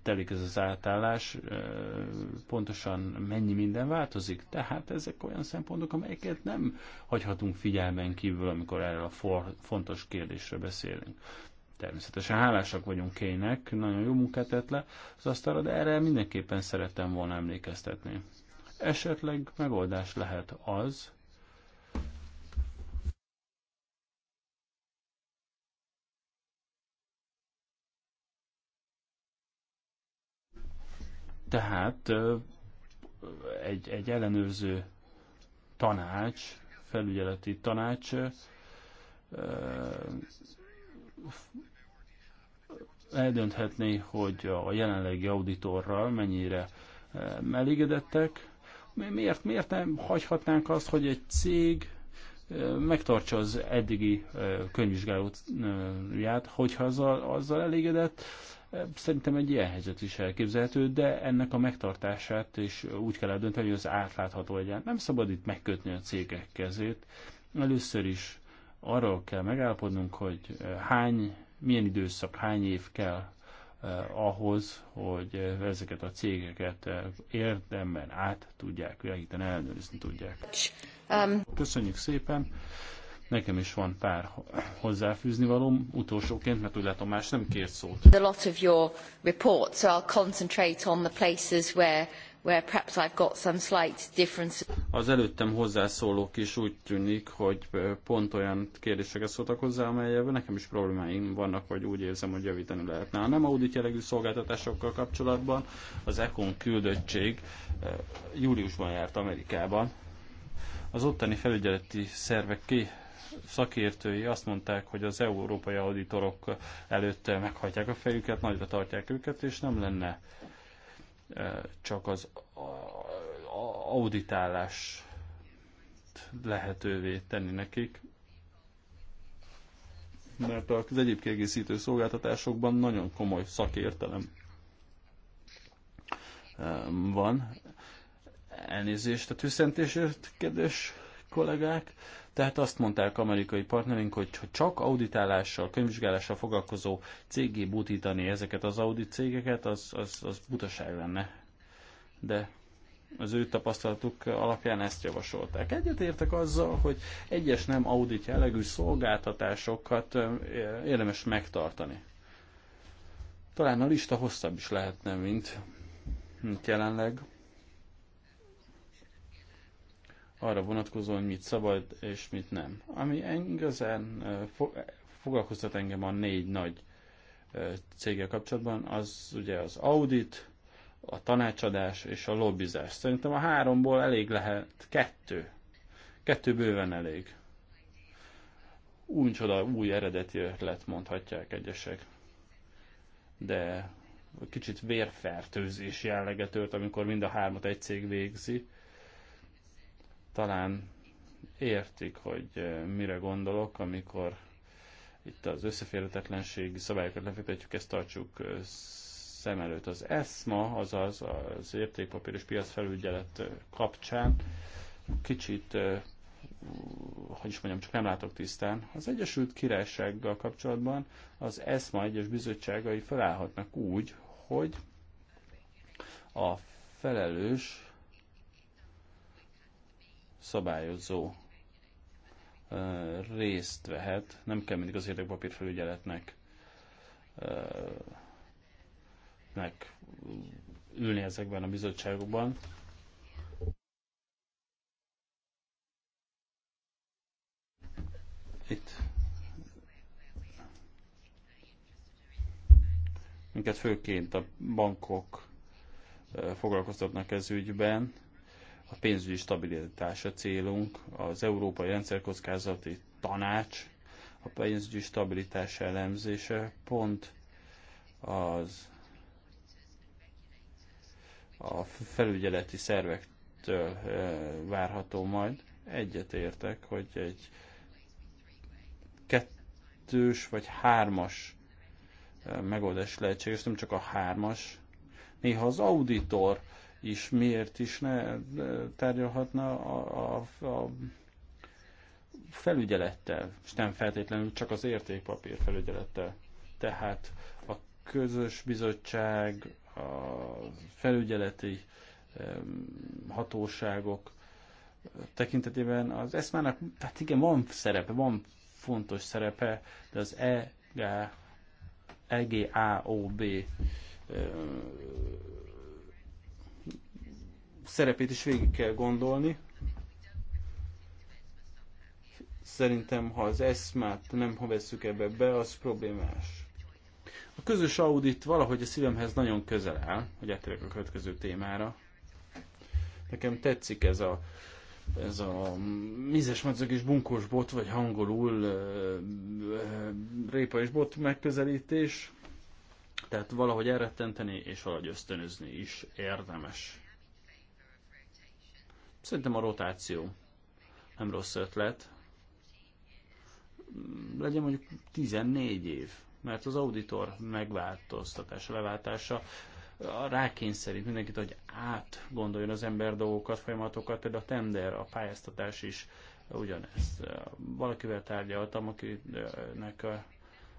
telik ez az átállás, pontosan mennyi minden változik. Tehát ezek olyan szempontok, amelyeket nem hagyhatunk figyelmen kívül, amikor erről a for, fontos kérdésről beszélünk. Természetesen hálásak vagyunk Kének, nagyon jó munkát tett le az asztalra, de erre mindenképpen szerettem volna emlékeztetni. Esetleg megoldás lehet az, Tehát egy, egy ellenőrző tanács, felügyeleti tanács eldönthetné, hogy a jelenlegi auditorral mennyire elégedettek. Miért, miért nem hagyhatnánk azt, hogy egy cég megtartsa az eddigi könyvvizsgálóját, hogyha azzal, azzal elégedett, Szerintem egy ilyen helyzet is elképzelhető, de ennek a megtartását is úgy kell eldönteni, hogy az átlátható legyen. Nem szabad itt megkötni a cégek kezét. Először is arról kell megállapodnunk, hogy eh, hány, milyen időszak, hány év kell eh, ahhoz, hogy eh, ezeket a cégeket eh, érdemben át tudják világítani, ellenőrizni tudják. Um, Köszönjük szépen! Nekem is van pár hozzáfűzni valóm, utolsóként, mert úgy látom más nem kért szót. A lot of your report, so I'll concentrate on the places where where perhaps I've got some slight difference. Az előttem hozzászólók is úgy tűnik, hogy pont olyan kérdéseket szóltak hozzá, amelyekben nekem is problémáim vannak, vagy úgy érzem, hogy javítani lehetne. A nem audit jellegű szolgáltatásokkal kapcsolatban az ECON küldöttség júliusban járt Amerikában. Az ottani felügyeleti szervek ki szakértői azt mondták, hogy az európai auditorok előtt meghajtják a fejüket, nagyra tartják őket, és nem lenne e, csak az auditálás lehetővé tenni nekik, mert az egyéb kiegészítő szolgáltatásokban nagyon komoly szakértelem e, van. Elnézést a tüszentésért, kedves kollégák, tehát azt mondták amerikai partnerink, hogy ha csak auditálással, könyvvizsgálással foglalkozó cégé butítani ezeket az audit cégeket, az, az, az butaság lenne. De az ő tapasztalatuk alapján ezt javasolták. értek azzal, hogy egyes nem audit jellegű szolgáltatásokat érdemes megtartani. Talán a lista hosszabb is lehetne, mint, mint jelenleg arra vonatkozóan, mit szabad és mit nem. Ami igazán foglalkoztat engem a négy nagy céggel kapcsolatban, az ugye az audit, a tanácsadás és a lobbizás. Szerintem a háromból elég lehet kettő. Kettő bőven elég. Úgy csoda új eredeti ötlet, mondhatják egyesek. De kicsit vérfertőzés jellege tört, amikor mind a hármat egy cég végzi talán értik, hogy mire gondolok, amikor itt az összeférhetetlenség szabályokat lefektetjük, ezt tartsuk szem előtt. Az ESMA, azaz az értékpapír és felügyelet kapcsán kicsit, hogy is mondjam, csak nem látok tisztán. Az Egyesült Királysággal kapcsolatban az ESMA egyes bizottságai felállhatnak úgy, hogy a felelős szabályozó részt vehet, nem kell mindig az érdekpapírfelügyeletnek meg ülni ezekben a bizottságokban. Itt minket főként a bankok foglalkoztatnak ez ügyben a pénzügyi stabilitás a célunk, az Európai Rendszerkockázati Tanács, a pénzügyi stabilitás elemzése pont az a felügyeleti szervektől eh, várható majd. Egyetértek, hogy egy kettős vagy hármas eh, megoldás lehetséges, nem csak a hármas. Néha az auditor is miért is ne eh, tárgyalhatna a, a, a felügyelettel, és nem feltétlenül csak az értékpapír felügyelettel. Tehát a közös bizottság, a felügyeleti hatóságok tekintetében az eszmának, tehát igen, van szerepe, van fontos szerepe, de az EGA, EGAOB szerepét is végig kell gondolni. Szerintem, ha az eszmát nem ha veszük ebbe be, az problémás. A közös audit valahogy a szívemhez nagyon közel áll, hogy áttérek a következő témára. Nekem tetszik ez a, ez a mizes madzag és bunkós bot, vagy hangolul répa és bot megközelítés. Tehát valahogy elrettenteni és valahogy ösztönözni is érdemes. Szerintem a rotáció nem rossz ötlet. Legyen mondjuk 14 év, mert az auditor megváltoztatása, leváltása rákényszerít mindenkit, hogy átgondoljon az ember dolgokat, folyamatokat, például a tender, a pályáztatás is ugyanezt. Valakivel tárgyaltam, akinek a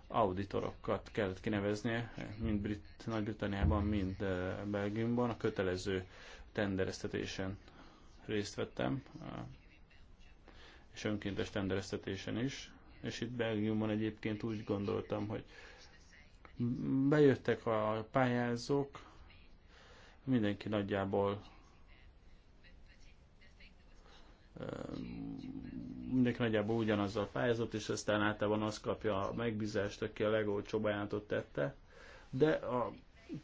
auditorokat kellett kineveznie, mind Brit, Nagy-Britanniában, mind eh, Belgiumban, a kötelező tendereztetésen részt vettem, és önkéntes tendereztetésen is, és itt Belgiumban egyébként úgy gondoltam, hogy bejöttek a pályázók, mindenki nagyjából mindenki nagyjából ugyanazzal pályázott, és aztán általában azt kapja a megbízást, aki a legolcsóbb ajánlatot tette. De a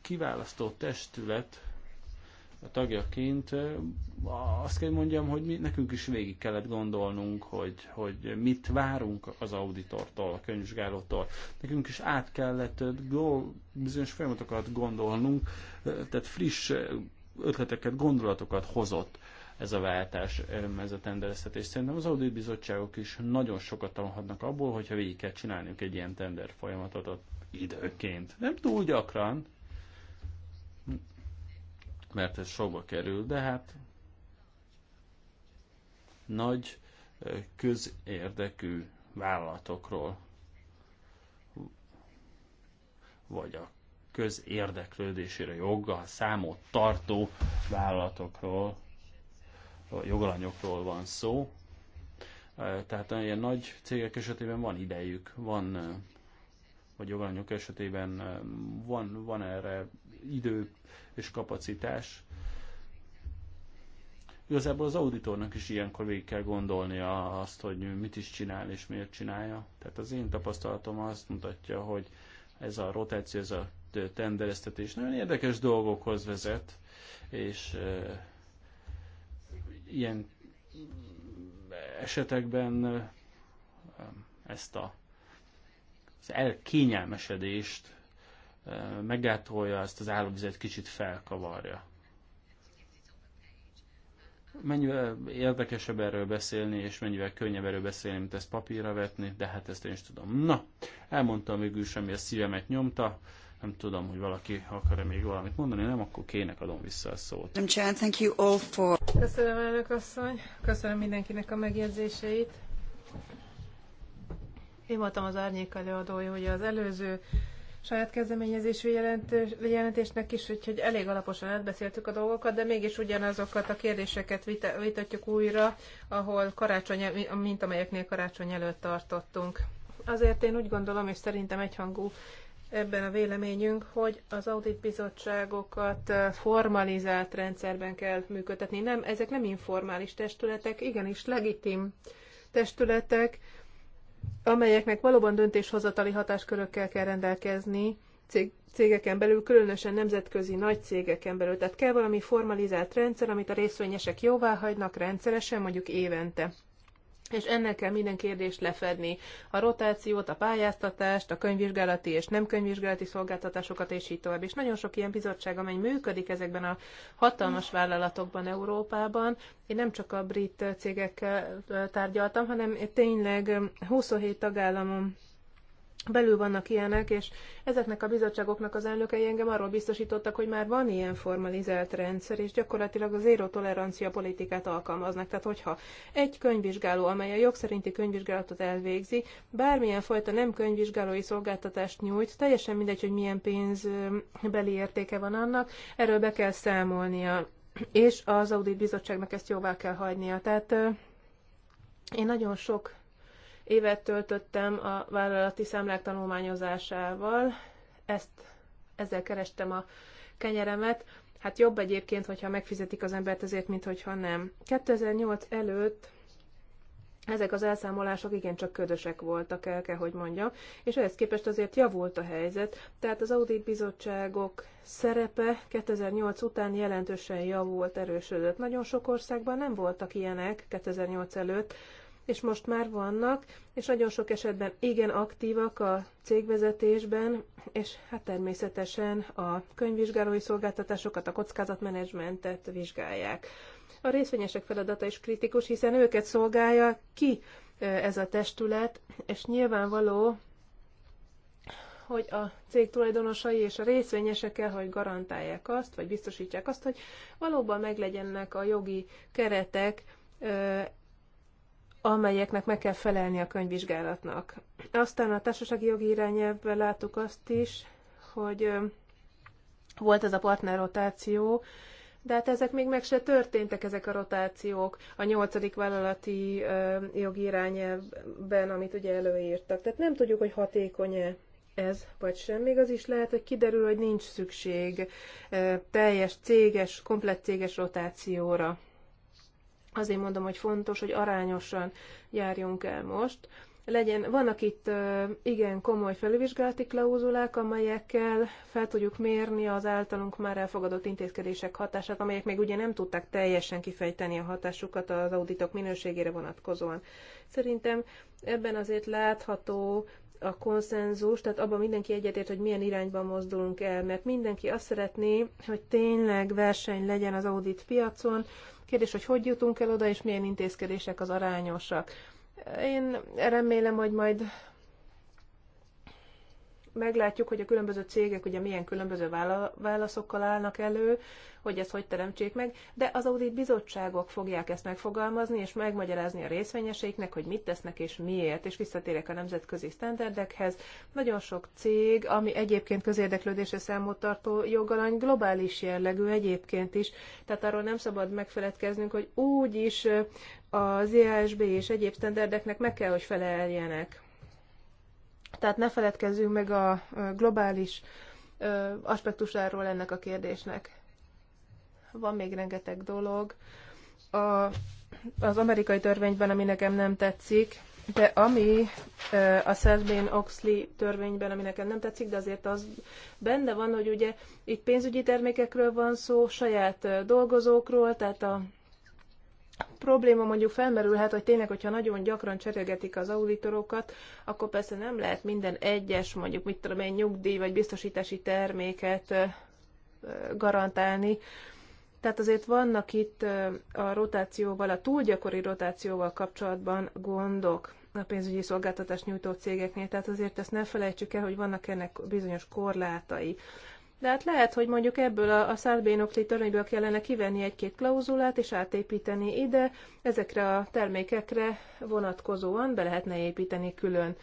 kiválasztó testület a tagjaként azt kell mondjam, hogy mi, nekünk is végig kellett gondolnunk, hogy, hogy mit várunk az auditortól, a könyvvizsgálótól. Nekünk is át kellett bizonyos folyamatokat gondolnunk, tehát friss ötleteket, gondolatokat hozott ez a váltás, ez a tendereztetés. Szerintem az audit bizottságok is nagyon sokat tanulhatnak abból, hogyha végig kell csinálniuk egy ilyen tender folyamatot időként. Nem túl gyakran, mert ez sokba kerül, de hát nagy közérdekű vállalatokról, vagy a közérdeklődésére joggal számot tartó vállalatokról, jogalanyokról van szó. Tehát ilyen nagy cégek esetében van idejük, van, vagy jogalanyok esetében van, van erre idő és kapacitás. Igazából az auditornak is ilyenkor végig kell gondolnia azt, hogy mit is csinál és miért csinálja. Tehát az én tapasztalatom azt mutatja, hogy ez a rotáció, ez a tendereztetés nagyon érdekes dolgokhoz vezet, és e, ilyen esetekben eh, ezt a az elkényelmesedést meggátolja, ezt az állóvizet kicsit felkavarja. Mennyivel érdekesebb erről beszélni, és mennyivel könnyebb erről beszélni, mint ezt papírra vetni, de hát ezt én is tudom. Na, elmondtam végül semmi, a szívemet nyomta, nem tudom, hogy valaki akar-e még valamit mondani, nem, akkor kének adom vissza a szót. Thank you all for... Köszönöm, elnök asszony, köszönöm mindenkinek a megjegyzéseit. Én voltam az árnyék előadója, hogy az előző saját kezdeményezésű jelentős, jelentésnek is, úgyhogy elég alaposan átbeszéltük a dolgokat, de mégis ugyanazokat a kérdéseket vita, vitatjuk újra, ahol karácsony, mint amelyeknél karácsony előtt tartottunk. Azért én úgy gondolom, és szerintem egyhangú ebben a véleményünk, hogy az auditbizottságokat eh, formalizált rendszerben kell működtetni. Nem, ezek nem informális testületek, igenis legitim testületek, amelyeknek valóban döntéshozatali hatáskörökkel kell rendelkezni, cég, cégeken belül, különösen nemzetközi nagy cégeken belül. Tehát kell valami formalizált rendszer, amit a részvényesek jóvá hagynak rendszeresen, mondjuk évente és ennek kell minden kérdést lefedni. A rotációt, a pályáztatást, a könyvvizsgálati és nem könyvvizsgálati szolgáltatásokat, és így tovább. És nagyon sok ilyen bizottság, amely működik ezekben a hatalmas vállalatokban Európában. Én nem csak a brit cégekkel tárgyaltam, hanem tényleg 27 tagállamon belül vannak ilyenek, és ezeknek a bizottságoknak az elnökei engem arról biztosítottak, hogy már van ilyen formalizált rendszer, és gyakorlatilag a zéró tolerancia politikát alkalmaznak. Tehát, hogyha egy könyvvizsgáló, amely a jogszerinti könyvvizsgálatot elvégzi, bármilyen fajta nem könyvvizsgálói szolgáltatást nyújt, teljesen mindegy, hogy milyen pénzbeli értéke van annak, erről be kell számolnia, és az audit bizottságnak ezt jóvá kell hagynia. Tehát én nagyon sok évet töltöttem a vállalati számlák tanulmányozásával, ezt, ezzel kerestem a kenyeremet. Hát jobb egyébként, hogyha megfizetik az embert ezért, mint hogyha nem. 2008 előtt ezek az elszámolások igencsak ködösek voltak, el kell, hogy mondjam, és ehhez képest azért javult a helyzet, tehát az audit bizottságok szerepe 2008 után jelentősen javult, erősödött. Nagyon sok országban nem voltak ilyenek 2008 előtt, és most már vannak, és nagyon sok esetben igen aktívak a cégvezetésben, és hát természetesen a könyvvizsgálói szolgáltatásokat, a kockázatmenedzsmentet vizsgálják. A részvényesek feladata is kritikus, hiszen őket szolgálja ki ez a testület, és nyilvánvaló, hogy a cég tulajdonosai és a részvényesek kell, hogy garantálják azt, vagy biztosítják azt, hogy valóban meglegyennek a jogi keretek amelyeknek meg kell felelni a könyvvizsgálatnak. Aztán a társasági jogi irányelvben láttuk azt is, hogy volt ez a partnerrotáció, de hát ezek még meg se történtek, ezek a rotációk a nyolcadik vállalati ö, jogi irányelvben, amit ugye előírtak. Tehát nem tudjuk, hogy hatékony-e ez vagy sem. Még az is lehet, hogy kiderül, hogy nincs szükség ö, teljes céges, komplett céges rotációra. Azért mondom, hogy fontos, hogy arányosan járjunk el most. Legyen, vannak itt igen komoly felülvizsgálati klauzulák, amelyekkel fel tudjuk mérni az általunk már elfogadott intézkedések hatását, amelyek még ugye nem tudták teljesen kifejteni a hatásukat az auditok minőségére vonatkozóan. Szerintem ebben azért látható a konszenzus, tehát abban mindenki egyetért, hogy milyen irányba mozdulunk el, mert mindenki azt szeretné, hogy tényleg verseny legyen az audit piacon, Kérdés, hogy hogy jutunk el oda, és milyen intézkedések az arányosak. Én remélem, hogy majd meglátjuk, hogy a különböző cégek ugye milyen különböző válaszokkal állnak elő, hogy ezt hogy teremtsék meg, de az audit bizottságok fogják ezt megfogalmazni és megmagyarázni a részvényeseiknek, hogy mit tesznek és miért, és visszatérek a nemzetközi standardekhez. Nagyon sok cég, ami egyébként közérdeklődése számot tartó jogalany, globális jellegű egyébként is, tehát arról nem szabad megfeledkeznünk, hogy úgy is az IASB és egyéb standardeknek meg kell, hogy feleljenek tehát ne feledkezzünk meg a globális aspektusáról ennek a kérdésnek. Van még rengeteg dolog. A, az amerikai törvényben, ami nekem nem tetszik, de ami a Szerbén Oxley törvényben, ami nekem nem tetszik, de azért az benne van, hogy ugye itt pénzügyi termékekről van szó, saját dolgozókról, tehát a probléma mondjuk felmerülhet, hogy tényleg, hogyha nagyon gyakran cserélgetik az auditorokat, akkor persze nem lehet minden egyes, mondjuk mit tudom én, nyugdíj vagy biztosítási terméket garantálni. Tehát azért vannak itt a rotációval, a gyakori rotációval kapcsolatban gondok a pénzügyi szolgáltatás nyújtó cégeknél, tehát azért ezt ne felejtsük el, hogy vannak ennek bizonyos korlátai. De hát lehet, hogy mondjuk ebből a, a szárbénokli törvényből kellene kivenni egy-két klauzulát és átépíteni ide, ezekre a termékekre vonatkozóan be lehetne építeni külön.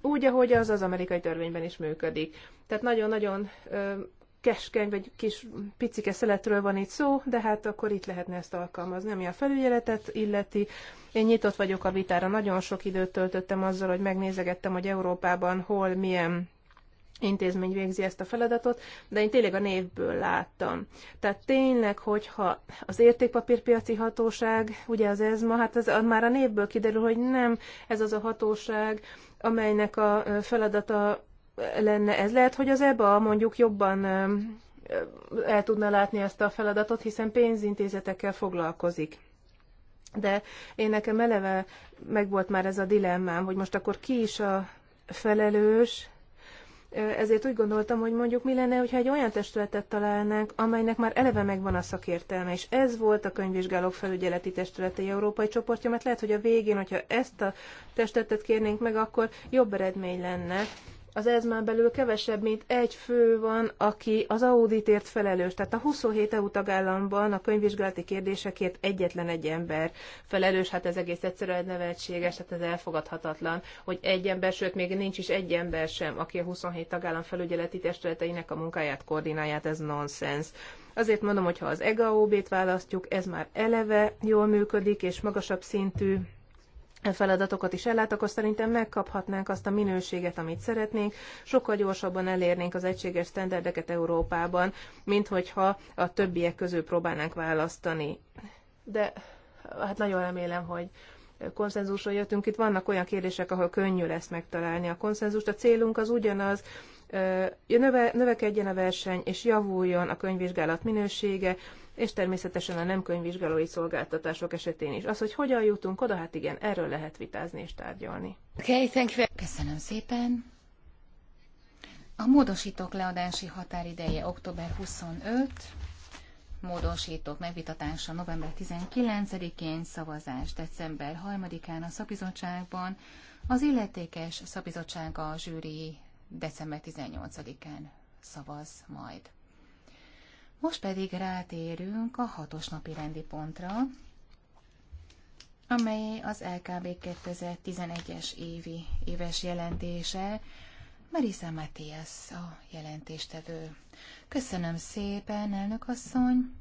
Úgy, ahogy az az amerikai törvényben is működik. Tehát nagyon-nagyon keskeny vagy kis picike szeletről van itt szó, de hát akkor itt lehetne ezt alkalmazni, ami a felügyeletet illeti. Én nyitott vagyok a vitára, nagyon sok időt töltöttem azzal, hogy megnézegettem, hogy Európában hol milyen intézmény végzi ezt a feladatot, de én tényleg a névből láttam. Tehát tényleg, hogyha az értékpapírpiaci hatóság, ugye az ez ma, hát ez már a névből kiderül, hogy nem ez az a hatóság, amelynek a feladata lenne. Ez lehet, hogy az EBA mondjuk jobban el tudna látni ezt a feladatot, hiszen pénzintézetekkel foglalkozik. De én nekem eleve megvolt már ez a dilemmám, hogy most akkor ki is a felelős, ezért úgy gondoltam, hogy mondjuk mi lenne, hogyha egy olyan testületet találnánk, amelynek már eleve megvan a szakértelme, és ez volt a könyvvizsgálók felügyeleti testületei európai csoportja, mert lehet, hogy a végén, hogyha ezt a testületet kérnénk meg, akkor jobb eredmény lenne, az ezmán belül kevesebb, mint egy fő van, aki az auditért felelős. Tehát a 27 EU tagállamban a könyvvizsgálati kérdésekért egyetlen egy ember felelős, hát ez egész egyszerűen nevetséges, hát ez elfogadhatatlan, hogy egy ember, sőt még nincs is egy ember sem, aki a 27 tagállam felügyeleti testületeinek a munkáját koordinálját, ez nonsens. Azért mondom, hogy ha az EGAOB-t választjuk, ez már eleve jól működik, és magasabb szintű feladatokat is ellát, akkor szerintem megkaphatnánk azt a minőséget, amit szeretnénk, sokkal gyorsabban elérnénk az egységes standardeket Európában, mint hogyha a többiek közül próbálnánk választani. De hát nagyon remélem, hogy konszenzusra jöttünk. Itt vannak olyan kérdések, ahol könnyű lesz megtalálni a konszenzust. A célunk az ugyanaz, növekedjen a verseny, és javuljon a könyvvizsgálat minősége, és természetesen a nem könyvvizsgálói szolgáltatások esetén is. Az, hogy hogyan jutunk oda, hát igen, erről lehet vitázni és tárgyalni. Okay, thank you. Köszönöm szépen. A módosítók leadási határideje október 25, módosítók megvitatása november 19-én, szavazás december 3-án a szabizottságban, az illetékes szabizottsága a zsűri december 18-án szavaz majd. Most pedig rátérünk a hatos napi rendi pontra, amely az LKB 2011-es évi éves jelentése, Marisa Matthias a jelentéstevő. Köszönöm szépen, elnök asszony!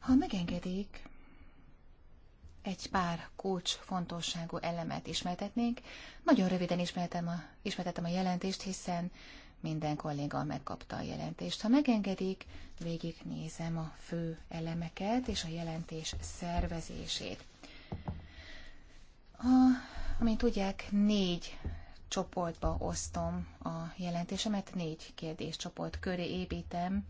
Ha megengedik, egy pár kulcs fontosságú elemet ismertetnénk. Nagyon röviden ismertem a, ismertetem a jelentést, hiszen minden kolléga megkapta a jelentést. Ha megengedik, végignézem a fő elemeket és a jelentés szervezését. A, amint tudják, négy csoportba osztom a jelentésemet, négy kérdéscsoport köré építem.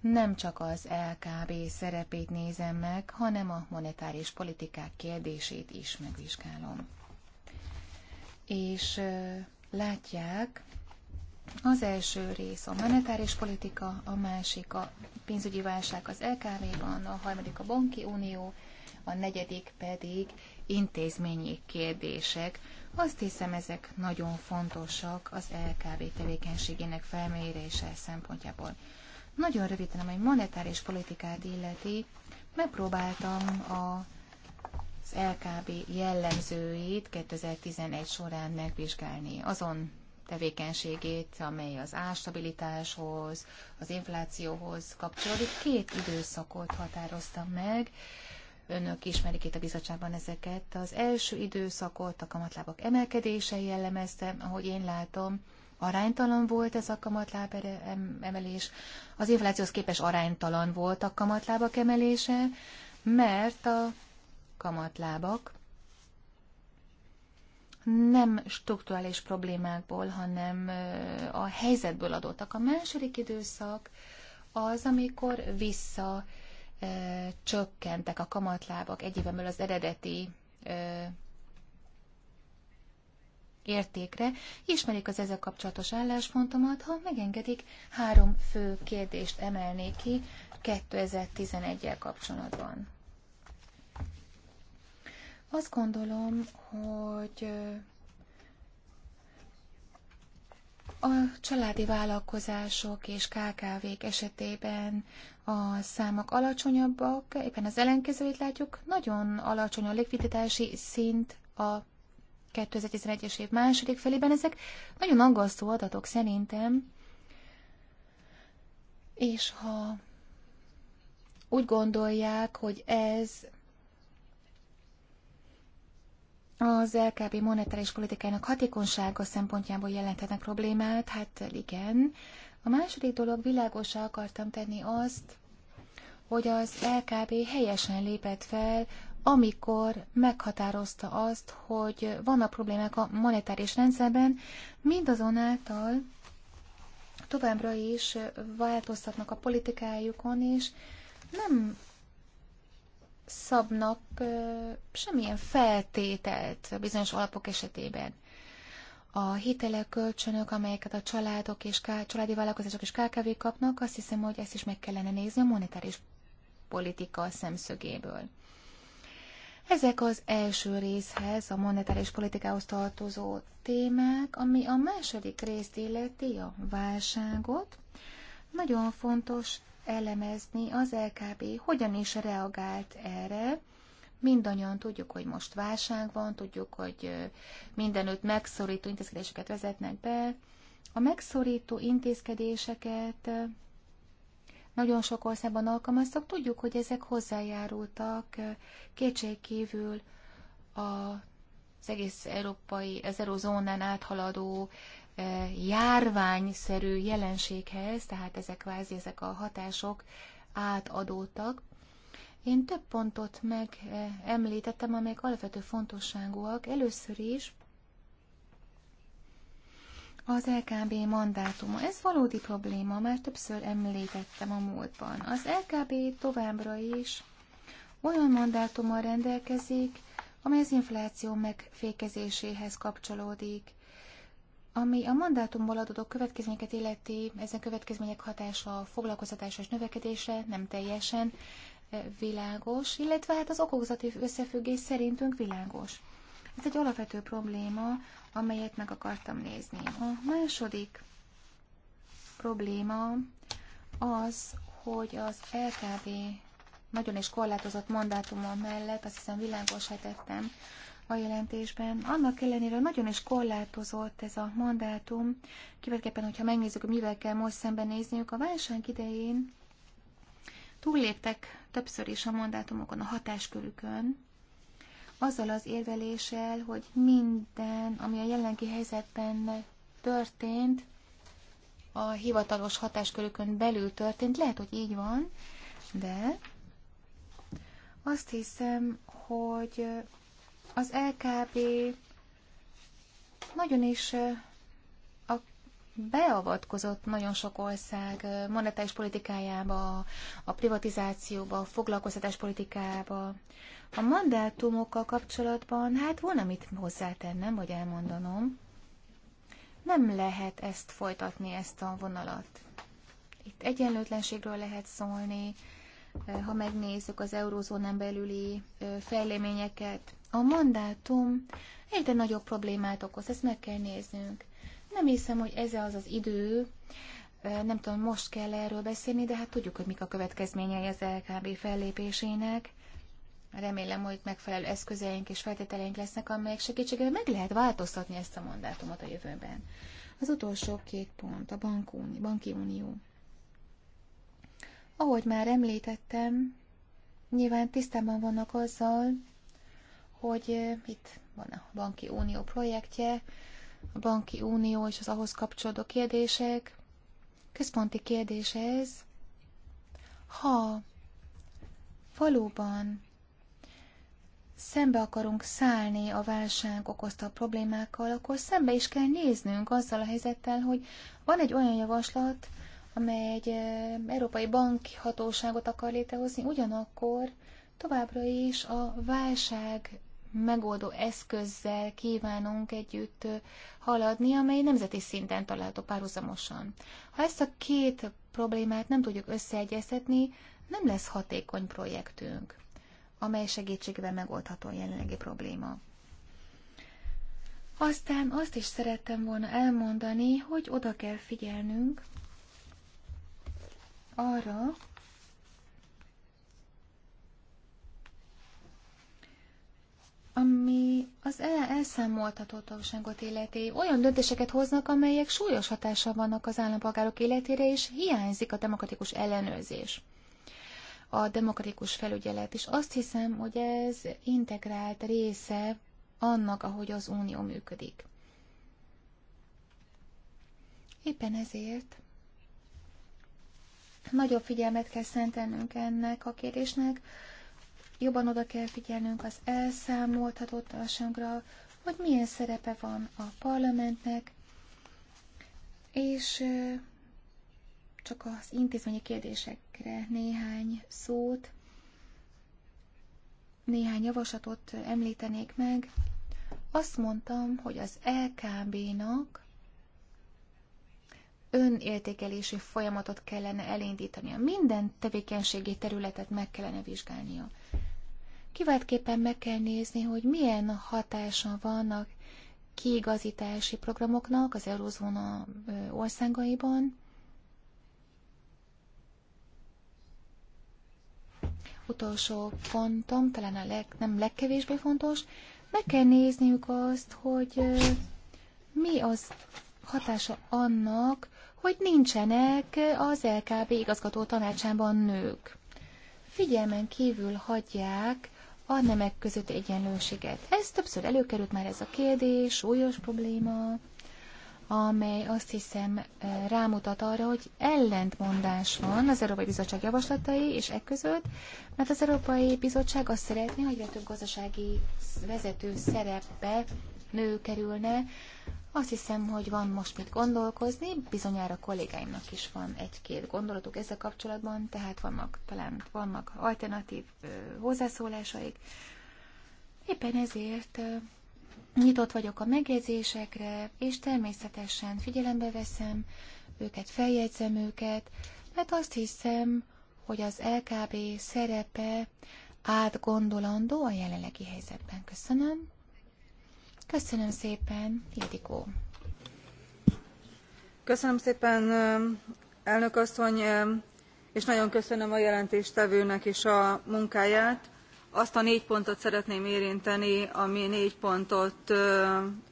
Nem csak az LKB szerepét nézem meg, hanem a monetáris politikák kérdését is megvizsgálom. És látják, az első rész a monetáris politika, a másik a pénzügyi válság az LKV-ban, a harmadik a banki unió, a negyedik pedig intézményi kérdések. Azt hiszem, ezek nagyon fontosak az LKV tevékenységének felmérése szempontjából. Nagyon röviden, amely monetáris politikát illeti, megpróbáltam a az LKB jellemzőit 2011 során megvizsgálni. Azon tevékenységét, amely az ástabilitáshoz, az inflációhoz kapcsolódik. Két időszakot határoztam meg. Önök ismerik itt a bizottságban ezeket. Az első időszakot a kamatlábak emelkedése jellemezte, ahogy én látom. Aránytalan volt ez a kamatláb emelés. Az inflációhoz képes aránytalan volt a kamatlábak emelése, mert a kamatlábak nem struktúrális problémákból, hanem a helyzetből adottak. A második időszak az, amikor vissza csökkentek a kamatlábak egy az eredeti értékre. Ismerik az ezzel kapcsolatos álláspontomat, ha megengedik, három fő kérdést emelnék ki 2011-el kapcsolatban. Azt gondolom, hogy a családi vállalkozások és KKV-k esetében a számok alacsonyabbak, éppen az ellenkezőjét látjuk, nagyon alacsony a likviditási szint a 2011-es év második felében. Ezek nagyon aggasztó adatok szerintem, és ha úgy gondolják, hogy ez az LKB monetáris politikának hatékonysága szempontjából jelentenek problémát, hát igen. A második dolog világosá akartam tenni azt, hogy az LKB helyesen lépett fel, amikor meghatározta azt, hogy vannak problémák a monetáris rendszerben, mindazonáltal továbbra is változtatnak a politikájukon, és nem szabnak semmilyen feltételt a bizonyos alapok esetében. A hitelek, kölcsönök, amelyeket a családok és ká- családi vállalkozások és KKV kapnak, azt hiszem, hogy ezt is meg kellene nézni a monetáris politika szemszögéből. Ezek az első részhez, a monetáris politikához tartozó témák, ami a második részt illeti a válságot. Nagyon fontos elemezni, az LKB hogyan is reagált erre. Mindannyian tudjuk, hogy most válság van, tudjuk, hogy mindenütt megszorító intézkedéseket vezetnek be. A megszorító intézkedéseket nagyon sok országban alkalmaztak, tudjuk, hogy ezek hozzájárultak kétségkívül az egész európai, az eurozónán áthaladó E, járványszerű jelenséghez, tehát ezek kvázi, ezek a hatások átadódtak. Én több pontot megemlítettem, e, amelyek alapvető fontosságúak. Először is az LKB mandátuma. Ez valódi probléma, már többször említettem a múltban. Az LKB továbbra is olyan mandátummal rendelkezik, amely az infláció megfékezéséhez kapcsolódik, ami a mandátumból adódó következményeket illeti, ezen következmények hatása a foglalkoztatásos növekedésre nem teljesen e, világos, illetve hát az okozati összefüggés szerintünk világos. Ez egy alapvető probléma, amelyet meg akartam nézni. A második probléma az, hogy az LKB nagyon is korlátozott mandátuma mellett, azt hiszem világosá tettem, a jelentésben. Annak ellenére nagyon is korlátozott ez a mandátum, kivetképpen, hogyha megnézzük, hogy mivel kell most szembenézniük a válság idején, túlléptek többször is a mandátumokon, a hatáskörükön, azzal az érveléssel, hogy minden, ami a jelenlegi helyzetben történt, a hivatalos hatáskörükön belül történt, lehet, hogy így van, de azt hiszem, hogy az LKB nagyon is a beavatkozott nagyon sok ország monetáris politikájába, a privatizációba, a foglalkoztatás politikába. A mandátumokkal kapcsolatban hát volna mit hozzátennem, vagy elmondanom. Nem lehet ezt folytatni, ezt a vonalat. Itt egyenlőtlenségről lehet szólni, ha megnézzük az eurózónán belüli fejleményeket, a mandátum egyre nagyobb problémát okoz, ezt meg kell néznünk. Nem hiszem, hogy ez az az idő, nem tudom, most kell erről beszélni, de hát tudjuk, hogy mik a következményei az LKB fellépésének. Remélem, hogy megfelelő eszközeink és feltételeink lesznek, amelyek segítségével meg lehet változtatni ezt a mandátumot a jövőben. Az utolsó két pont, a bankúni, banki unió. Ahogy már említettem, nyilván tisztában vannak azzal, hogy eh, itt van a Banki Unió projektje, a Banki Unió és az ahhoz kapcsolódó kérdések. Központi kérdés ez, ha valóban szembe akarunk szállni a válság okozta problémákkal, akkor szembe is kell néznünk azzal a helyzettel, hogy van egy olyan javaslat, amely egy eh, európai banki hatóságot akar létrehozni, ugyanakkor továbbra is a válság megoldó eszközzel kívánunk együtt haladni, amely nemzeti szinten található párhuzamosan. Ha ezt a két problémát nem tudjuk összeegyeztetni, nem lesz hatékony projektünk, amely segítségével megoldható a jelenlegi probléma. Aztán azt is szerettem volna elmondani, hogy oda kell figyelnünk arra, ami az el- elszámoltatóságot életé, olyan döntéseket hoznak, amelyek súlyos hatással vannak az állampolgárok életére, és hiányzik a demokratikus ellenőrzés, a demokratikus felügyelet. És azt hiszem, hogy ez integrált része annak, ahogy az unió működik. Éppen ezért nagyobb figyelmet kell szentelnünk ennek a kérdésnek Jobban oda kell figyelnünk az elszámolthatótlanságra, hogy milyen szerepe van a parlamentnek, és csak az intézményi kérdésekre néhány szót, néhány javaslatot említenék meg. Azt mondtam, hogy az LKB-nak önértékelési folyamatot kellene elindítania. Minden tevékenységi területet meg kellene vizsgálnia. Kiváltképpen meg kell nézni, hogy milyen hatása vannak kiigazítási programoknak az eurozóna országaiban. Utolsó pontom, talán a leg, nem legkevésbé fontos, meg kell nézniük azt, hogy mi az hatása annak, hogy nincsenek az LKB igazgató tanácsában nők. Figyelmen kívül hagyják a nemek között egyenlőséget. Ez többször előkerült már ez a kérdés, súlyos probléma, amely azt hiszem eh, rámutat arra, hogy ellentmondás van az Európai Bizottság javaslatai és e között, mert az Európai Bizottság azt szeretné, hogy a több gazdasági vezető szerepbe nő kerülne, azt hiszem, hogy van most mit gondolkozni, bizonyára kollégáimnak is van egy-két gondolatuk ezzel kapcsolatban, tehát vannak talán vannak alternatív ö, hozzászólásaik. Éppen ezért ö, nyitott vagyok a megjegyzésekre, és természetesen figyelembe veszem őket, feljegyzem őket, mert azt hiszem, hogy az LKB szerepe átgondolandó a jelenlegi helyzetben. Köszönöm. Köszönöm szépen, Ildikó. Köszönöm szépen, elnök asszony, és nagyon köszönöm a jelentéstevőnek is a munkáját. Azt a négy pontot szeretném érinteni, ami négy pontot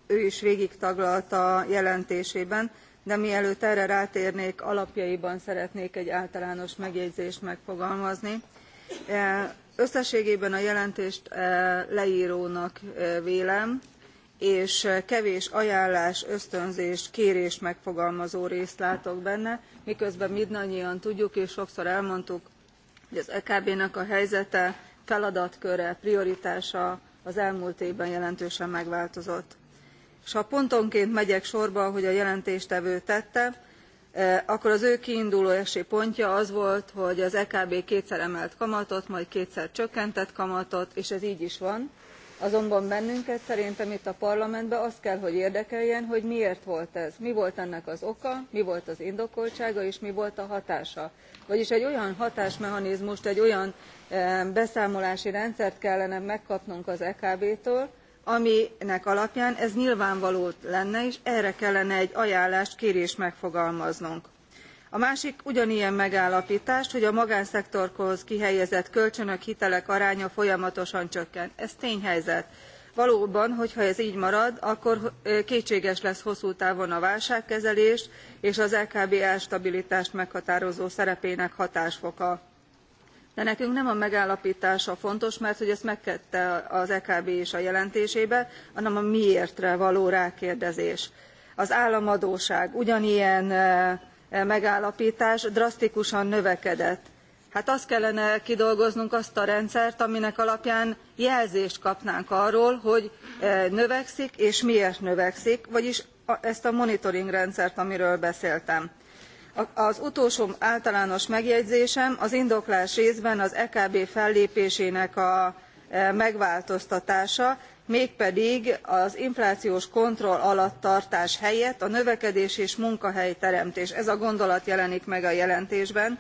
ő is végigtaglalt a jelentésében, de mielőtt erre rátérnék, alapjaiban szeretnék egy általános megjegyzést megfogalmazni összességében a jelentést lerónak vélem és kevés ajánlás ösztönzés kérés megfogalmazó részt látok benne miközben mindannyian tudjuk és sokszor elmondtuk hogy az ekb nak a helyzete feladatköre prioritása az elmúlt évben jelentősen megváltozott. s ha pontonként megyek sorba ahogy a jelentéstevő tette akkor az ő kiindulási pontja az volt hogy az ekb kétszer emelt kamatot majd kétszer csökkentett kamatot és ez gy is van azonban bennünket szerintem itt a parlamentben az kell hogy érdekeljen hogy miért volt ez mi volt ennek az oka mi volt az indokoltsága és mi volt a hatása vagyis egy olyan hatásmechanizmust egy olyan eh, beszámolási rendszert kellene megkapnunk az ekb tól aminek alapján ez nyilvánvaló lenne és erre kellene egy ajánlást kérést megfogalmaznunk a másik ugyanilyen megállaptás hogy a magánszektorhoz kihelyezett kölcsönök hitelek aránya folyamatosan csökken. ez tényhelyzet. valóban hogyha ez gy marad akkor kétséges lesz hosszú távon a válságkezelés és az ekb árstabilitást meghatározó szerepének hatásfoka. de nekünk nem a a fontos mert hogy ezt megtette az ekb is a jelentésébe hanem a miértre való rákérdezés. az államadósság ugyanilyen megállaptás drasztikusan növekedett. hát azt kellene kidolgoznunk azt a rendszert aminek alapján jelzést kapnánk arról hogy e, növekszik és miért növekszik vagyis ezt a monitoring rendszert amiről beszéltem az utolsó általános megjegyzésem az indoklás részben az ekb fellépésének a e, megváltoztatása mégpedig az inflációs kontroll alatt tartás helyett a növekedés és munkahelyteremtés ez a gondolat jelenik meg a jelentésben.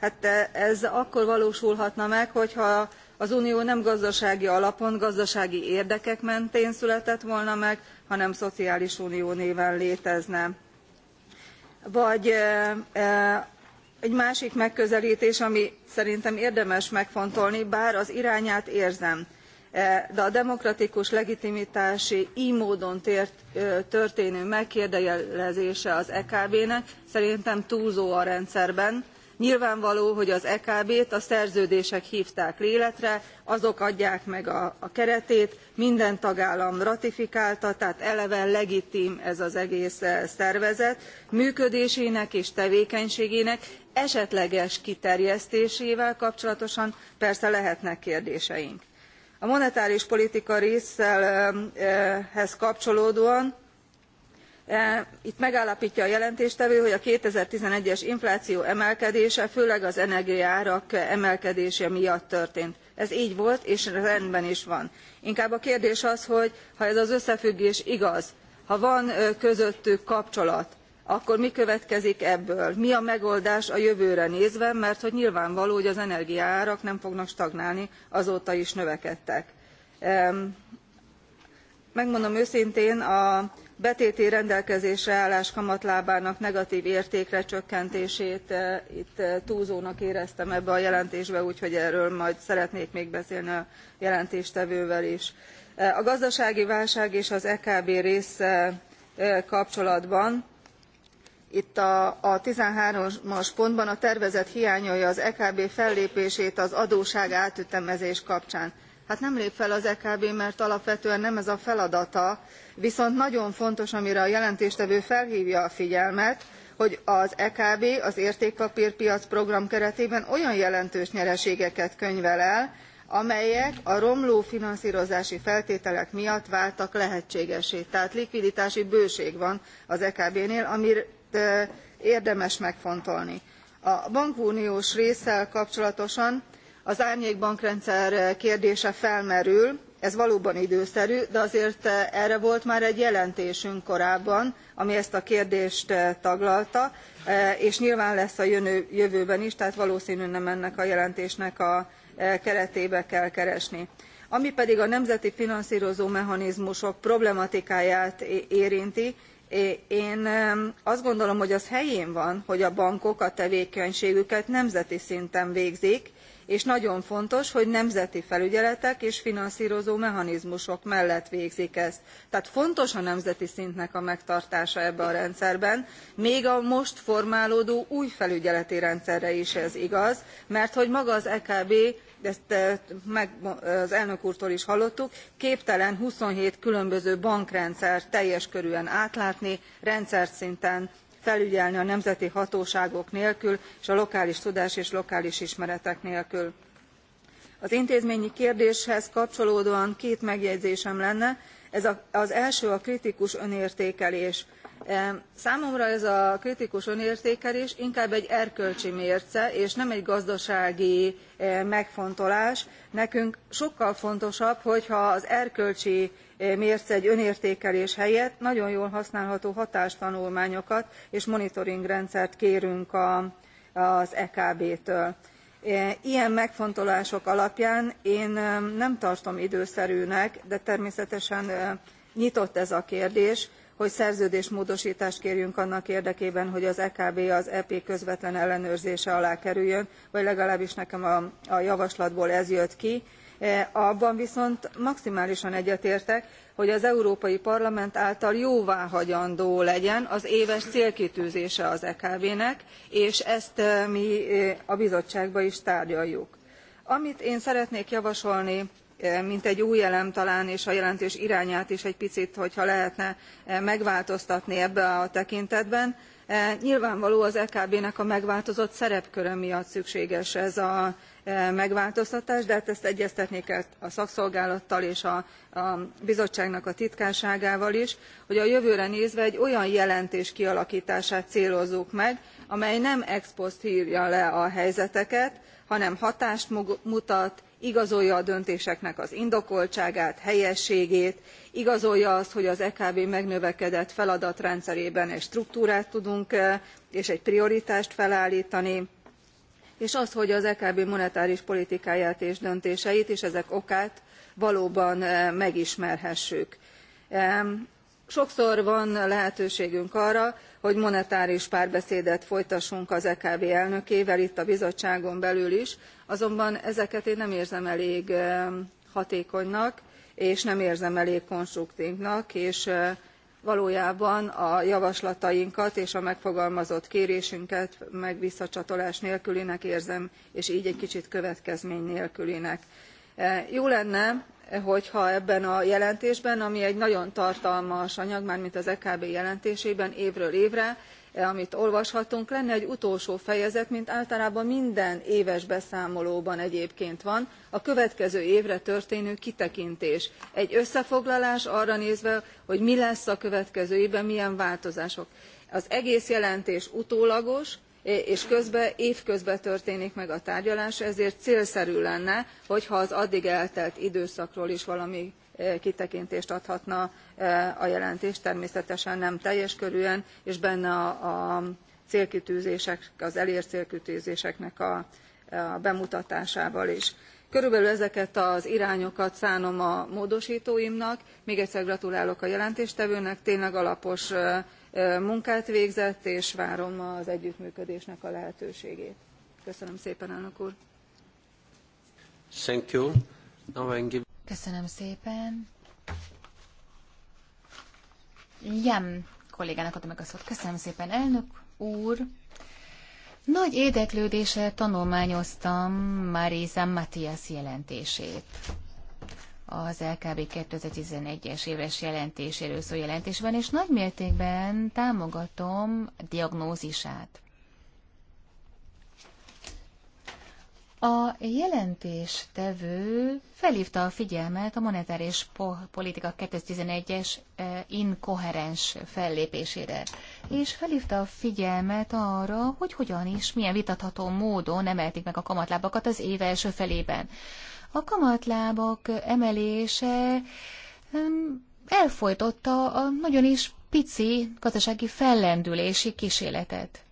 hát ez akkor valósulhatna meg hogyha az unió nem gazdasági alapon gazdasági érdekek mentén született volna meg hanem szociális unió néven létezne. vagy e, e, egy másik megközeltés ami szerintem érdemes megfontolni bár az irányát érzem Eh, de a demokratikus legitimitási ily módon eh, történő megkérdőjelezése az ekb nek szerintem túlzó a rendszerben. nyilvánvaló hogy az ekb t a szerződések hvták léletre azok adják meg a keretét minden tagállam ratifikálta tehát eleve legitim ez az egész eh, szervezet működésének és tevékenységének esetleges kiterjesztésével kapcsolatosan persze lehetnek kérdéseink a monetáris politika részéhez kapcsolódóan e, itt megállaptja a jelentéstevő hogy a two thousand and eleven es infláció emelkedése főleg az energiaárak emelkedése miatt történt. ez gy volt és rendben is van. inkább a kérdés az hogy ha ez az összefüggés igaz ha van közöttük kapcsolat akkor mi következik ebből mi a megoldás a jövőre nézve mert hogy nyilvánvaló hogy az energiaárak nem fognak stagnálni azóta is növekedtek. megmondom őszintén a betéti rendelkezésre állás kamatlábának negatv értékre csökkentését eh, itt eh, túlzónak éreztem ebbe a jelentésbe úgyhogy erről majd szeretnék még beszélni a jelentéstevővel is. Eh, a gazdasági válság és az ekb résszel kapcsolatban itt a thirteen as pontban a tervezet hiányolja az ekb fellépését az adósság átütemezés kapcsán. hát nem lép fel az ekb mert alapvetően nem ez a feladata viszont nagyon fontos amire a jelentéstevő felhvja a figyelmet hogy az ekb az értékpapérpiac program keretében olyan jelentős nyereségeket könyvel el amelyek a romló finanszrozási feltételek miatt váltak lehetségessé tehát likviditási bőség van az ekb nél ami érdemes megfontolni. a bankuniós résszel kapcsolatosan az árnyékbankrendszer kérdése felmerül ez valóban időszerű de azért erre volt már egy jelentésünk korábban ami ezt a kérdést taglalta és nyilván lesz a jövőben is tehát nem ennek a jelentésnek a keretében kell keresni. ami pedig a nemzeti finanszrozó mechanizmusok problematikáját érinti én azt gondolom hogy az helyén van hogy a bankok a tevékenységüket nemzeti szinten végzik és nagyon fontos hogy nemzeti felügyeletek és finanszrozó mechanizmusok mellett végzik ezt. tehát fontos a nemzeti szintnek a megtartása ebben a rendszerben még a most formálódó új felügyeleti rendszerre is ez igaz merthogy maga az ekb ezt meg, az elnök úrtól is hallottuk képtelen twenty seven különböző bankrendszert teljes körűen átlátni rendszerszinten felügyelni a nemzeti hatóságok nélkül és a lokális tudás és lokális ismeretek nélkül. az intézményi kérdéshez kapcsolódóan két megjegyzésem lenne Ez az első a kritikus önértékelés számomra ez a kritikus önértékelés inkább egy erkölcsi mérce és nem egy gazdasági megfontolás. nekünk sokkal fontosabb hogyha az erkölcsi mérce egy önértékelés helyett nagyon jól használható hatástanulmányokat és monitoringrendszert kérünk az ekb től. ilyen megfontolások alapján én nem tartom időszerűnek de természetesen nyitott ez a kérdés hogy szerződésmódostást kérjünk annak érdekében hogy az ekb az ep közvetlen ellenőrzése alá kerüljön vagy legalábbis nekem a, a javaslatból ez jött ki e, abban viszont maximálisan egyetértek hogy az európai parlament által jóváhagyandó legyen az éves célkitűzése az ekb nek és ezt e, mi e, a bizottságban is tárgyaljuk. amit én szeretnék javasolni E, mint egy új elem talán és a jelentés irányát is egy picit hogyha lehetne e, megváltoztatni ebben a tekintetben. E, nyilvánvaló az ekb nek a megváltozott szerepköre miatt szükséges ez a megváltoztatás de hát ezt egyeztetni kell a szakszolgálattal és a, a bizottságnak a titkárságával is hogy a jövőre nézve egy olyan jelentés kialaktását célozzuk meg amely nem ex post rja le a helyzeteket hanem hatást mutat igazolja a döntéseknek az indokoltságát helyességét igazolja azt hogy az ekb megnövekedett feladatrendszerében egy struktúrát tudunk eh, és egy prioritást felálltani és azt hogy az ekb monetáris politikáját és döntéseit és ezek okát valóban eh, megismerhessük sokszor van lehetőségünk arra hogy monetáris párbeszédet folytassunk az ekb elnökével itt a bizottságon belül is azonban ezeket én nem érzem elég eh, hatékonynak és nem érzem elég konstruktvnak és eh, valójában a javaslatainkat és a megfogalmazott kérésünket meg visszacsatolás nélkülinek érzem és gy egy kicsit következmény nélkülinek. Eh, jó lenne hogyha ebben a jelentésben ami egy nagyon tartalmas anyag mármint az ekb jelentésében évről évre eh, amit olvashatunk lenne egy utolsó fejezet mint általában minden éves beszámolóban egyébként van a következő évre történő kitekintés egy összefoglalás arra nézve hogy mi lesz a következő évben milyen változások. az egész jelentés utólagos és közben évközben történik meg a tárgyalás ezért célszerű lenne hogyha az addig eltelt időszakról is valami kitekintést adhatna a jelentés természetesen nem teljes körűen és benne a célkitűzések az elért célkitűzéseknek a bemutatásával is. körülbelül ezeket az irányokat szánom a módostóimnak még egyszer gratulálok a jelentéstevőnek tényleg alapos munkát végzett és várom az együttműködésnek a lehetőségét. köszönöm szépen elnök úr! Köszönöm szépen. Jem kollégának adom meg a szót. Köszönöm szépen, elnök úr. Nagy érdeklődéssel tanulmányoztam Marisa Matias jelentését az LKB 2011-es éves jelentéséről szó jelentés van, és nagy mértékben támogatom diagnózisát. A jelentés tevő felhívta a figyelmet a monetáris politika 2011-es e, inkoherens fellépésére, és felhívta a figyelmet arra, hogy hogyan is, milyen vitatható módon emelték meg a kamatlábakat az éve első felében. A kamatlábak emelése elfolytotta a nagyon is pici gazdasági fellendülési kísérletet.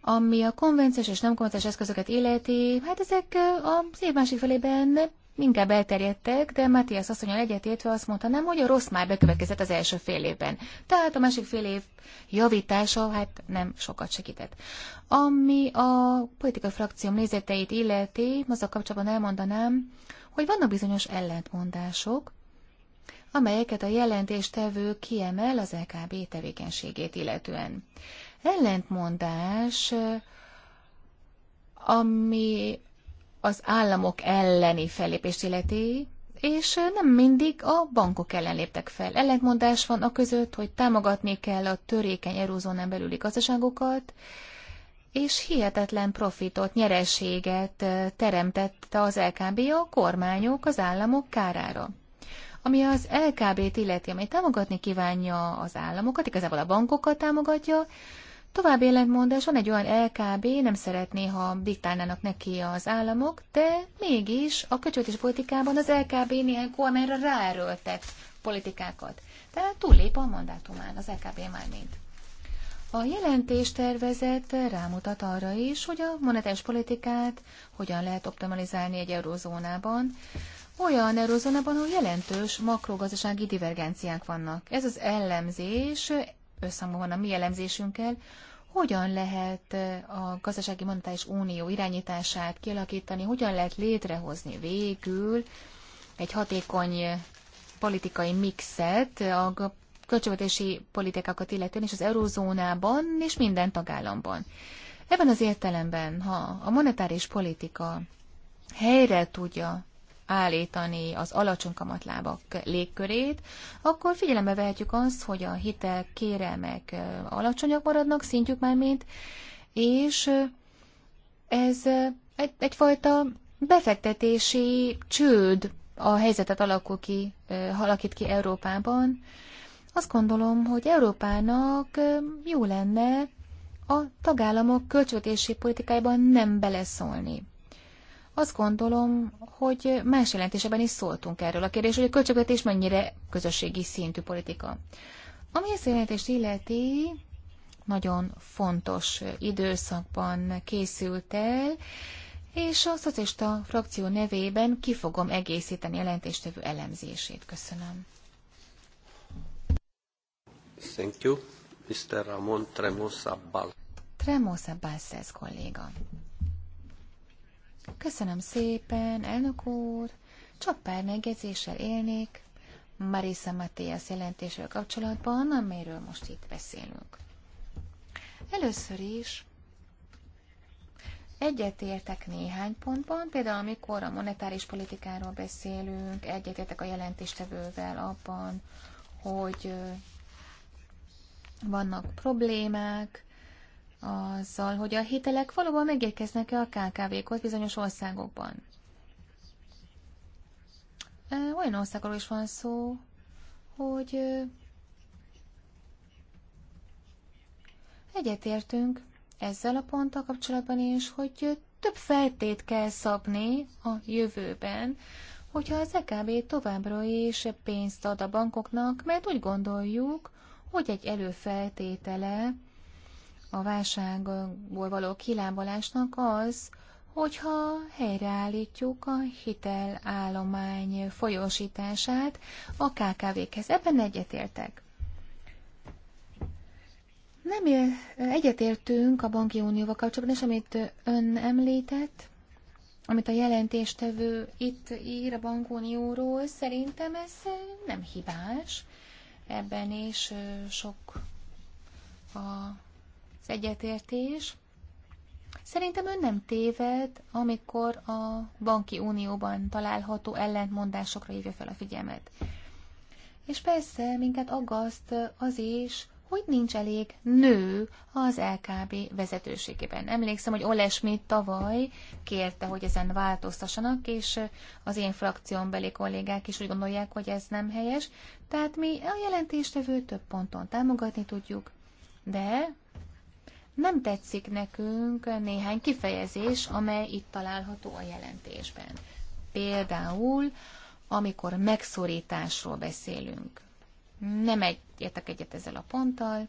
Ami a konvenciós és nem konvenciós eszközöket illeti, hát ezek az év másik felében inkább elterjedtek, de Matthias asszonyal egyetértve azt mondta, nem, hogy a rossz már bekövetkezett az első fél évben. Tehát a másik fél év javítása hát nem sokat segített. Ami a politikai frakcióm nézeteit illeti, azzal kapcsolatban elmondanám, hogy vannak bizonyos ellentmondások, amelyeket a jelentéstevő kiemel az LKB tevékenységét illetően. Ellentmondás, eh, ami az államok elleni fellépés illeti, és nem mindig a bankok ellen léptek fel. Ellentmondás van a között, hogy támogatni kell a törékeny eurózónán belüli gazdaságokat, és hihetetlen profitot, nyereséget eh, teremtette az LKB a kormányok az államok kárára. Ami az LKB-t illeti, amely támogatni kívánja az államokat, igazából a bankokat támogatja, További ellentmondás van egy olyan LKB, nem szeretné, ha diktálnának neki az államok, de mégis a költségvetés politikában az LKB néhány kormányra ráerőltet politikákat. Tehát túllép a mandátumán, az LKB mármint. A jelentéstervezet rámutat arra is, hogy a monetáris politikát hogyan lehet optimalizálni egy eurozónában, olyan eurozónában, ahol jelentős makrogazdasági divergenciák vannak. Ez az ellenzés összhangban van a mi elemzésünkkel, hogyan lehet eh, a gazdasági monetáris unió irányítását kialakítani, hogyan lehet létrehozni végül egy hatékony eh, politikai mixet eh, a költségvetési politikákat illetően és az eurózónában és minden tagállamban. Ebben az értelemben, ha a monetáris politika helyre tudja állítani az alacsony kamatlábak légkörét, akkor figyelembe vehetjük azt, hogy a hitel kérelmek alacsonyak maradnak, szintjük már mint, és ez egy, egyfajta befektetési csőd a helyzetet alakul ki, alakít ki Európában. Azt gondolom, hogy Európának jó lenne a tagállamok költségvetési politikájában nem beleszólni. Azt gondolom, hogy más jelentéseben is szóltunk erről a kérdés, hogy a költségvetés mennyire közösségi szintű politika. Ami ezt a jelentést illeti, nagyon fontos időszakban készült el, és a szocista frakció nevében ki fogom egészíteni jelentéstevő elemzését. Köszönöm. Thank you. Mr. Ramon Tremosa Bal. Tremosa Balszesz kolléga. Köszönöm szépen, elnök úr. Csak pár megjegyzéssel élnék Marisa Matthias jelentésével kapcsolatban, amiről most itt beszélünk. Először is egyetértek néhány pontban, például amikor a monetáris politikáról beszélünk, egyetértek a jelentéstevővel abban, hogy vannak problémák, azzal, hogy a hitelek valóban megérkeznek-e a KKV-khoz bizonyos országokban. Olyan országról is van szó, hogy egyetértünk ezzel a ponttal kapcsolatban is, hogy több feltét kell szabni a jövőben, hogyha az EKB továbbra is pénzt ad a bankoknak, mert úgy gondoljuk, hogy egy előfeltétele a válságból való kilábalásnak az, hogyha helyreállítjuk a hitelállomány folyósítását a KKV-khez. Ebben egyetértek. Nem egyetértünk a banki unióval kapcsolatban, és amit ön említett, amit a jelentéstevő itt ír a bankunióról, szerintem ez nem hibás. Ebben is sok a az egyetértés. Szerintem ön nem téved, amikor a banki unióban található ellentmondásokra hívja fel a figyelmet. És persze minket aggaszt az is, hogy nincs elég nő az LKB vezetőségében. Emlékszem, hogy Ole Schmidt tavaly kérte, hogy ezen változtassanak, és az én frakción beli kollégák is úgy gondolják, hogy ez nem helyes. Tehát mi a jelentéstevő több ponton támogatni tudjuk, de nem tetszik nekünk néhány kifejezés, amely itt található a jelentésben. Például, amikor megszorításról beszélünk. Nem egyetek egyet ezzel a ponttal,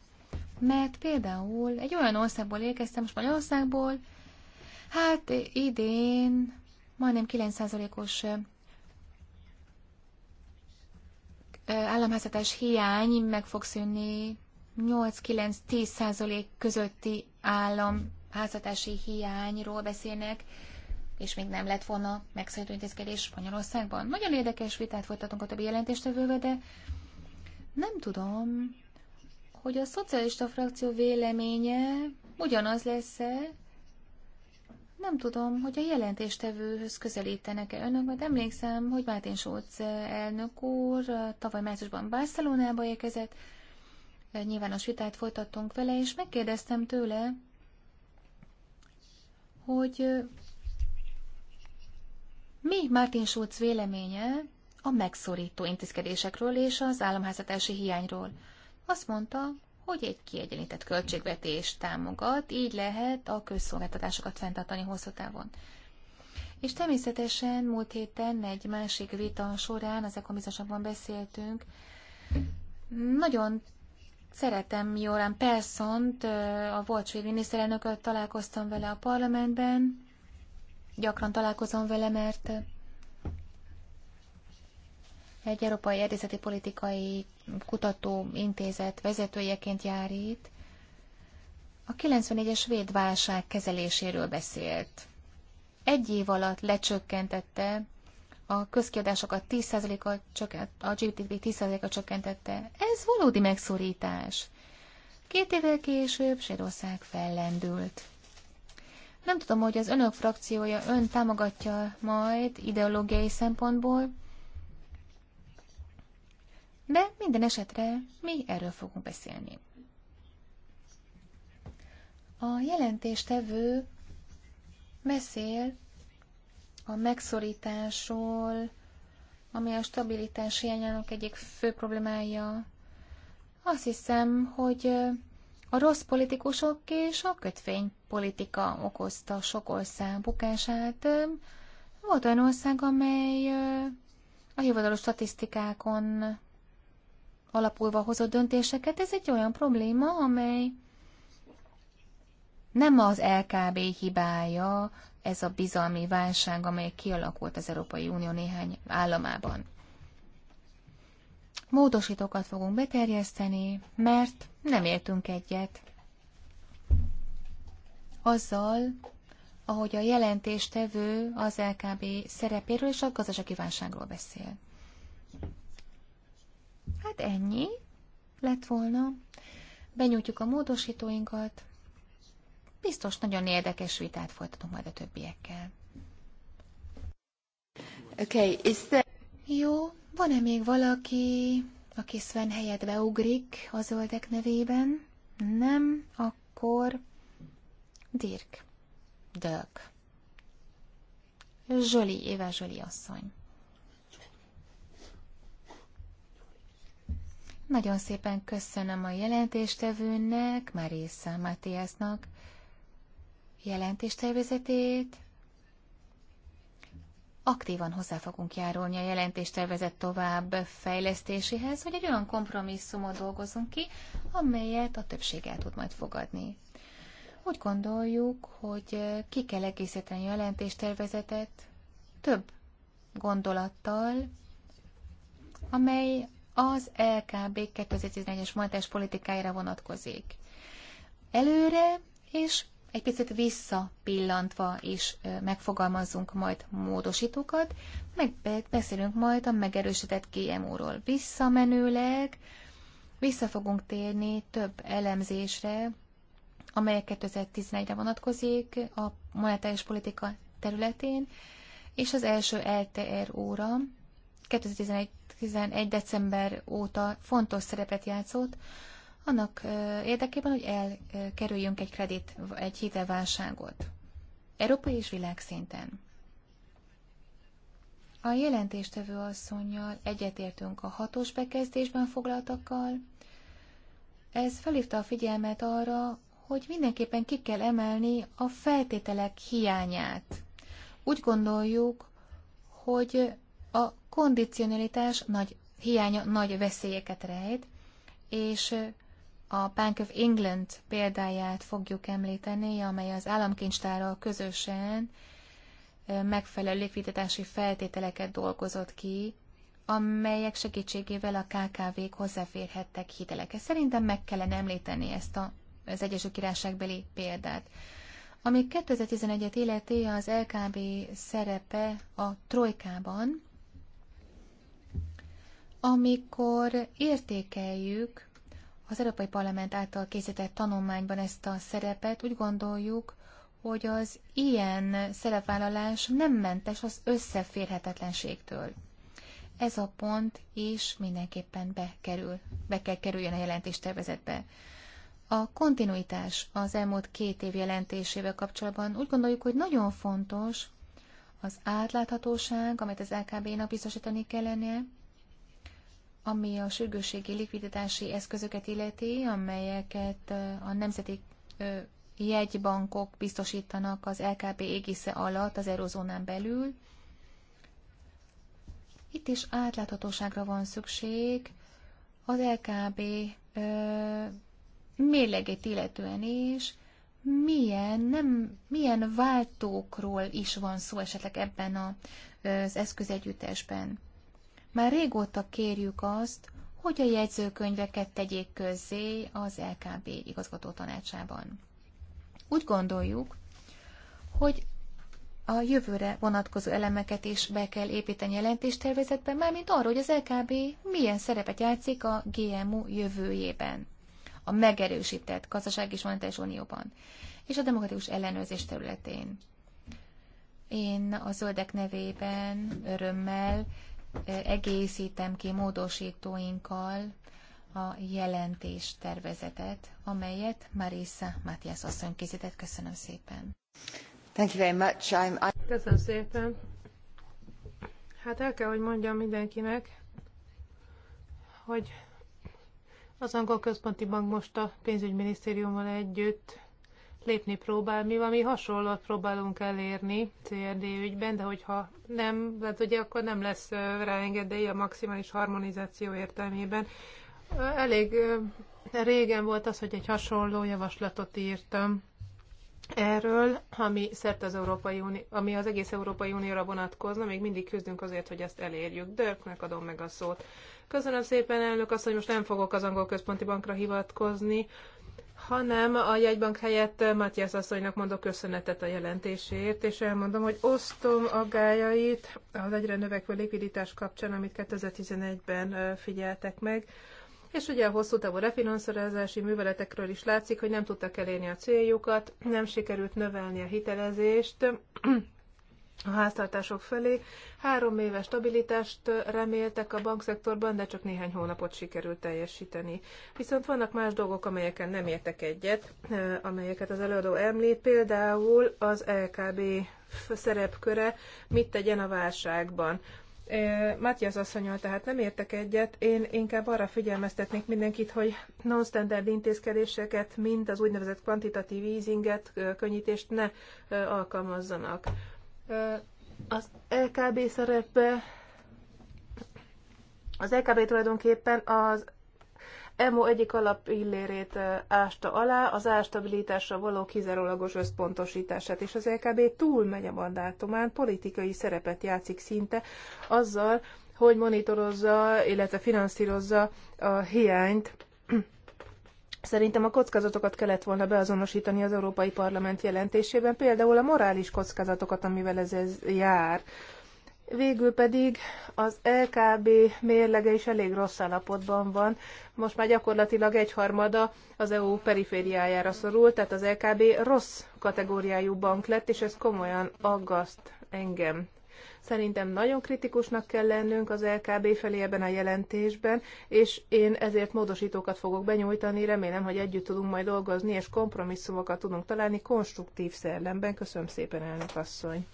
mert például egy olyan országból érkeztem, most Magyarországból, hát idén majdnem 9%-os államháztatás hiány meg fog szűnni 8-9-10 százalék közötti állam házatási hiányról beszélnek, és még nem lett volna megszerető intézkedés Spanyolországban. Nagyon érdekes vitát folytatunk a többi jelentéstevővel, de nem tudom, hogy a szocialista frakció véleménye ugyanaz lesz-e. Nem tudom, hogy a jelentéstevőhöz közelítenek-e önök, mert emlékszem, hogy Mátén Sóc eh, elnök úr tavaly májusban Barcelonába érkezett, nyilvános vitát folytattunk vele, és megkérdeztem tőle, hogy mi Martin Schulz véleménye a megszorító intézkedésekről és az államházatási hiányról. Azt mondta, hogy egy kiegyenlített költségvetés támogat, így lehet a közszolgáltatásokat fenntartani hosszú távon. És természetesen múlt héten egy másik vita során, az ekonomizásokban beszéltünk, nagyon Szeretem Jóran Perszont, a volt svéd miniszterelnököt találkoztam vele a parlamentben. Gyakran találkozom vele, mert egy Európai Erdészeti Politikai Kutatóintézet vezetőjeként jár itt. A 94-es svéd válság kezeléséről beszélt. Egy év alatt lecsökkentette a közkiadásokat 10%-a csökkent, a GDP 10%-a csökkentette. Ez valódi megszorítás. Két évvel később Svédország fellendült. Nem tudom, hogy az önök frakciója ön támogatja majd ideológiai szempontból, de minden esetre mi erről fogunk beszélni. A jelentéstevő beszél a megszorításról, ami a stabilitás hiányának egyik fő problémája. Azt hiszem, hogy a rossz politikusok és a kötvénypolitika okozta sok ország bukását. Volt olyan ország, amely a hivatalos statisztikákon alapulva hozott döntéseket. Ez egy olyan probléma, amely nem az LKB hibája, ez a bizalmi válság, amely kialakult az Európai Unió néhány államában. Módosítókat fogunk beterjeszteni, mert nem értünk egyet azzal, ahogy a jelentéstevő az LKB szerepéről és a gazdasági válságról beszél. Hát ennyi lett volna. Benyújtjuk a módosítóinkat, Biztos nagyon érdekes vitát folytatunk majd a többiekkel. Okay, is there... Jó, van-e még valaki, aki Sven helyet beugrik a zöldek nevében? Nem, akkor Dirk, Dirk. Zsoli, Éva Zsoli asszony. Nagyon szépen köszönöm a jelentéstevőnek, Marisa Matiasnak, jelentéstervezetét. Aktívan hozzá fogunk járulni a jelentéstervezet tovább fejlesztéséhez, hogy egy olyan kompromisszumot dolgozunk ki, amelyet a többség el tud majd fogadni. Úgy gondoljuk, hogy ki kell egészíteni a jelentéstervezetet több gondolattal, amely az LKB 2014 es monetáris politikájára vonatkozik. Előre és egy picit visszapillantva is megfogalmazzunk majd módosítókat, beszélünk majd a megerősített GMO-ról visszamenőleg, vissza fogunk térni több elemzésre, amely 2011-re vonatkozik a monetáris politika területén, és az első LTR-óra 2011. 2011. december óta fontos szerepet játszott annak érdekében, hogy elkerüljünk egy kredit, egy hitelválságot. Európai és világszinten. A jelentéstevő asszonynal egyetértünk a hatós bekezdésben foglaltakkal. Ez felhívta a figyelmet arra, hogy mindenképpen ki kell emelni a feltételek hiányát. Úgy gondoljuk, hogy a kondicionalitás nagy hiánya nagy veszélyeket rejt, és a Bank of England példáját fogjuk említeni, amely az államkincstárral közösen megfelelő likviditási feltételeket dolgozott ki, amelyek segítségével a KKV-k hozzáférhettek hitelekhez. Szerintem meg kellene említeni ezt a, az Egyesült Királyságbeli példát. Ami 2011-et illeti, az LKB szerepe a trojkában, amikor értékeljük az Európai Parlament által készített tanulmányban ezt a szerepet, úgy gondoljuk, hogy az ilyen szerepvállalás nem mentes az összeférhetetlenségtől. Ez a pont is mindenképpen bekerül, be kell kerüljön a jelentéstervezetbe. A kontinuitás az elmúlt két év jelentésével kapcsolatban úgy gondoljuk, hogy nagyon fontos az átláthatóság, amit az LKB-nak biztosítani kellene, ami a sürgősségi likviditási eszközöket illeti, amelyeket a nemzeti jegybankok biztosítanak az LKB égisze alatt az eurozónán belül. Itt is átláthatóságra van szükség az LKB mérlegét illetően is, milyen, nem, milyen váltókról is van szó esetleg ebben az eszközegyüttesben. Már régóta kérjük azt, hogy a jegyzőkönyveket tegyék közzé az LKB igazgató tanácsában. Úgy gondoljuk, hogy a jövőre vonatkozó elemeket is be kell építeni jelentéstervezetbe, mármint arról, hogy az LKB milyen szerepet játszik a GMU jövőjében, a megerősített gazdaság és monetáris unióban, és a demokratikus ellenőrzés területén. Én a zöldek nevében örömmel egészítem ki módosítóinkkal a jelentés tervezetet, amelyet Marisa Matthias asszony készített. Köszönöm szépen. Thank you very much. I'm, I... Köszönöm szépen. Hát el kell, hogy mondjam mindenkinek, hogy az angol központi bank most a pénzügyminisztériummal együtt lépni próbál, mi valami hasonlót próbálunk elérni CRD ügyben, de hogyha nem, tehát ugye akkor nem lesz ráengedély a maximális harmonizáció értelmében. Elég régen volt az, hogy egy hasonló javaslatot írtam erről, ami szert az Európai Unió, ami az egész Európai Unióra vonatkozna, még mindig küzdünk azért, hogy ezt elérjük. Dörknek adom meg a szót. Köszönöm szépen, elnök azt, hogy most nem fogok az angol központi bankra hivatkozni, hanem a jegybank helyett Matthias asszonynak mondok köszönetet a jelentéséért, és elmondom, hogy osztom aggájait az egyre növekvő likviditás kapcsán, amit 2011-ben figyeltek meg. És ugye a hosszú távú refinanszírozási műveletekről is látszik, hogy nem tudtak elérni a céljukat, nem sikerült növelni a hitelezést, a háztartások felé. Három éves stabilitást reméltek a bankszektorban, de csak néhány hónapot sikerült teljesíteni. Viszont vannak más dolgok, amelyeken nem értek egyet, amelyeket az előadó említ, például az LKB szerepköre, mit tegyen a válságban. Matthias asszonyal tehát nem értek egyet, én inkább arra figyelmeztetnék mindenkit, hogy non-standard intézkedéseket, mint az úgynevezett kvantitatív easinget, könnyítést ne alkalmazzanak az LKB e szerepe, az LKB e tulajdonképpen az EMO egyik alapillérét ásta alá, az ástabilitásra való kizárólagos összpontosítását, és az LKB e túlmegy a mandátumán, politikai szerepet játszik szinte azzal, hogy monitorozza, illetve finanszírozza a hiányt Szerintem a kockázatokat kellett volna beazonosítani az Európai Parlament jelentésében, például a morális kockázatokat, amivel ez, ez jár. Végül pedig az LKB mérlege is elég rossz állapotban van. Most már gyakorlatilag egyharmada az EU perifériájára szorul, tehát az LKB rossz kategóriájú bank lett, és ez komolyan aggaszt engem. Szerintem nagyon kritikusnak kell lennünk az LKB felé ebben a jelentésben, és én ezért módosítókat fogok benyújtani, remélem, hogy együtt tudunk majd dolgozni, és kompromisszumokat tudunk találni konstruktív szellemben. Köszönöm szépen, elnök asszony.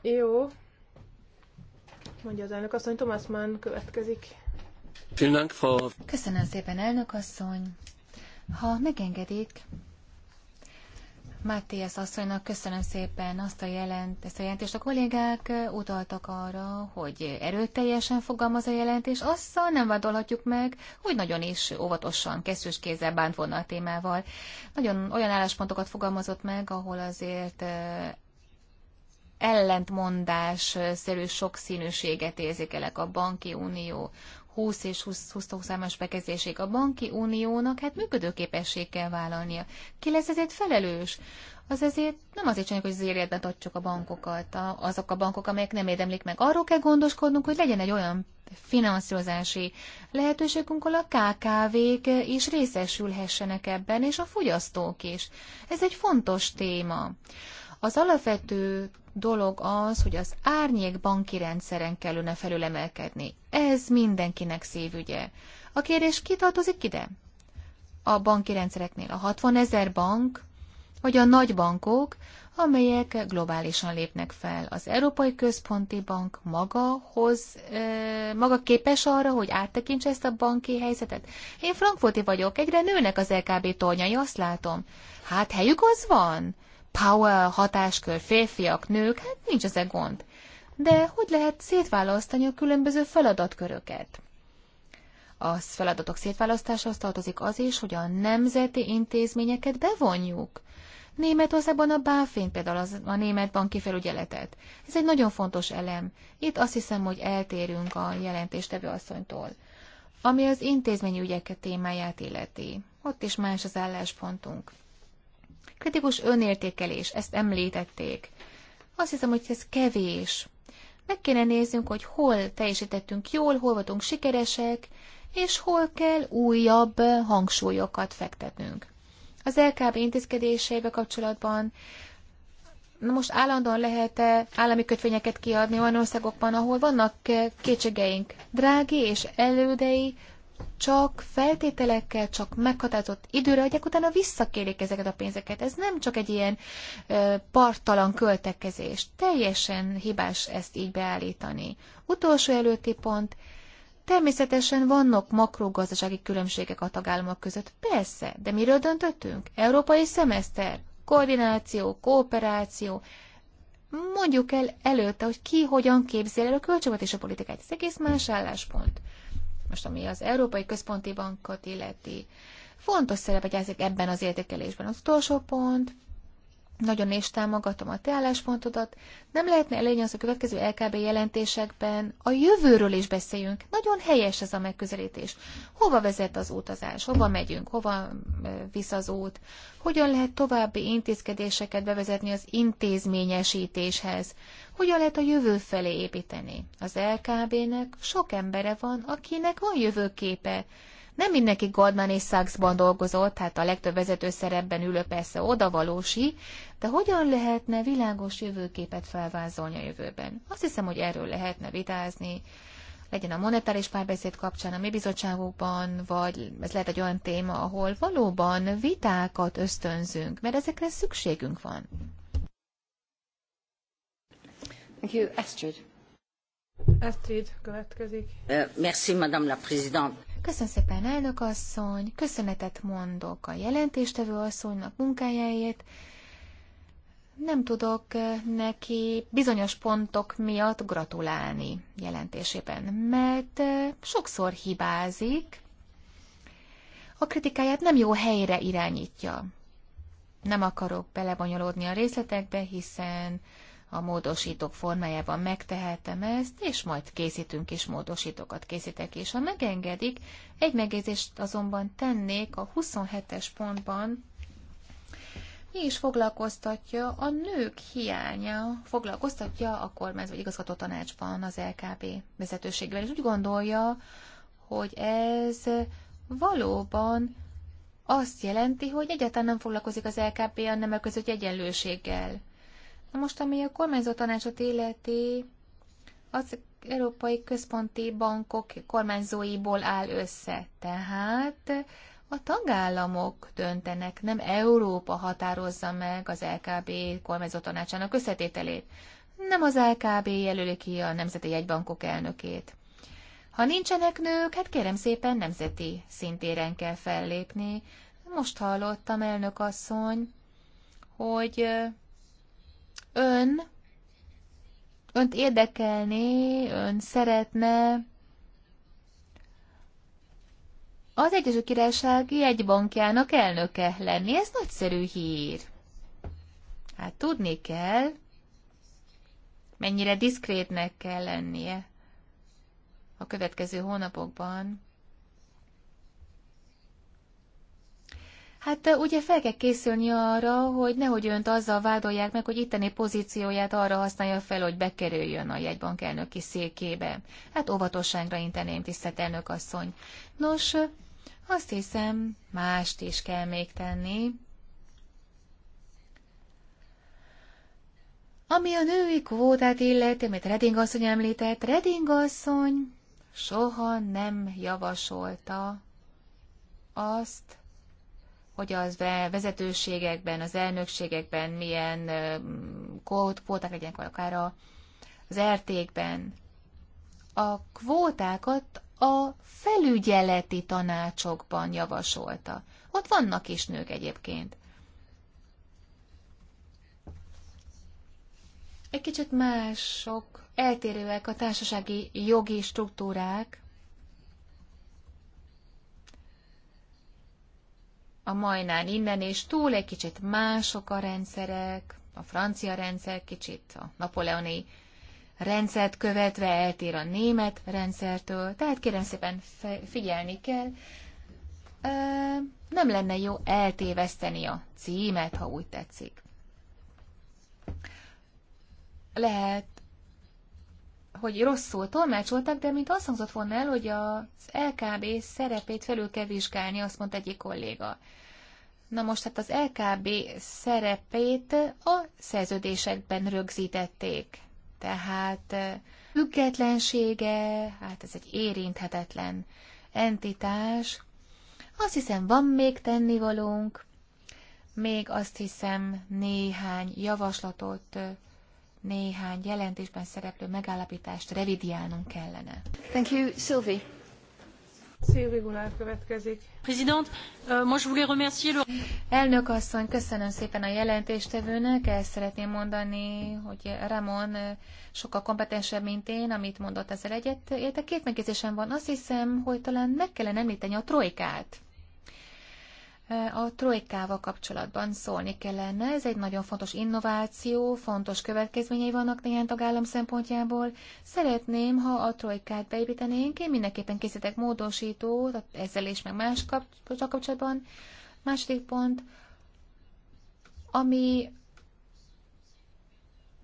Jó, mondja az elnök asszony, Thomas Mann következik. Köszönöm szépen, elnök asszony. Ha megengedik, Mátész asszonynak köszönöm szépen azt a jelent, ezt a jelentést. A kollégák utaltak arra, hogy erőteljesen fogalmaz a jelentés, azzal nem vádolhatjuk meg, hogy nagyon is óvatosan, kesztyűs kézzel bánt volna a témával. Nagyon olyan álláspontokat fogalmazott meg, ahol azért ellentmondás szerű sokszínűséget érzékelek a banki unió, 20 és 20-23-as bekezdésig a banki uniónak hát működőképesség kell vállalnia. Ki lesz ezért felelős? Az ezért nem azért csináljuk, hogy zérjedbe tartsuk a bankokat, a, azok a bankok, amelyek nem érdemlik meg. Arról kell gondoskodnunk, hogy legyen egy olyan finanszírozási lehetőségünk, ahol a KKV-k is részesülhessenek ebben, és a fogyasztók is. Ez egy fontos téma. Az alapvető dolog az, hogy az árnyék banki rendszeren kellene felülemelkedni. Ez mindenkinek szívügye. A kérdés tartozik ide? A banki rendszereknél a 60 ezer bank, vagy a nagy bankok, amelyek globálisan lépnek fel. Az Európai Központi Bank maga, hoz, maga képes arra, hogy áttekintse ezt a banki helyzetet? Én frankfurti vagyok, egyre nőnek az LKB tornyai, azt látom. Hát helyük az van power, hatáskör, férfiak, nők, hát nincs ezek gond. De hogy lehet szétválasztani a különböző feladatköröket? A feladatok szétválasztáshoz tartozik az is, hogy a nemzeti intézményeket bevonjuk. Németországban a Báfén például az, a német banki felügyeletet. Ez egy nagyon fontos elem. Itt azt hiszem, hogy eltérünk a jelentéstevő asszonytól. Ami az intézményügyeket témáját illeti. Ott is más az álláspontunk. Kritikus önértékelés, ezt említették. Azt hiszem, hogy ez kevés. Meg kéne néznünk, hogy hol teljesítettünk jól, hol voltunk sikeresek, és hol kell újabb hangsúlyokat fektetnünk. Az LKB intézkedéseibe kapcsolatban na most állandóan lehet-e állami kötvényeket kiadni olyan országokban, ahol vannak eh, kétségeink? Drági és elődei csak feltételekkel, csak meghatározott időre hogy utána visszakérik ezeket a pénzeket. Ez nem csak egy ilyen partalan költekezés. Teljesen hibás ezt így beállítani. Utolsó előtti pont, Természetesen vannak makrogazdasági különbségek a tagállamok között, persze, de miről döntöttünk? Európai szemeszter, koordináció, kooperáció. Mondjuk el előtte, hogy ki hogyan képzel el a költségvetési politikát. Ez egész más álláspont most ami az Európai Központi Bankot illeti, fontos szerepet játszik ebben az értékelésben. Az utolsó pont, nagyon is támogatom a te álláspontodat. Nem lehetne elérni az a következő LKB jelentésekben a jövőről is beszéljünk. Nagyon helyes ez a megközelítés. Hova vezet az utazás? Hova megyünk? Hova visz az út? Hogyan lehet további intézkedéseket bevezetni az intézményesítéshez? Hogyan lehet a jövő felé építeni? Az LKB-nek sok embere van, akinek van jövőképe. Nem mindenki Goldman és Sachsban dolgozott, hát a legtöbb vezető szerepben ülő persze odavalósi, de hogyan lehetne világos jövőképet felvázolni a jövőben? Azt hiszem, hogy erről lehetne vitázni, legyen a monetáris párbeszéd kapcsán a mi bizottságokban, vagy ez lehet egy olyan téma, ahol valóban vitákat ösztönzünk, mert ezekre szükségünk van. Thank you. Astrid. Astrid következik. Uh, merci, Madame la Présidente. Köszönöm szépen, elnök asszony, köszönetet mondok a jelentéstevő asszonynak munkájáért. Nem tudok eh, neki bizonyos pontok miatt gratulálni jelentésében, mert eh, sokszor hibázik, a kritikáját nem jó helyre irányítja. Nem akarok belebonyolódni a részletekbe, hiszen a módosítók formájában megtehetem ezt, és majd készítünk is módosítókat készítek, is. ha megengedik, egy megjegyzést azonban tennék a 27-es pontban, mi is foglalkoztatja a nők hiánya, foglalkoztatja a vagy igazgató tanácsban az LKB vezetőségével, és úgy gondolja, hogy ez valóban azt jelenti, hogy egyáltalán nem foglalkozik az LKP a nemek között egyenlőséggel. Na most, ami a kormányzó tanácsot illeti, az Európai Központi Bankok kormányzóiból áll össze. Tehát a tagállamok döntenek, nem Európa határozza meg az LKB kormányzó tanácsának összetételét. Nem az LKB jelöli ki a nemzeti jegybankok elnökét. Ha nincsenek nők, hát kérem szépen nemzeti szintéren kell fellépni. Most hallottam, elnök asszony, hogy ön, önt érdekelni, ön szeretne az Egyesült egy jegybankjának elnöke lenni. Ez nagyszerű hír. Hát tudni kell, mennyire diszkrétnek kell lennie a következő hónapokban. Hát ugye fel kell készülni arra, hogy nehogy önt azzal vádolják meg, hogy itteni pozícióját arra használja fel, hogy bekerüljön a jegybank elnöki székébe. Hát óvatosságra inteném, tisztelt elnök asszony. Nos, azt hiszem, mást is kell még tenni. Ami a női kvótát illeti, amit Reding asszony említett, Reding asszony soha nem javasolta azt, hogy az vezetőségekben, az elnökségekben milyen kvóták legyenek, akár az értékben A kvótákat a felügyeleti tanácsokban javasolta. Ott vannak is nők egyébként. Egy kicsit mások, eltérőek a társasági jogi struktúrák, a majnán innen és túl egy kicsit mások a rendszerek, a francia rendszer kicsit a napoleoni rendszert követve eltér a német rendszertől, tehát kérem szépen figyelni kell. Ö, nem lenne jó eltéveszteni a címet, ha úgy tetszik. Lehet hogy rosszul tolmácsolták, de mint azt hangzott volna el, hogy az LKB szerepét felül kell vizsgálni, azt mondta egyik kolléga. Na most hát az LKB szerepét a szerződésekben rögzítették. Tehát függetlensége, hát ez egy érinthetetlen entitás. Azt hiszem, van még tennivalónk, még azt hiszem néhány javaslatot néhány jelentésben szereplő megállapítást revidiálnunk kellene. Thank you, Sylvie. Sylvie Goulard következik. Euh, moi je voulais remercier le... Elnök asszony, köszönöm szépen a jelentéstevőnek. El szeretném mondani, hogy Ramon sokkal kompetensebb, mint én, amit mondott ezzel egyet. Érte két megjegyzésem van. Azt hiszem, hogy talán meg kellene említeni a trojkát a trojkával kapcsolatban szólni kellene. Ez egy nagyon fontos innováció, fontos következményei vannak néhány tagállam szempontjából. Szeretném, ha a trojkát beépítenénk, én mindenképpen készítek módosítót ezzel és meg más kapcsolatban. Második pont, ami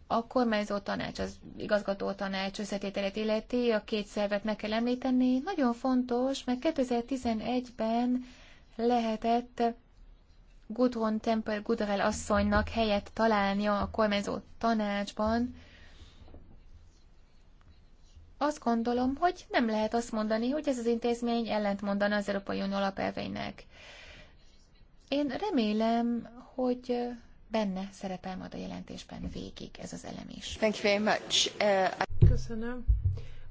a kormányzó tanács, az igazgató tanács összetételét illeti, a két szervet meg kell említeni. Nagyon fontos, mert 2011-ben lehetett Gudrun Temple Gudrel asszonynak helyet találnia a kormányzó tanácsban. Azt gondolom, hogy nem lehet azt mondani, hogy ez az intézmény ellentmondana az Európai Unió alapelveinek. Én remélem, hogy benne szerepel majd a jelentésben végig ez az elem is. Thank you very much. Uh, I... Köszönöm.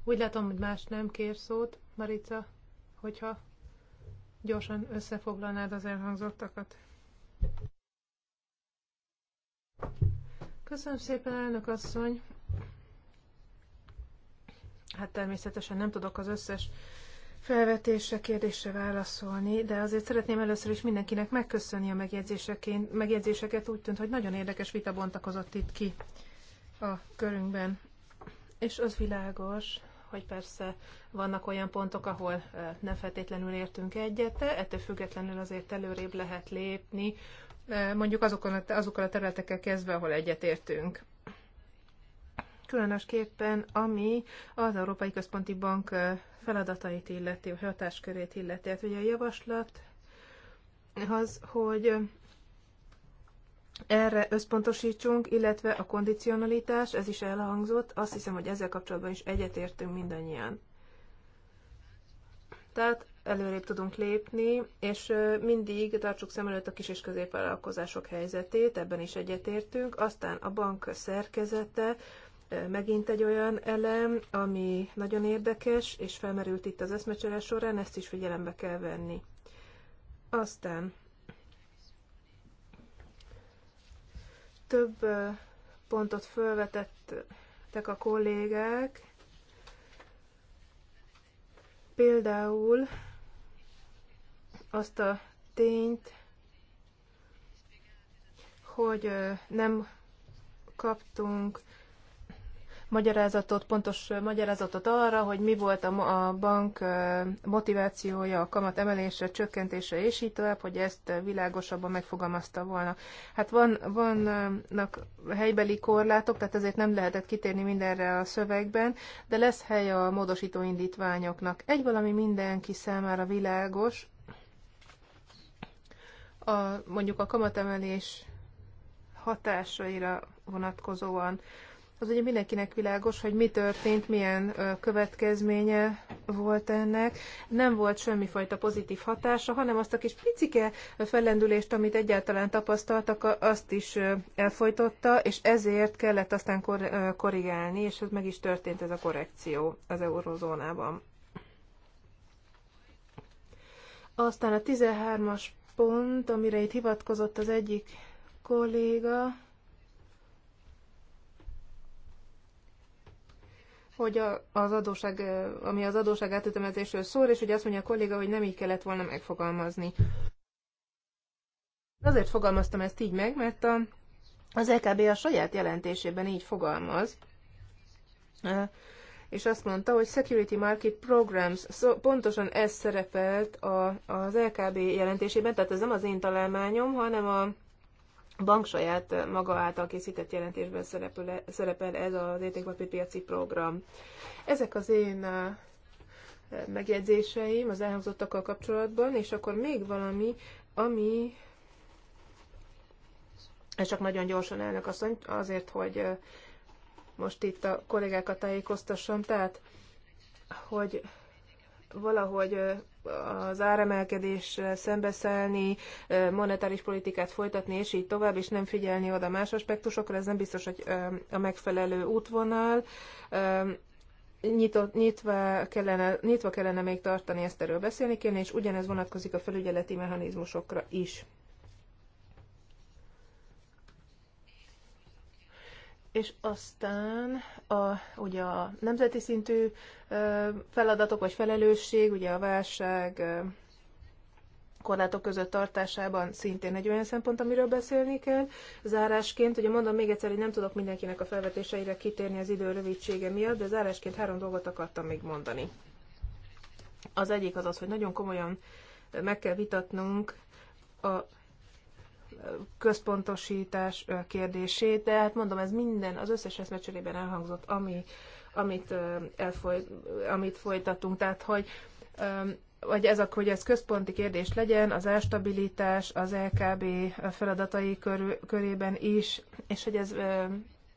Úgy látom, hogy más nem kér szót, Marica, hogyha gyorsan összefoglalnád az elhangzottakat? Köszönöm szépen, elnök asszony. Hát természetesen nem tudok az összes felvetésre, kérdésre válaszolni, de azért szeretném először is mindenkinek megköszönni a megjegyzéseket. Úgy tűnt, hogy nagyon érdekes vita bontakozott itt ki a körünkben. És az világos, hogy persze vannak olyan pontok, ahol nem feltétlenül értünk egyet, de ettől függetlenül azért előrébb lehet lépni, mondjuk azokon a, azokkal a területekkel kezdve, ahol egyetértünk. Különösképpen, ami az Európai Központi Bank feladatait illeti, vagy hatáskörét illeti. Hát ugye a javaslat az, hogy erre összpontosítsunk, illetve a kondicionalitás, ez is elhangzott, azt hiszem, hogy ezzel kapcsolatban is egyetértünk mindannyian. Tehát előrébb tudunk lépni, és mindig tartsuk szem előtt a kis és középvállalkozások helyzetét, ebben is egyetértünk. Aztán a bank szerkezete, megint egy olyan elem, ami nagyon érdekes, és felmerült itt az eszmecsere során, ezt is figyelembe kell venni. Aztán Több pontot felvetettek a kollégák, például azt a tényt, hogy nem kaptunk magyarázatot, pontos magyarázatot arra, hogy mi volt a, bank motivációja, a kamat emelése, csökkentése és így tovább, hogy ezt világosabban megfogalmazta volna. Hát van, vannak helybeli korlátok, tehát ezért nem lehetett kitérni mindenre a szövegben, de lesz hely a módosító indítványoknak. Egy valami mindenki számára világos, a, mondjuk a kamatemelés hatásaira vonatkozóan az ugye mindenkinek világos, hogy mi történt, milyen következménye volt ennek. Nem volt semmifajta pozitív hatása, hanem azt a kis picike fellendülést, amit egyáltalán tapasztaltak, azt is elfolytotta, és ezért kellett aztán kor- korrigálni, és ez meg is történt ez a korrekció az eurozónában. Aztán a 13-as pont, amire itt hivatkozott az egyik kolléga, hogy a, az adóság, ami az adóság átütemezésről szól, és hogy azt mondja a kolléga, hogy nem így kellett volna megfogalmazni. Azért fogalmaztam ezt így meg, mert a, az EKB a saját jelentésében így fogalmaz, és azt mondta, hogy Security Market Programs, szó, pontosan ez szerepelt a, az LKB e jelentésében, tehát ez nem az én találmányom, hanem a, a bank saját eh, maga által készített jelentésben szerepel, szerepel ez az értékpapírpiaci program. Ezek az én eh, megjegyzéseim az elhangzottakkal kapcsolatban, és akkor még valami, ami ez csak nagyon gyorsan elnök asszony, azért, hogy eh, most itt a kollégákat tájékoztassam, tehát, hogy valahogy az áremelkedésre szembeszállni, monetáris politikát folytatni, és így tovább, és nem figyelni oda más aspektusokra, ez nem biztos, hogy a megfelelő útvonal. Nyitott, nyitva, kellene, nyitva kellene még tartani, ezt erről beszélni kéne, és ugyanez vonatkozik a felügyeleti mechanizmusokra is. és aztán a, ugye a nemzeti szintű feladatok vagy felelősség, ugye a válság korlátok között tartásában szintén egy olyan szempont, amiről beszélni kell. Zárásként, ugye mondom még egyszer, hogy nem tudok mindenkinek a felvetéseire kitérni az idő rövidsége miatt, de zárásként három dolgot akartam még mondani. Az egyik az az, hogy nagyon komolyan meg kell vitatnunk a központosítás kérdését, de hát mondom, ez minden, az összes eszmecserében elhangzott, ami, amit, elfoly, amit folytatunk. Tehát, hogy vagy ez akkor, hogy ez központi kérdés legyen, az elstabilitás az LKB feladatai körül, körében is, és hogy ez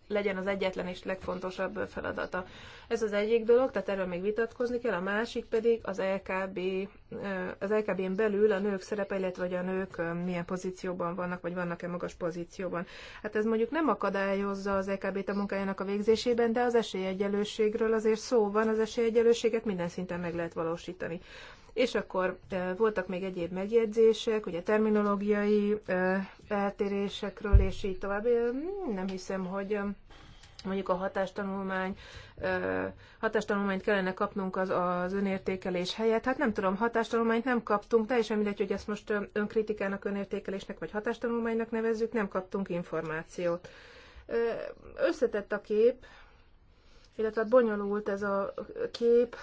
legyen az egyetlen és legfontosabb feladata ez az egyik dolog, tehát erről még vitatkozni kell, a másik pedig az LKB, az LKB-n belül a nők szerepe, illetve hogy a nők milyen pozícióban vannak, vagy vannak-e magas pozícióban. Hát ez mondjuk nem akadályozza az LKB-t a munkájának a végzésében, de az esélyegyelőségről azért szó van, az esélyegyelőséget minden szinten meg lehet valósítani. És akkor voltak még egyéb megjegyzések, ugye terminológiai eltérésekről, és így tovább. Nem hiszem, hogy mondjuk a hatástanulmány, hatástanulmányt kellene kapnunk az, az önértékelés helyett. Hát nem tudom, hatástanulmányt nem kaptunk, teljesen mindegy, hogy ezt most önkritikának, önértékelésnek vagy hatástanulmánynak nevezzük, nem kaptunk információt. Összetett a kép, illetve bonyolult ez a kép.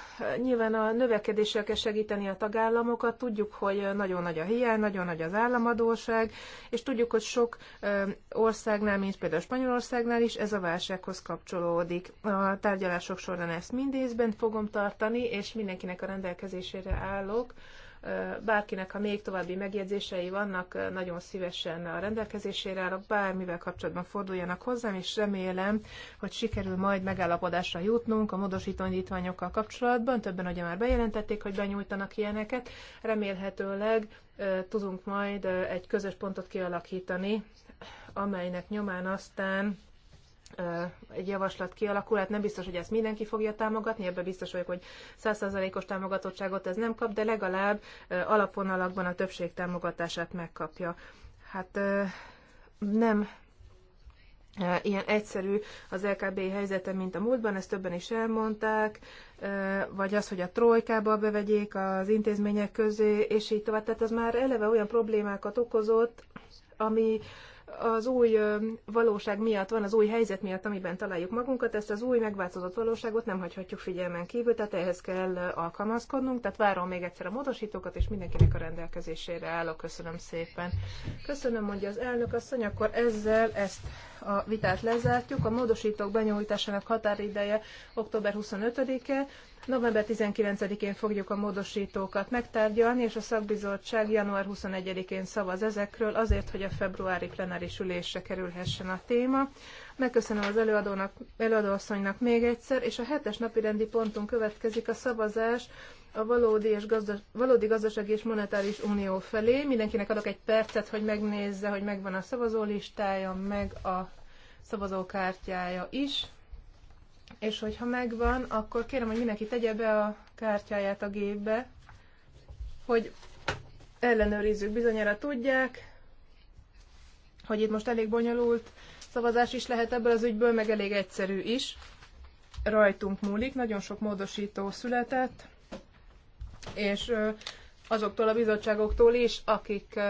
Nyilván a növekedéssel kell segíteni a tagállamokat, tudjuk, hogy nagyon nagy a hiány, nagyon nagy az államadóság, és tudjuk, hogy sok országnál, mint például Spanyolországnál is ez a válsághoz kapcsolódik. A tárgyalások során ezt mindészben fogom tartani, és mindenkinek a rendelkezésére állok, Bárkinek, ha még további megjegyzései vannak, nagyon szívesen a rendelkezésére állok, bármivel kapcsolatban forduljanak hozzám, és remélem, hogy sikerül majd megállapodásra jutnunk a módosító indítványokkal kapcsolatban. Többen ugye már bejelentették, hogy benyújtanak ilyeneket. Remélhetőleg tudunk majd egy közös pontot kialakítani, amelynek nyomán aztán egy javaslat kialakul, hát nem biztos, hogy ezt mindenki fogja támogatni, ebben biztos vagyok, hogy 100%-os támogatottságot ez nem kap, de legalább alapvonalakban a többség támogatását megkapja. Hát nem ilyen egyszerű az LKB helyzete, mint a múltban, ezt többen is elmondták, vagy az, hogy a trojkába bevegyék az intézmények közé, és így tovább. Tehát ez már eleve olyan problémákat okozott, ami az új valóság miatt van, az új helyzet miatt, amiben találjuk magunkat, ezt az új megváltozott valóságot nem hagyhatjuk figyelmen kívül, tehát ehhez kell alkalmazkodnunk, tehát várom még egyszer a módosítókat, és mindenkinek a rendelkezésére állok. Köszönöm szépen. Köszönöm, mondja az elnök asszony, akkor ezzel ezt a vitát lezártjuk. A módosítók benyújtásának határideje október 25-e, November 19-én fogjuk a módosítókat megtárgyalni, és a szakbizottság január 21-én szavaz ezekről azért, hogy a februári plenáris ülésre kerülhessen a téma. Megköszönöm az előadónak, előadóasszonynak még egyszer, és a hetes napi rendi következik a szavazás a valódi, és gazdas, valódi gazdasági és monetáris unió felé. Mindenkinek adok egy percet, hogy megnézze, hogy megvan a szavazólistája, meg a szavazókártyája is és hogyha megvan, akkor kérem, hogy mindenki tegye be a kártyáját a gépbe, hogy ellenőrizzük. Bizonyára tudják, hogy itt most elég bonyolult szavazás is lehet ebből az ügyből, meg elég egyszerű is. Rajtunk múlik, nagyon sok módosító született, és azoktól a bizottságoktól is, akik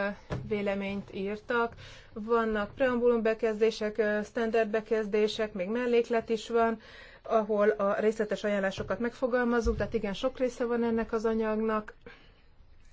véleményt írtak. Vannak preambulum bekezdések, standard bekezdések, még melléklet is van, ahol a részletes ajánlásokat megfogalmazunk, tehát igen, sok része van ennek az anyagnak,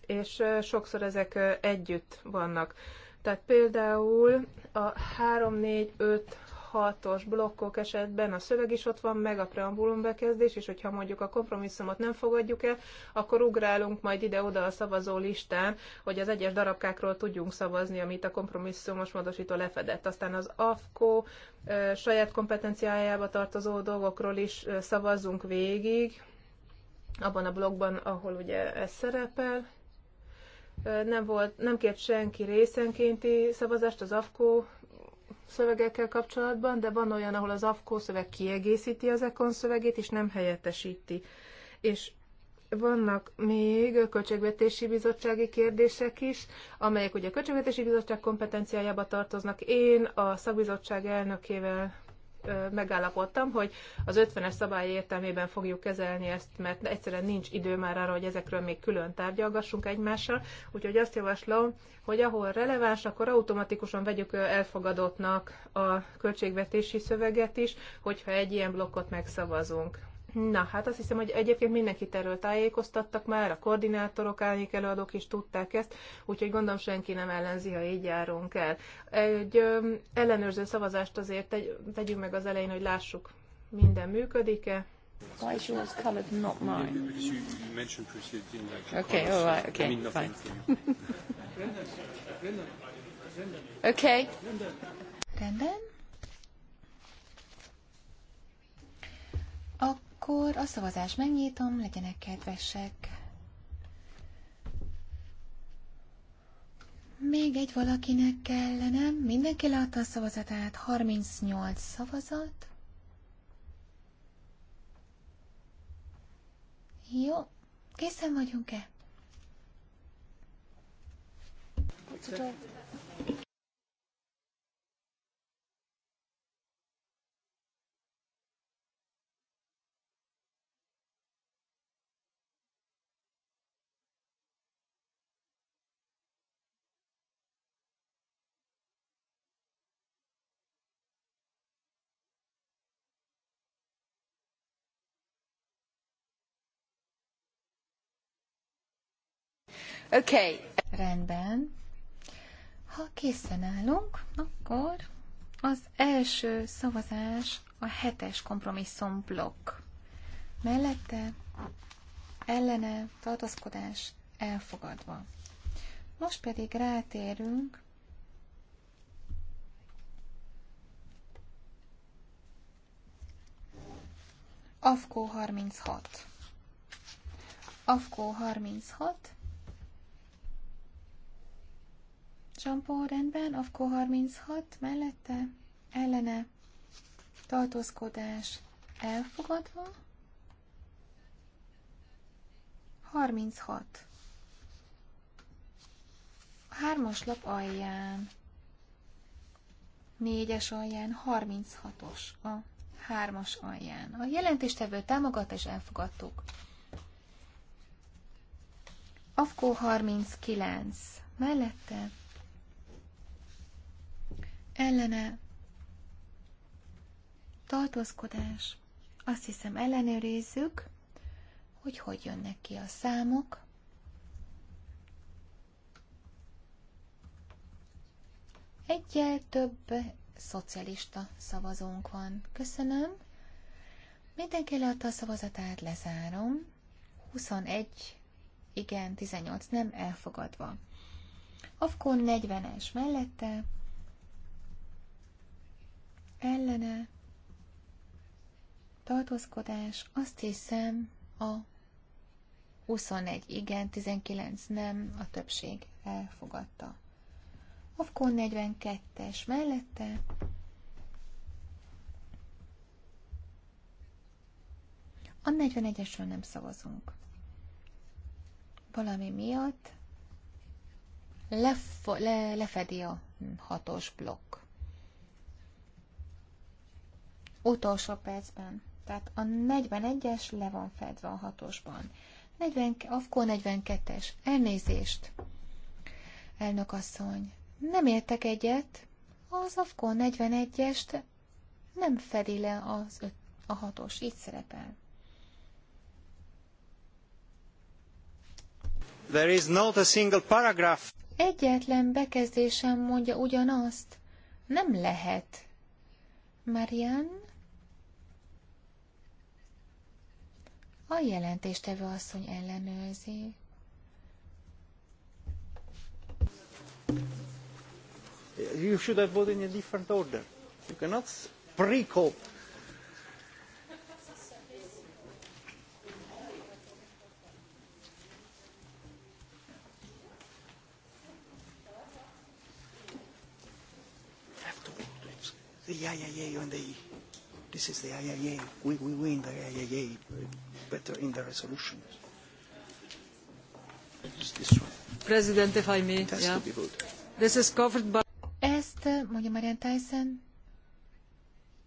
és sokszor ezek együtt vannak. Tehát például a 3, 4, 5, 6-os blokkok esetben a szöveg is ott van, meg a preambulum bekezdés, és hogyha mondjuk a kompromisszumot nem fogadjuk el, akkor ugrálunk majd ide-oda a szavazó listán, hogy az egyes darabkákról tudjunk szavazni, amit a kompromisszumos módosító lefedett. Aztán az AFKO saját kompetenciájába tartozó dolgokról is szavazzunk végig, abban a blogban, ahol ugye ez szerepel, nem, volt, nem kért senki részenkénti szavazást az AFKO szövegekkel kapcsolatban, de van olyan, ahol az AFKO szöveg kiegészíti az ECON szövegét, és nem helyettesíti. És vannak még költségvetési bizottsági kérdések is, amelyek ugye a költségvetési bizottság kompetenciájába tartoznak. Én a szakbizottság elnökével megállapodtam, hogy az 50-es szabály értelmében fogjuk kezelni ezt, mert egyszerűen nincs idő már arra, hogy ezekről még külön tárgyalgassunk egymással. Úgyhogy azt javaslom, hogy ahol releváns, akkor automatikusan vegyük elfogadottnak a költségvetési szöveget is, hogyha egy ilyen blokkot megszavazunk. Na, hát azt hiszem, hogy egyébként mindenkit erről tájékoztattak már, a koordinátorok, árnyék előadók is tudták ezt, úgyhogy gondolom senki nem ellenzi, ha így járunk el. Egy ö, ellenőrző szavazást azért tegy, tegyünk meg az elején, hogy lássuk, minden működik-e. Why is yours not mine? Because you, you mentioned didn't like Okay, all right, okay, fine. okay. Rendben. Ak- akkor a szavazás megnyitom, legyenek kedvesek. Még egy valakinek kellene. Mindenki látta a szavazatát. 38 szavazat. Jó. Készen vagyunk-e? What's Okay. Rendben. Ha készen állunk, akkor az első szavazás a hetes kompromisszum blokk. Mellette ellene tartózkodás elfogadva. Most pedig rátérünk AFKO 36. AFKO 36 Jean-Paul rendben, Avko 36 mellette, ellene, tartózkodás elfogadva. 36. A hármas lap alján, négyes alján, 36-os a hármas alján. A jelentéstevő támogat és elfogadtuk. Afkó 39. Mellette ellene tartózkodás. Azt hiszem ellenőrizzük, hogy hogy jönnek ki a számok. Egyel több szocialista szavazónk van. Köszönöm. Mindenki leadta a szavazatát, lezárom. 21, igen, 18 nem elfogadva. Afkon 40-es mellette, ellene tartózkodás, azt hiszem a 21 igen, 19 nem, a többség elfogadta. Afkon 42-es mellette a 41-esről nem szavazunk. Valami miatt lef- le- lefedi a hatos blokk utolsó percben. Tehát a 41-es le van fedve a 6-osban. 40, akkor 42-es. Elnézést. Elnök asszony, nem értek egyet. Az Afkó 41-est nem fedi le az öt, a hatos. Így szerepel. There is not a single paragraph. Egyetlen bekezdésem mondja ugyanazt. Nem lehet. Marian, A jelentéstevő asszony ellenőrzi. You should have voted in a different order. You cannot pre-cope. Yeah, yeah, yeah, you and the E. This is the IIA. We, we win the IIA uh, better in the resolution. President, if I may. It has yeah. to be This is covered by... Ezt, uh, mondja Marian Tyson,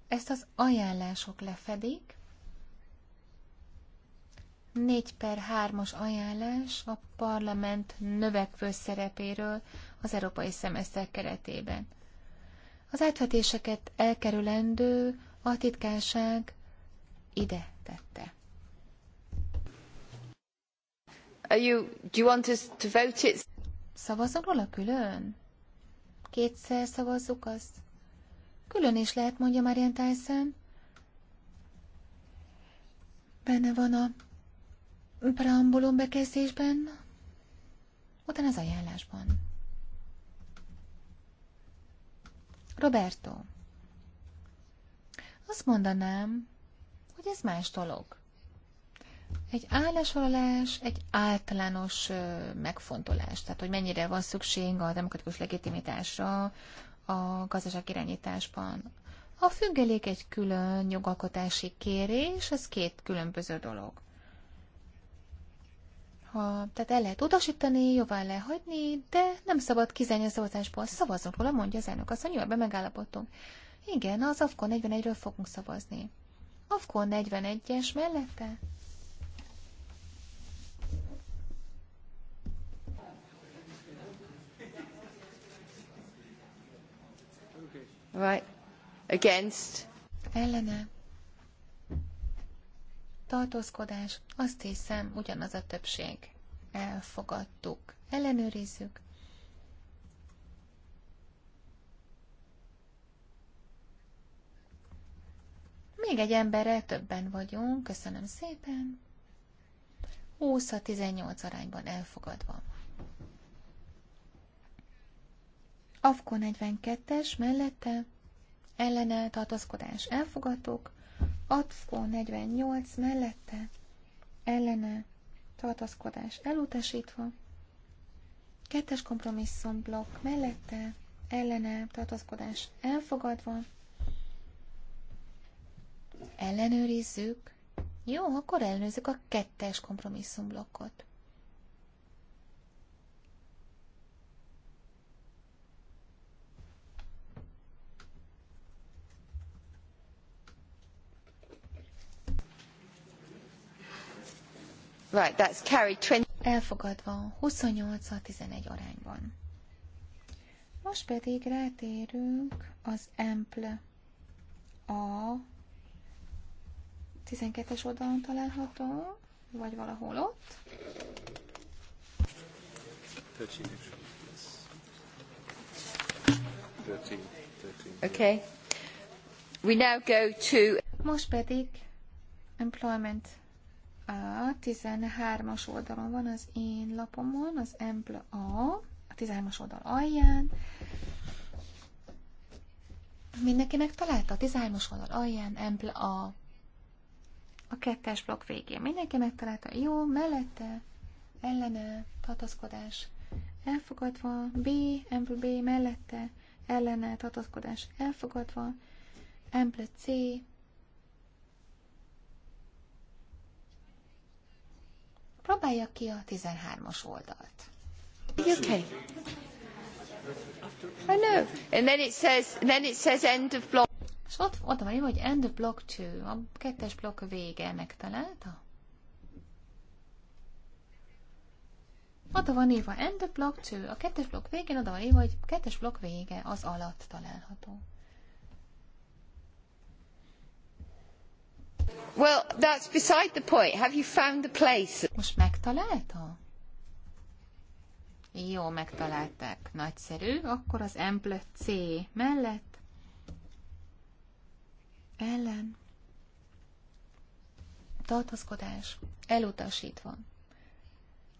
ezt az ajánlások lefedik. 4 per 3 ajánlás a parlament növekvő szerepéről az európai szemeszter keretében. Az átvetéseket elkerülendő a titkárság ide tette. Are you, do you want us to vote it? Szavazzon róla külön? Kétszer szavazzuk azt? Külön is lehet, mondja Marian Tyson. Benne van a preambulum bekezdésben, utána az ajánlásban. Roberto. Azt mondanám, hogy ez más dolog. Egy állásolás, egy általános megfontolás, tehát hogy mennyire van szükség a demokratikus legitimitásra a gazdaság irányításban. A függelék egy külön jogalkotási kérés, ez két különböző dolog. Ha, tehát el lehet utasítani, jóvá lehet hagyni, de nem szabad kizárni a szavazásból. Szavazunk róla, mondja az elnök. Azt mondja, megállapodtunk. Igen, az AFKO 41-ről fogunk szavazni. AFKO 41-es mellette? Right. Against. Ellene. Tartózkodás. Azt hiszem, ugyanaz a többség. Elfogadtuk. Ellenőrizzük. Még egy emberrel többen vagyunk, köszönöm szépen. 20-18 arányban elfogadva. Afko 42-es mellette ellene tartózkodás elfogadtuk. Afko 48 mellette ellene tartózkodás elutasítva. Kettes kompromisszum blokk mellette ellene tartózkodás elfogadva. Ellenőrizzük. Jó, akkor ellenőrizzük a kettes kompromisszumblokkot. Right, that's carried 20. Elfogadva 28 a 11 arányban. Most pedig rátérünk az ample a 12-es oldalon található, vagy valahol ott. Okay. We now go to... Most pedig employment a 13-as oldalon van az én lapomon, az empl a, a 13-as oldal alján. Mindenkinek találta a 13-as oldal alján empl a a kettes blokk végén. Mindenki megtalálta. Jó, mellette, ellene, tartozkodás elfogadva. B, M B, mellette, ellene, tartozkodás elfogadva. M C, Próbálja ki a 13-as oldalt. Okay. I know. And then it says, then it says end of block. És ott, ott van hogy end block 2, a kettes blokk vége megtalálta. Oda van írva end block 2, a kettes blokk végén oda van írva, hogy kettes blokk vége az alatt található. Well, that's beside the point. Have you found the place? Most megtalálta? Jó, megtalálták. Nagyszerű. Akkor az M C mellett ellen tartozkodás elutasítva.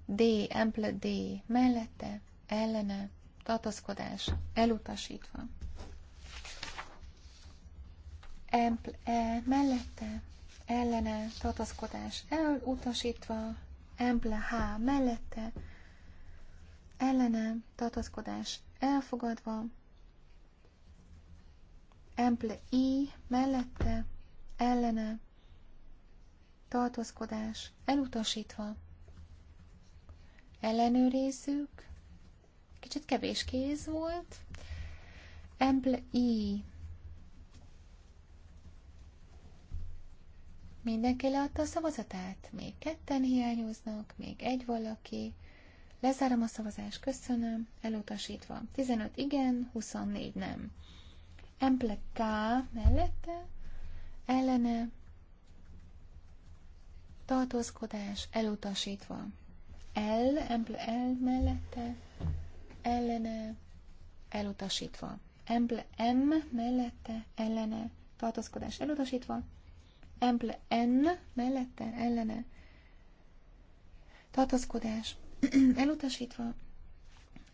D, emple D, mellette, ellene, tartozkodás elutasítva. Emple E, mellette, ellene, tartozkodás elutasítva. Emple H, mellette, ellene, tartozkodás elfogadva. Emple I mellette, ellene, tartózkodás elutasítva. Ellenőrizzük. Kicsit kevés kéz volt. Emple I. Mindenki leadta a szavazatát? Még ketten hiányoznak, még egy valaki. Lezárom a szavazást, köszönöm, elutasítva. 15 igen, 24 nem. Emple K mellette ellene tartózkodás elutasítva. L, Emple L mellette ellene elutasítva. Emple M mellette ellene tartózkodás elutasítva. Emple N mellette ellene tartózkodás elutasítva.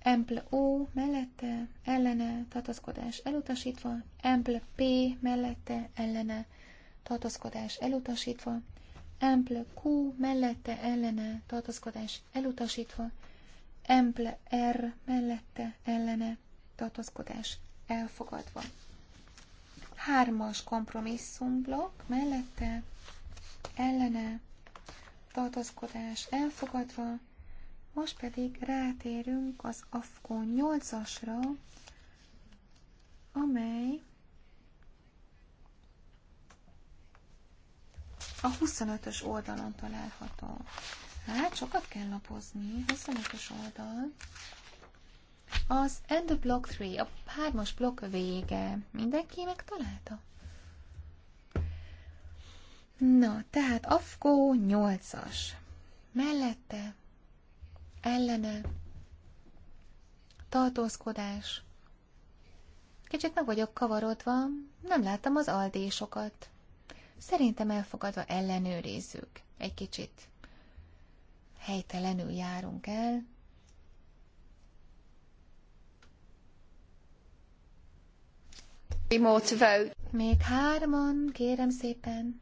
Ample O mellette, ellene, tartozkodás elutasítva. Ample P mellette, ellene, tartozkodás elutasítva. Ample Q mellette, ellene, tartozkodás elutasítva. Ample R mellette, ellene, tartozkodás elfogadva. Hármas kompromisszumblokk mellette, ellene, tartozkodás elfogadva most pedig rátérünk az AFKO 8-asra, amely a 25-ös oldalon található. Hát, sokat kell lapozni, 25-ös oldal. Az End of Block 3, a hármas blokk vége. Mindenki megtalálta? Na, tehát AFKO 8-as. Mellette ellene, tartózkodás. Kicsit meg vagyok kavarodva, nem láttam az aldésokat. Szerintem elfogadva ellenőrizzük egy kicsit. Helytelenül járunk el. Még hárman, kérem szépen.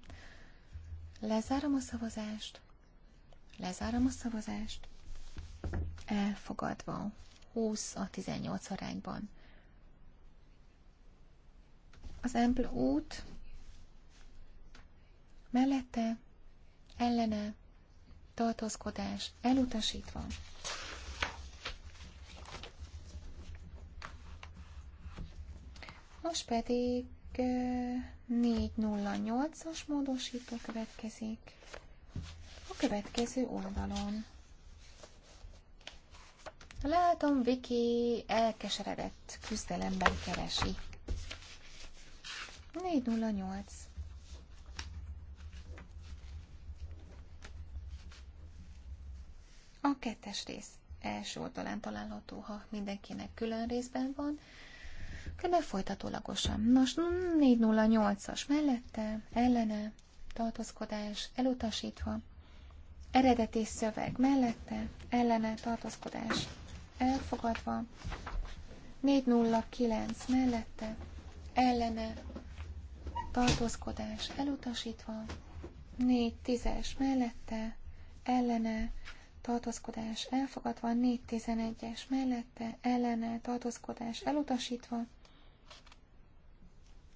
Lezárom a szavazást. Lezárom a szavazást elfogadva 20 a 18 arányban. Az Empl út mellette ellene tartózkodás elutasítva. Most pedig 408-as módosító következik a következő oldalon. Látom, Viki elkeseredett küzdelemben keresi. 408. A kettes rész első oldalán található, ha mindenkinek külön részben van, kb. folytatólagosan. Nos, 408-as mellette, ellene, tartózkodás, elutasítva, eredeti szöveg mellette, ellene, tartózkodás, elfogadva. 409 mellette ellene tartózkodás elutasítva. 410-es mellette ellene tartózkodás elfogadva. 411-es mellette ellene tartózkodás elutasítva.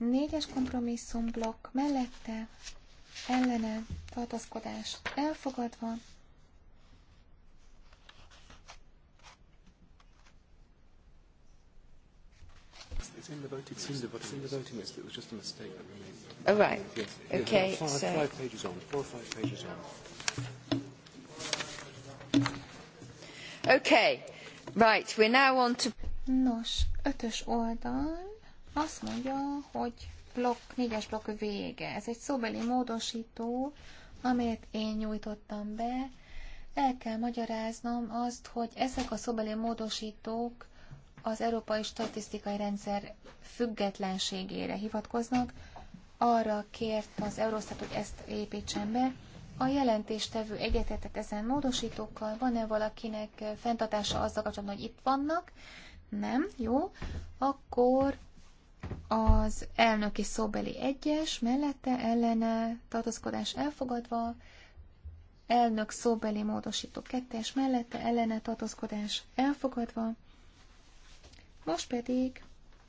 4-es kompromisszum blokk mellette ellene tartózkodás elfogadva. it's in the voting it's list. It's in the, voting it's in the voting list. list. It was just a mistake that we made. Oh, right. Yes. Okay. Yeah. Five, so... five pages on. Four or five pages on. Okay. Right. We're now on to... Nos, ötös oldal azt mondja, hogy blokk, négyes blokk vége. Ez egy szóbeli módosító, amelyet én nyújtottam be. El kell magyaráznom azt, hogy ezek a szóbeli módosítók az Európai Statisztikai Rendszer függetlenségére hivatkoznak, arra kért az Eurostat, hogy ezt építsen be. A jelentéstevő egyetetett ezen módosítókkal, van-e valakinek fenntartása azzal kapcsolatban, hogy itt vannak? Nem? Jó. Akkor az elnöki szóbeli egyes, mellette ellene tartózkodás elfogadva, elnök szóbeli módosító kettes, mellette ellene tartózkodás elfogadva, most pedig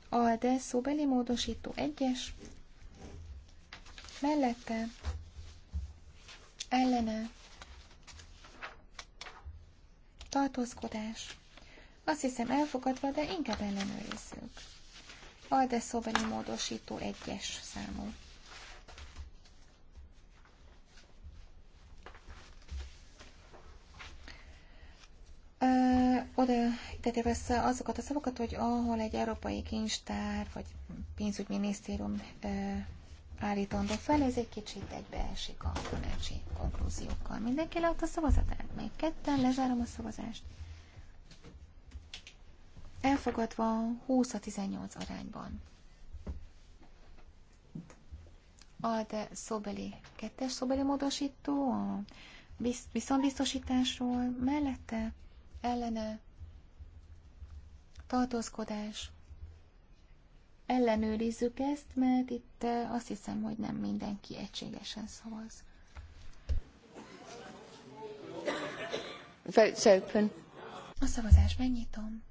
ALDE szóbeli módosító 1-es, mellette, ellene, tartózkodás. Azt hiszem elfogadva, de inkább ellenőrizzük. ALDE szóbeli módosító 1-es számú. oda tette vissza azokat a szavakat, hogy ahol egy európai kincstár vagy pénzügyminisztérium állítandó fel, ez egy kicsit egybeesik a tanácsi konklúziókkal. Mindenki leadta a szavazatát, még ketten lezárom a szavazást. Elfogadva 20 a 18 arányban. A de szobeli, kettes szobeli módosító, a biztosításról mellette ellene, tartózkodás. Ellenőrizzük ezt, mert itt eh, azt hiszem, hogy nem mindenki egységesen szavaz. Vote's open. A szavazás megnyitom.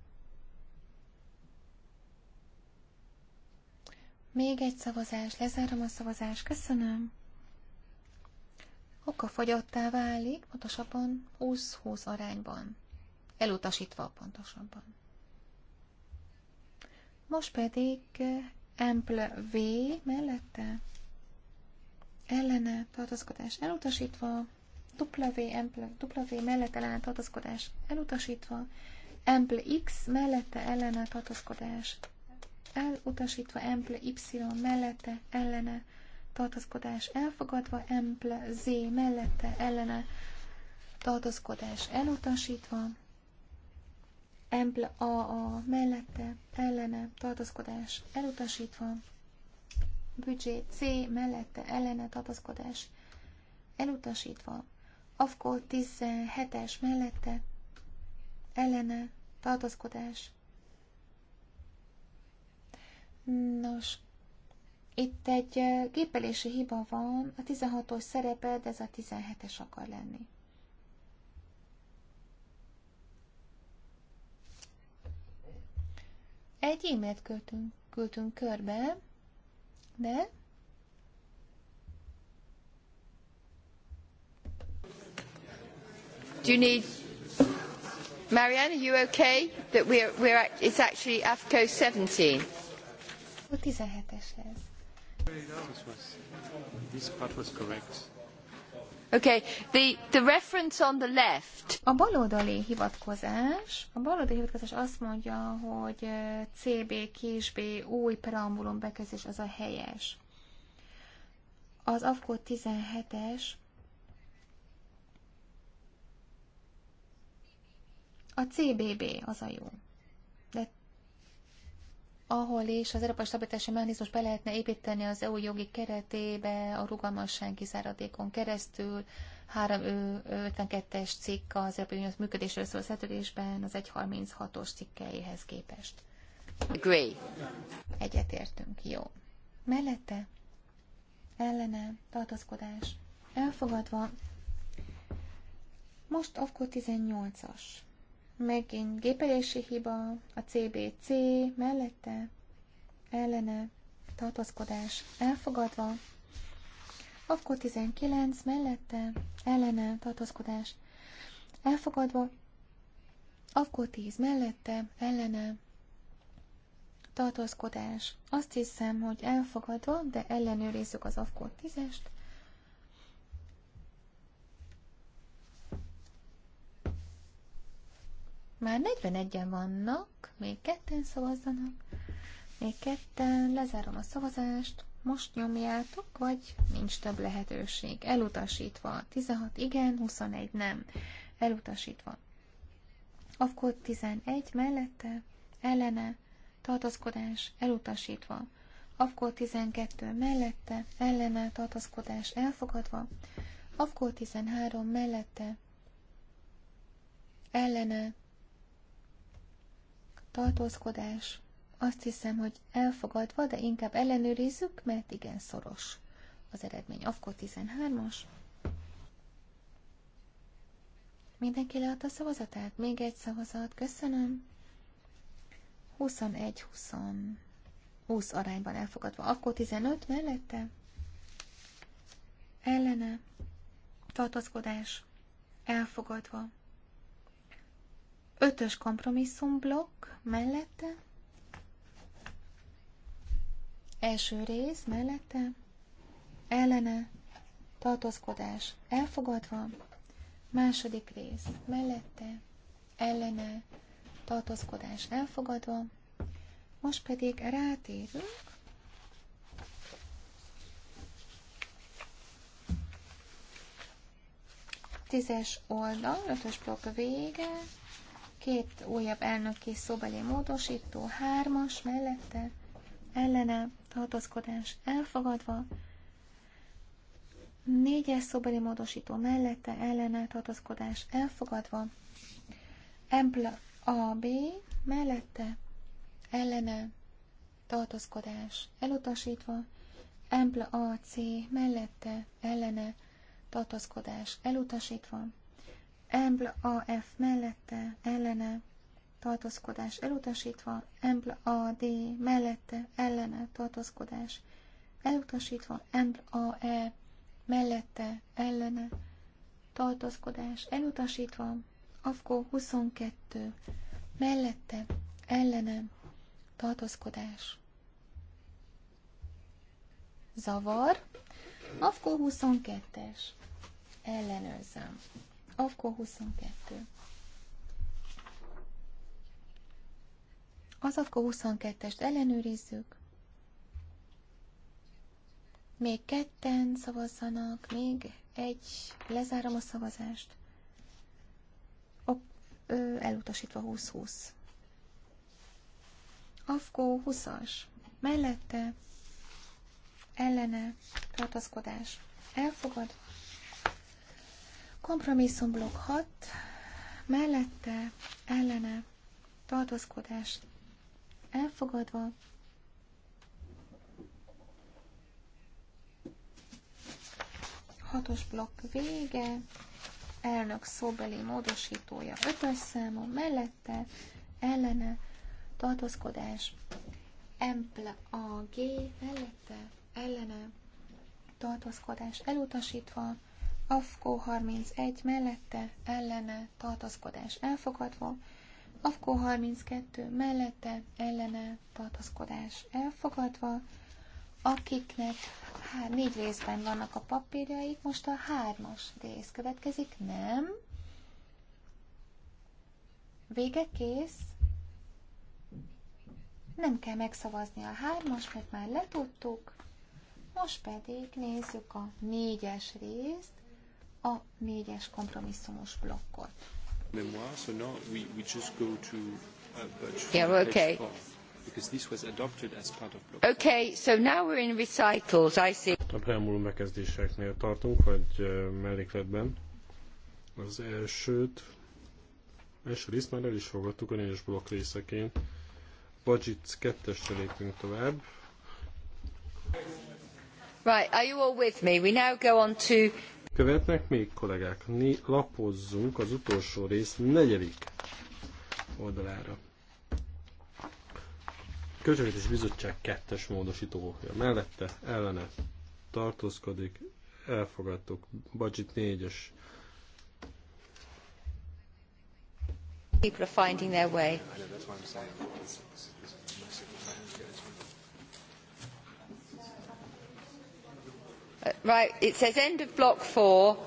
Még egy szavazás, lezárom a szavazást, köszönöm. fogyottá válik, pontosabban 20-20 arányban elutasítva pontosabban. Most pedig eh, Ample V mellette ellene tartozkodás elutasítva, W, Ample, W mellette ellene tartozkodás elutasítva, Ample X mellette ellene tartozkodás elutasítva, Ample Y mellette ellene tartozkodás elfogadva, Ample Z mellette ellene tartozkodás elutasítva, Empl a, a mellette, ellene, tartozkodás, elutasítva. Büdzsé C mellette, ellene, tartozkodás, elutasítva. Afko 17-es mellette, ellene, tartozkodás. Nos, itt egy gépelési hiba van, a 16-os szerepel, de ez a 17-es akar lenni. Egy e-mailt küldtünk, küldtünk körbe, de Do you need Marianne, are you okay? That we're we're at, it's actually AFCO 17. 17-es ez. This part was correct. Okay, the, the reference on the left. A baloldali hivatkozás, a baloldali hivatkozás azt mondja, hogy CB, kisB, új preambulum bekezdés az a helyes. Az AFKO 17-es a CBB az a jó ahol is az Európai Stabilitási Mechanizmus be lehetne építeni az EU jogi keretébe a rugalmassági záradékon keresztül, 352-es cikk az Európai Unió működésről szóló szerződésben az 136-os cikkeihez képest. Agree. Egyetértünk, jó. Mellette ellene tartozkodás, elfogadva. Most akkor 18-as Megint gépelési hiba, a CBC mellette, ellene, tartózkodás elfogadva. Akkor 19 mellette, ellene, tartózkodás elfogadva. Akkor 10 mellette, ellene, tartózkodás. Azt hiszem, hogy elfogadva, de ellenőrizzük az akkor 10-est. Már 41-en vannak, még ketten szavazzanak. Még ketten, lezárom a szavazást, most nyomjátok, vagy nincs több lehetőség. Elutasítva, 16 igen, 21 nem. Elutasítva. Akkor 11 mellette, ellene, tartozkodás, elutasítva. Akkor 12 mellette, ellene tartozkodás elfogadva, Akkor 13 mellette, ellene tartózkodás, azt hiszem, hogy elfogadva, de inkább ellenőrizzük, mert igen szoros az eredmény. Akkor 13-as. Mindenki leadta a szavazatát? Még egy szavazat, köszönöm. 21-20 20 arányban elfogadva. Akkor 15 mellette? Ellene. Tartózkodás. Elfogadva. Ötös kompromisszumblokk mellette. Első rész mellette. Ellene. Tartózkodás elfogadva. Második rész mellette. Ellene. Tartózkodás elfogadva. Most pedig rátérünk tízes oldal, ötös blokk vége, két újabb elnöki szóbeli módosító, hármas mellette, ellene, tartózkodás elfogadva, négyes szóbeli módosító mellette, ellene, tartózkodás elfogadva, Empla AB mellette, ellene, tartózkodás elutasítva, Empla AC mellette, ellene, tartózkodás elutasítva, Embl AF mellette, ellene, tartózkodás elutasítva, Embl AD mellette, ellene, tartózkodás elutasítva, Embl AE mellette, ellene, tartózkodás elutasítva, AFKO 22 mellette, ellene, tartózkodás zavar, AFKO 22-es ellenőrzöm. Akkor 22. Az akkor 22-est ellenőrizzük. Még ketten szavazzanak, még egy, lezárom a szavazást. Op, ö, elutasítva 20-20. Afkó 20-as. Mellette ellene tartaszkodás. Elfogadva. Kompromisszum blokk 6, mellette, ellene, tartózkodás elfogadva. Hatos blokk vége, elnök szóbeli módosítója ötös számú, mellette, ellene, tartózkodás, Emple a G, mellette, ellene, tartózkodás elutasítva, AFKO 31 mellette ellene tartaszkodás elfogadva, AFKO 32 mellette ellene tartaszkodás elfogadva, akiknek há, négy részben vannak a papírjaik, most a hármas rész következik, nem? Vége kész. Nem kell megszavazni a hármas, mert már letudtuk. Most pedig nézzük a négyes részt a négyes kompromisszumos blokkot. Memoir, so uh, yeah, okay. because this was adopted as part of block. Okay, so now we're in recitals, I see. A preambulum bekezdéseknél tartunk, vagy uh, mellékletben. Az elsőt, első részt már el is fogadtuk a négyes blokk részeként. Budget 2-esre lépünk tovább. Right, are you all with me? We now go on to Követnek még kollégák, mi lapozzunk az utolsó rész negyedik oldalára. Költségvetés Bizottság kettes módosítója mellette ellene tartózkodik, elfogadtuk. Budget négyes. People are finding their way. Right, it says end of block four,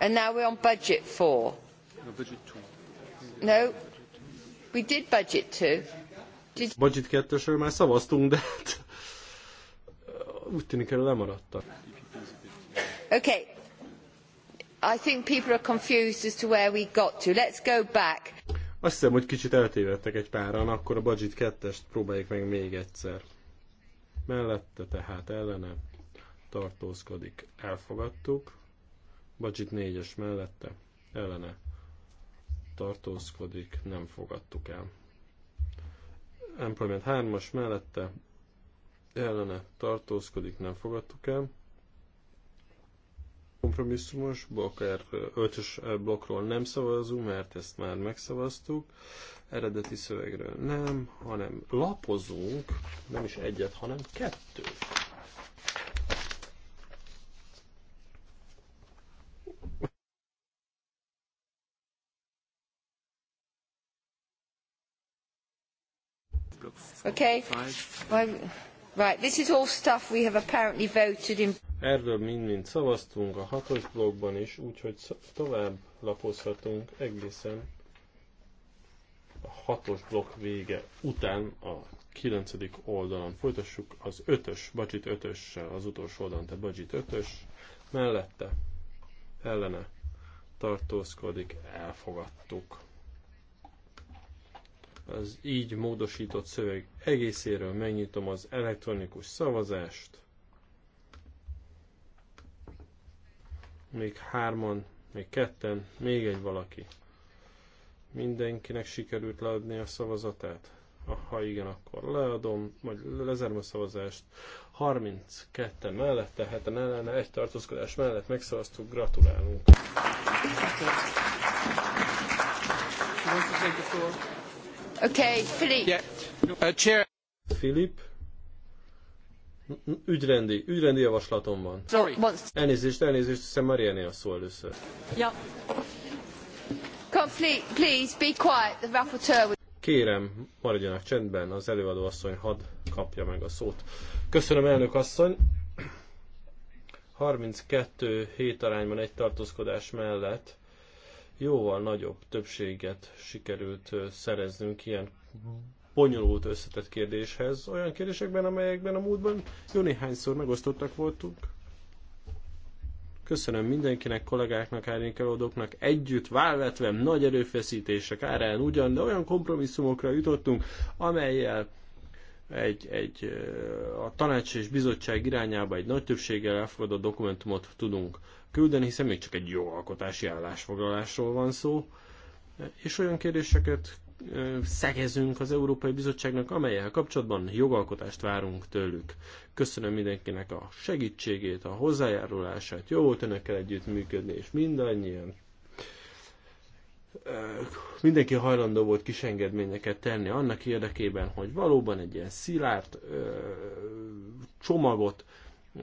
and now we're on budget four. No, budget two. No, we did budget two. Did... Budget kettősről már szavaztunk, de hát uh, úgy tűnik hogy lemaradtak. Okay, I think people are confused as to where we got to. Let's go back. Azt hiszem, hogy kicsit eltévedtek egy páran, akkor a budget kettest próbáljuk meg még egyszer. Mellette tehát ellene tartózkodik. Elfogadtuk. Budget 4-es mellette ellene tartózkodik, nem fogadtuk el. Employment 3-as mellette ellene tartózkodik, nem fogadtuk el. Kompromisszumos blokker 5-ös er blokkról nem szavazunk, mert ezt már megszavaztuk. Eredeti szövegről nem, hanem lapozunk, nem is egyet, hanem kettőt Okay? Right, this is all stuff we have apparently voted in. Erről mind-mind szavaztunk a hatos blogban is, úgyhogy tovább lapozhatunk egészen a hatos blokk vége után a kilencedik oldalon. Folytassuk az ötös, budget ötössel, az utolsó oldalon, tehát budget ötös, mellette, ellene tartózkodik, elfogadtuk az így módosított szöveg egészéről megnyitom az elektronikus szavazást. Még hárman, még ketten, még egy valaki. Mindenkinek sikerült leadni a szavazatát? Ah, ha igen, akkor leadom, vagy lezárom a szavazást. 32 mellette, a ellene, egy tartózkodás mellett megszavaztuk, gratulálunk! Köszönöm. Köszönöm. Okay, Philip. Yeah. Uh, chair. Ügyrendi, ügyrendi javaslatom van. Sorry. Elnézést, elnézést, hiszem Mariani a szó először. Ja. Complete, please, be quiet, the rapporteur. Kérem, maradjanak csendben, az előadó asszony had kapja meg a szót. Köszönöm, elnök asszony. 32 hét arányban egy tartózkodás mellett jóval nagyobb többséget sikerült szereznünk ilyen bonyolult összetett kérdéshez, olyan kérdésekben, amelyekben a múltban jó néhányszor megosztottak voltunk. Köszönöm mindenkinek, kollégáknak, árnyékelódóknak együtt válvetve nagy erőfeszítések árán ugyan, de olyan kompromisszumokra jutottunk, amelyel egy, egy, a tanács és bizottság irányába egy nagy többséggel elfogadott dokumentumot tudunk küldeni, hiszen még csak egy jó alkotási állásfoglalásról van szó, és olyan kérdéseket szegezünk az Európai Bizottságnak, amelyel kapcsolatban jogalkotást várunk tőlük. Köszönöm mindenkinek a segítségét, a hozzájárulását, jó volt önökkel együttműködni, és mindannyian mindenki hajlandó volt engedményeket tenni annak érdekében, hogy valóban egy ilyen szilárd csomagot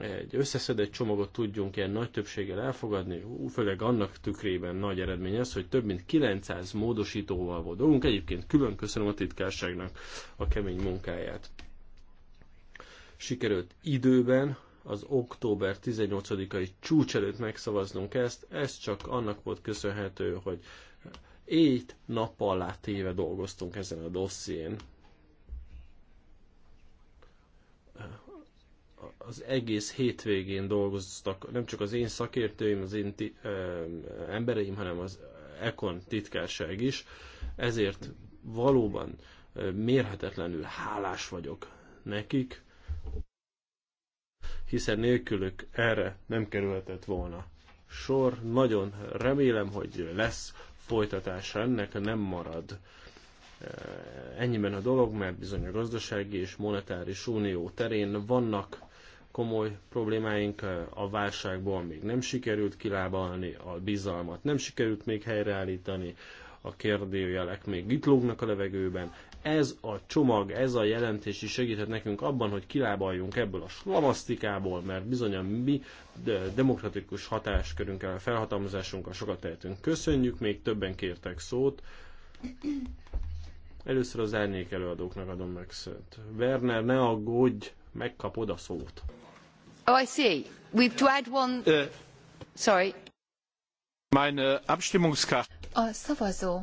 egy összeszedett csomagot tudjunk ilyen nagy többséggel elfogadni, főleg annak tükrében nagy eredmény az, hogy több mint 900 módosítóval volt dolgunk. Egyébként külön köszönöm a titkárságnak a kemény munkáját. Sikerült időben az október 18-ai csúcs előtt megszavaznunk ezt, ez csak annak volt köszönhető, hogy 7 nappal látéve dolgoztunk ezen a dosszién. az egész hétvégén dolgoztak, nem csak az én szakértőim, az én ti, ö, embereim, hanem az Econ titkárság is. Ezért valóban ö, mérhetetlenül hálás vagyok nekik, hiszen nélkülük erre nem kerülhetett volna sor. Nagyon remélem, hogy lesz folytatása ennek, nem marad ennyiben a dolog, mert bizony a gazdasági és monetáris unió terén vannak komoly problémáink, a válságból még nem sikerült kilábalni a bizalmat, nem sikerült még helyreállítani, a kérdőjelek még itt lógnak a levegőben. Ez a csomag, ez a jelentés is segíthet nekünk abban, hogy kilábaljunk ebből a slamasztikából, mert bizony a mi demokratikus hatáskörünkkel, felhatalmazásunkkal sokat tehetünk. Köszönjük, még többen kértek szót. Először az árnyék előadóknak adom meg szót. Werner, ne aggódj, megkapod a szót. Oh, I see. We've to add one... Uh, Sorry. Meine Abstimmungskarte. A szavazó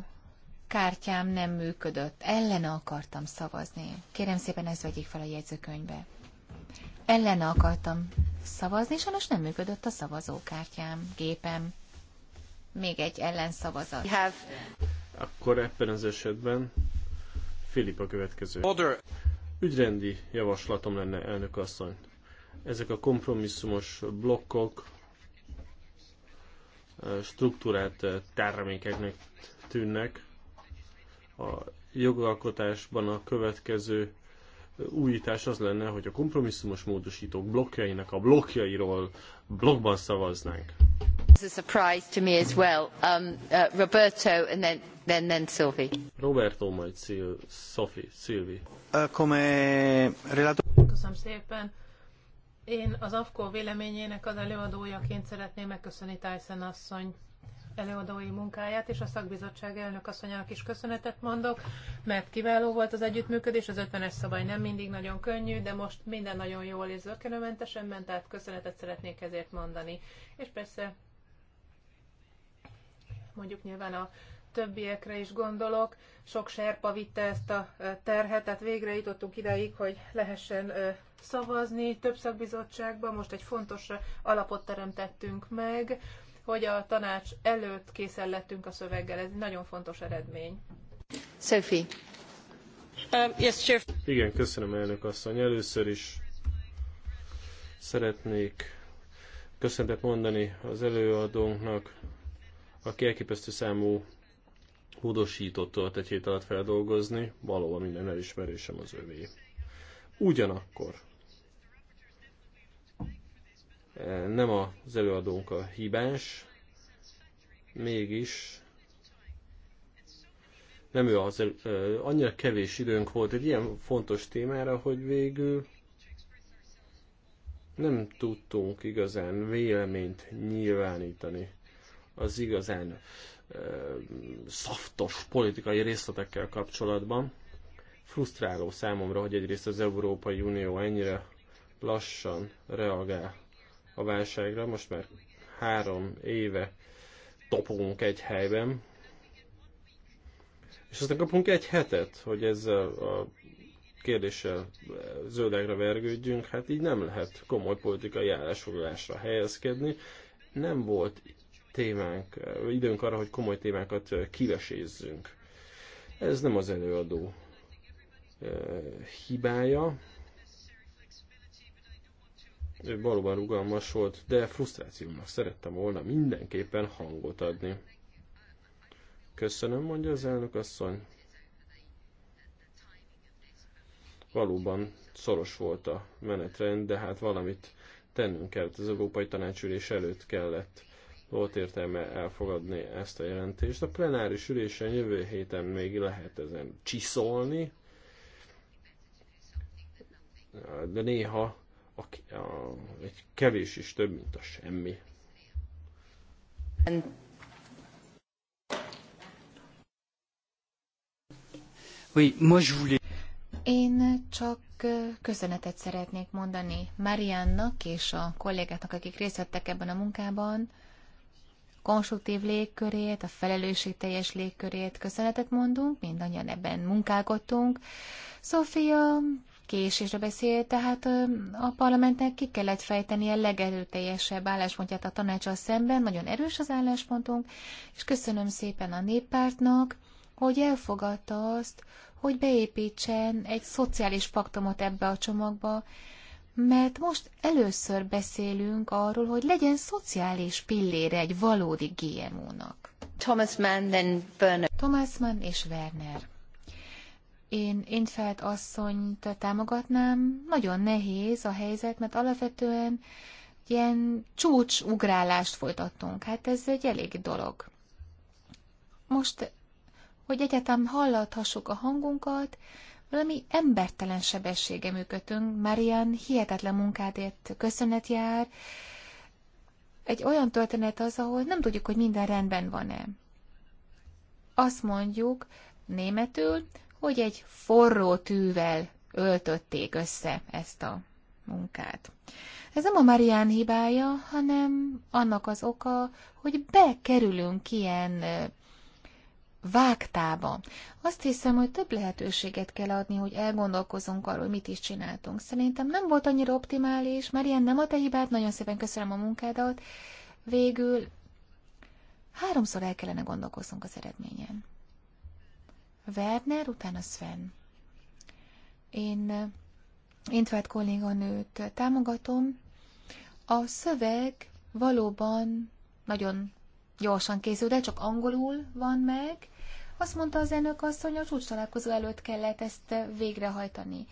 kártyám nem működött. Ellene akartam szavazni. Kérem szépen ez vegyék fel a jegyzőkönyvbe. Ellene akartam szavazni, sajnos nem működött a szavazókártyám, gépem. Még egy ellenszavazat. Have... Akkor ebben az esetben Filip a következő. Order. Ügyrendi javaslatom lenne, elnök asszony. Ezek a kompromisszumos blokkok struktúrát termékeknek tűnnek. A jogalkotásban a következő újítás az lenne, hogy a kompromisszumos módosítók blokkjainak a blokkjairól blokkban szavaznánk comes as a surprise to me as well. Um, uh, Roberto and then, then, then Sylvie. Roberto, majd Sil Sophie, Sylvie. Uh, come Köszönöm szépen. Én az AFKO véleményének az előadójaként szeretném megköszönni Tyson asszony előadói munkáját, és a szakbizottság elnök asszonyának is köszönetet mondok, mert kiváló volt az együttműködés, az 50-es szabály nem mindig nagyon könnyű, de most minden nagyon jól és zökkenőmentesen ment, tehát köszönetet szeretnék ezért mondani. És persze mondjuk nyilván a többiekre is gondolok. Sok serpa vitte ezt a terhet, tehát végre jutottunk ideig, hogy lehessen szavazni több szakbizottságban. Most egy fontos alapot teremtettünk meg, hogy a tanács előtt készen lettünk a szöveggel. Ez nagyon fontos eredmény. Sophie. Um, yes, sure. Igen, köszönöm elnök asszony. Először is szeretnék köszöntet mondani az előadónknak, aki elképesztő számú módosított tölt egy hét alatt feldolgozni, valóban minden elismerésem az övé. Ugyanakkor e, nem az előadónk a hibás, mégis nem ő az, e, annyira kevés időnk volt egy ilyen fontos témára, hogy végül nem tudtunk igazán véleményt nyilvánítani az igazán szaftos politikai részletekkel kapcsolatban. Frusztráló számomra, hogy egyrészt az Európai Unió ennyire lassan reagál a válságra. Most már három éve topunk egy helyben, és aztán kapunk egy hetet, hogy ezzel a kérdéssel zöldekre vergődjünk. Hát így nem lehet komoly politikai állásfoglalásra helyezkedni. Nem volt témánk, időnk arra, hogy komoly témákat kivesézzünk. Ez nem az előadó hibája. Ő valóban rugalmas volt, de frusztrációnak szerettem volna mindenképpen hangot adni. Köszönöm, mondja az elnök asszony. Valóban szoros volt a menetrend, de hát valamit tennünk kellett. Az Európai Tanácsülés előtt kellett volt értelme elfogadni ezt a jelentést. A plenáris ülésen jövő héten még lehet ezen csiszolni, de néha a, a, egy kevés is több, mint a semmi. moi je voulais... Én csak köszönetet szeretnék mondani Mariannak és a kollégáknak, akik részt vettek ebben a munkában konstruktív légkörét, a felelősségteljes légkörét köszönetet mondunk, mindannyian ebben munkálkodtunk. Sofia késésre beszélt, tehát a parlamentnek ki kellett fejteni a legerőteljesebb álláspontját a tanácsal szemben, nagyon erős az álláspontunk, és köszönöm szépen a néppártnak, hogy elfogadta azt, hogy beépítsen egy szociális paktumot ebbe a csomagba, mert most először beszélünk arról, hogy legyen szociális pillére egy valódi GMO-nak. Thomas Mann, then Werner. Thomas Mann és Werner. Én Intfeld asszonyt támogatnám. Nagyon nehéz a helyzet, mert alapvetően ilyen csúcsugrálást folytattunk. Hát ez egy elég dolog. Most, hogy egyetem hallathassuk a hangunkat, valami embertelen sebessége működtünk. Marian hihetetlen munkádért köszönet jár. Egy olyan történet az, ahol nem tudjuk, hogy minden rendben van-e. Azt mondjuk németül, hogy egy forró tűvel öltötték össze ezt a munkát. Ez nem a Marian hibája, hanem annak az oka, hogy bekerülünk ilyen vágtába. Azt hiszem, hogy több lehetőséget kell adni, hogy elgondolkozunk arról, mit is csináltunk. Szerintem nem volt annyira optimális, mert ilyen nem a te hibád, nagyon szépen köszönöm a munkádat. Végül háromszor el kellene gondolkoznunk az eredményen. Werner, utána Sven. Én Intvált kolléganőt támogatom. A szöveg valóban nagyon gyorsan készül, de csak angolul van meg. Azt mondta az elnök asszony, hogy a csúcs találkozó előtt kellett ezt eh, végrehajtani.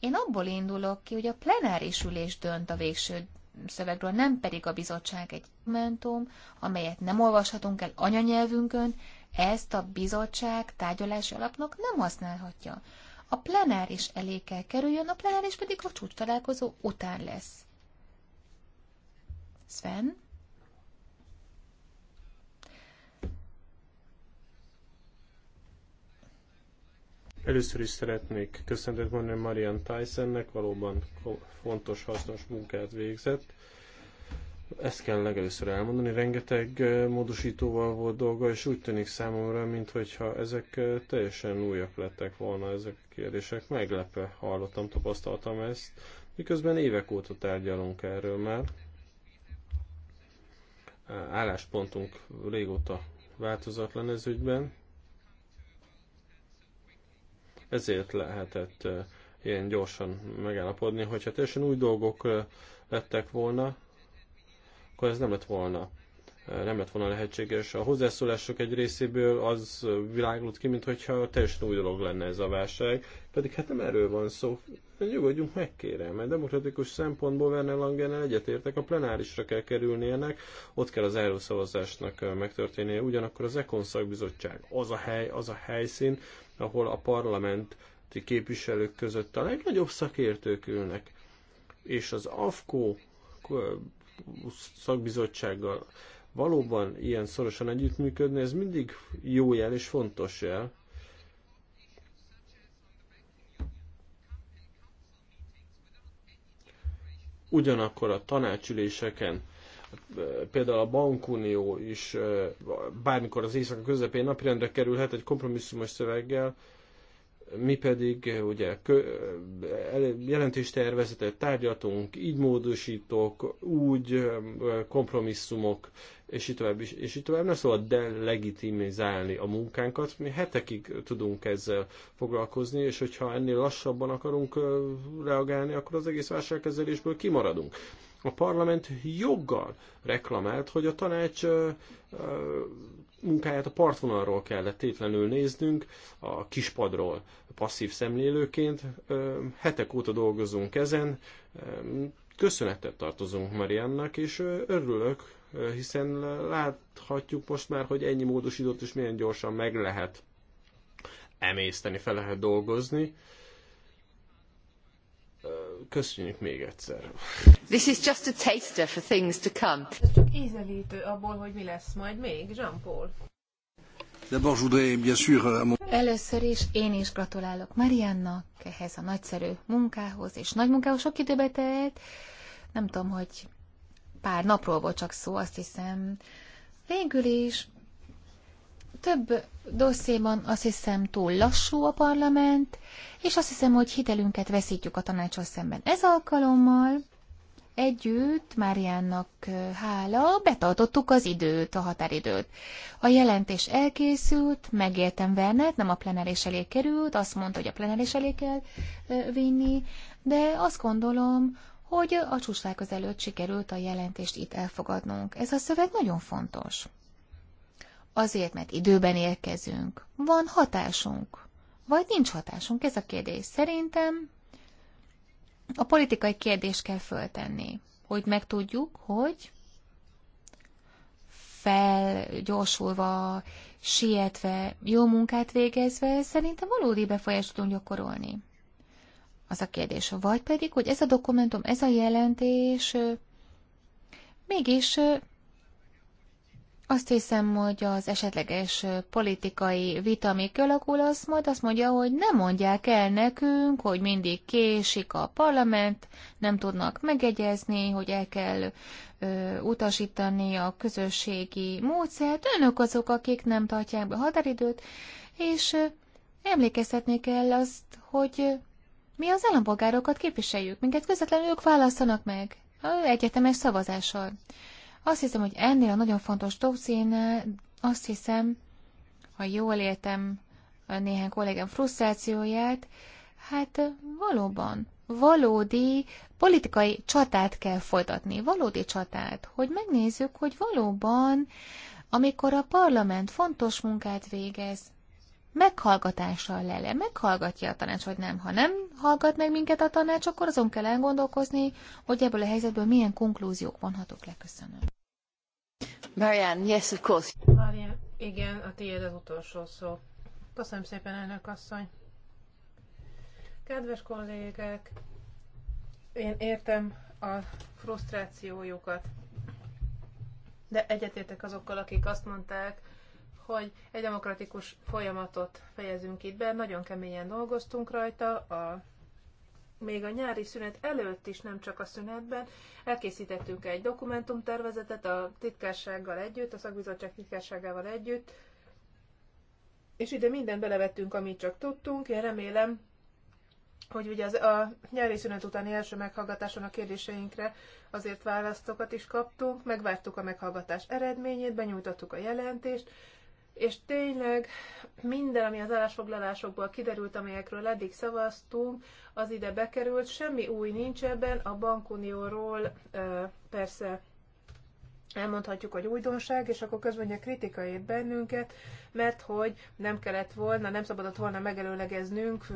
Én abból indulok ki, hogy a plenáris ülés dönt a végső szövegről, nem pedig a bizottság egy mentum, amelyet nem olvashatunk el anyanyelvünkön, ezt a bizottság tárgyalási alapnak nem használhatja. A plenáris elé kell kerüljön, a plenáris pedig a csúcs találkozó után lesz. Sven? Először is szeretnék köszöntet mondani Marian Tysonnek, valóban fontos, hasznos munkát végzett. Ezt kell legelőször elmondani, rengeteg módosítóval volt dolga, és úgy tűnik számomra, mintha ezek teljesen újak lettek volna ezek a kérdések. Meglepve hallottam, tapasztaltam ezt, miközben évek óta tárgyalunk erről már. Álláspontunk régóta változatlan ez ügyben, ezért lehetett ilyen gyorsan megállapodni, hogyha teljesen új dolgok lettek volna, akkor ez nem lett volna nem lett volna lehetséges. A hozzászólások egy részéből az világult ki, mintha teljesen új dolog lenne ez a válság, pedig hát nem erről van szó. Nyugodjunk meg, kérem, mert demokratikus szempontból Werner Langennel egyetértek, a plenárisra kell kerülni ennek, ott kell az előszavazásnak megtörténnie. Ugyanakkor az Ekon szakbizottság az a hely, az a helyszín, ahol a parlamenti képviselők között a legnagyobb szakértők ülnek, és az AFKO szakbizottsággal valóban ilyen szorosan együttműködni, ez mindig jó jel és fontos jel. Ugyanakkor a tanácsüléseken, például a bankunió is bármikor az éjszaka közepén napirendre kerülhet egy kompromisszumos szöveggel, mi pedig eh, ugye eh, jelentéstervezetet tárgyatunk, így módosítok, úgy eh, kompromisszumok, és így tovább, és, így tovább. Na szóval delegitimizálni a munkánkat, mi hetekig tudunk ezzel foglalkozni, és hogyha ennél lassabban akarunk reagálni, akkor az egész válságkezelésből kimaradunk. A parlament joggal reklamált, hogy a tanács munkáját a partvonalról kellett tétlenül néznünk, a kispadról passzív szemlélőként. Hetek óta dolgozunk ezen, köszönetet tartozunk Mariannak, és örülök, hiszen láthatjuk most már, hogy ennyi módosított is milyen gyorsan meg lehet emészteni, fel lehet dolgozni. Köszönjük még egyszer. This is just a taster for things to come ízelítő abból, hogy mi lesz majd még, Jean-Paul. Először is én is gratulálok Mariannak ehhez a nagyszerű munkához, és nagy munkához sok időbe telt. Nem tudom, hogy pár napról volt csak szó, azt hiszem. Végül is több dosszéban azt hiszem túl lassú a parlament, és azt hiszem, hogy hitelünket veszítjük a tanácsos szemben. Ez alkalommal együtt, Máriánnak hála, betartottuk az időt, a határidőt. A jelentés elkészült, megértem Vernet, nem a plenáris elé került, azt mondta, hogy a plenáris elé kell vinni, de azt gondolom, hogy a csúszálkoz előtt sikerült a jelentést itt elfogadnunk. Ez a szöveg nagyon fontos. Azért, mert időben érkezünk. Van hatásunk. Vagy nincs hatásunk, ez a kérdés. Szerintem a politikai kérdést kell föltenni, hogy megtudjuk, hogy felgyorsulva, sietve, jó munkát végezve, szerintem valódi befolyást tudunk gyakorolni. Az a kérdés. Vagy pedig, hogy ez a dokumentum, ez a jelentés mégis azt hiszem, hogy az esetleges politikai vita, ami kialakul, az majd azt mondja, hogy nem mondják el nekünk, hogy mindig késik a parlament, nem tudnak megegyezni, hogy el kell ö, utasítani a közösségi módszert. Önök azok, akik nem tartják be határidőt, és ö, emlékeztetni kell azt, hogy ö, mi az állampolgárokat képviseljük, minket közvetlenül ők választanak meg egyetemes szavazással. Azt hiszem, hogy ennél a nagyon fontos dossziénál azt hiszem, ha jól értem néhány kollégám frusztrációját, hát valóban valódi politikai csatát kell folytatni, valódi csatát, hogy megnézzük, hogy valóban, amikor a parlament fontos munkát végez, meghallgatással lele, meghallgatja a tanács, vagy nem. Ha nem hallgat meg minket a tanács, akkor azon kell elgondolkozni, hogy ebből a helyzetből milyen konklúziók vonhatók le. Köszönöm. Marianne, yes, of course. Marianne, igen, a tiéd az utolsó szó. Köszönöm szépen, elnök asszony. Kedves kollégák, én értem a frusztrációjukat, de egyetértek azokkal, akik azt mondták, hogy egy demokratikus folyamatot fejezünk itt be. Nagyon keményen dolgoztunk rajta, a, még a nyári szünet előtt is, nem csak a szünetben. Elkészítettünk egy dokumentumtervezetet a titkársággal együtt, a szakbizottság titkárságával együtt, és ide mindent belevettünk, amit csak tudtunk. Én remélem, hogy ugye az, a nyári szünet utáni első meghallgatáson a kérdéseinkre azért választokat is kaptunk, megvártuk a meghallgatás eredményét, benyújtottuk a jelentést, és tényleg minden, ami az állásfoglalásokból kiderült, amelyekről eddig szavaztunk, az ide bekerült, semmi új nincs ebben, a bankunióról persze elmondhatjuk, hogy újdonság, és akkor közben a kritika ért bennünket, mert hogy nem kellett volna, nem szabadott volna megelőlegeznünk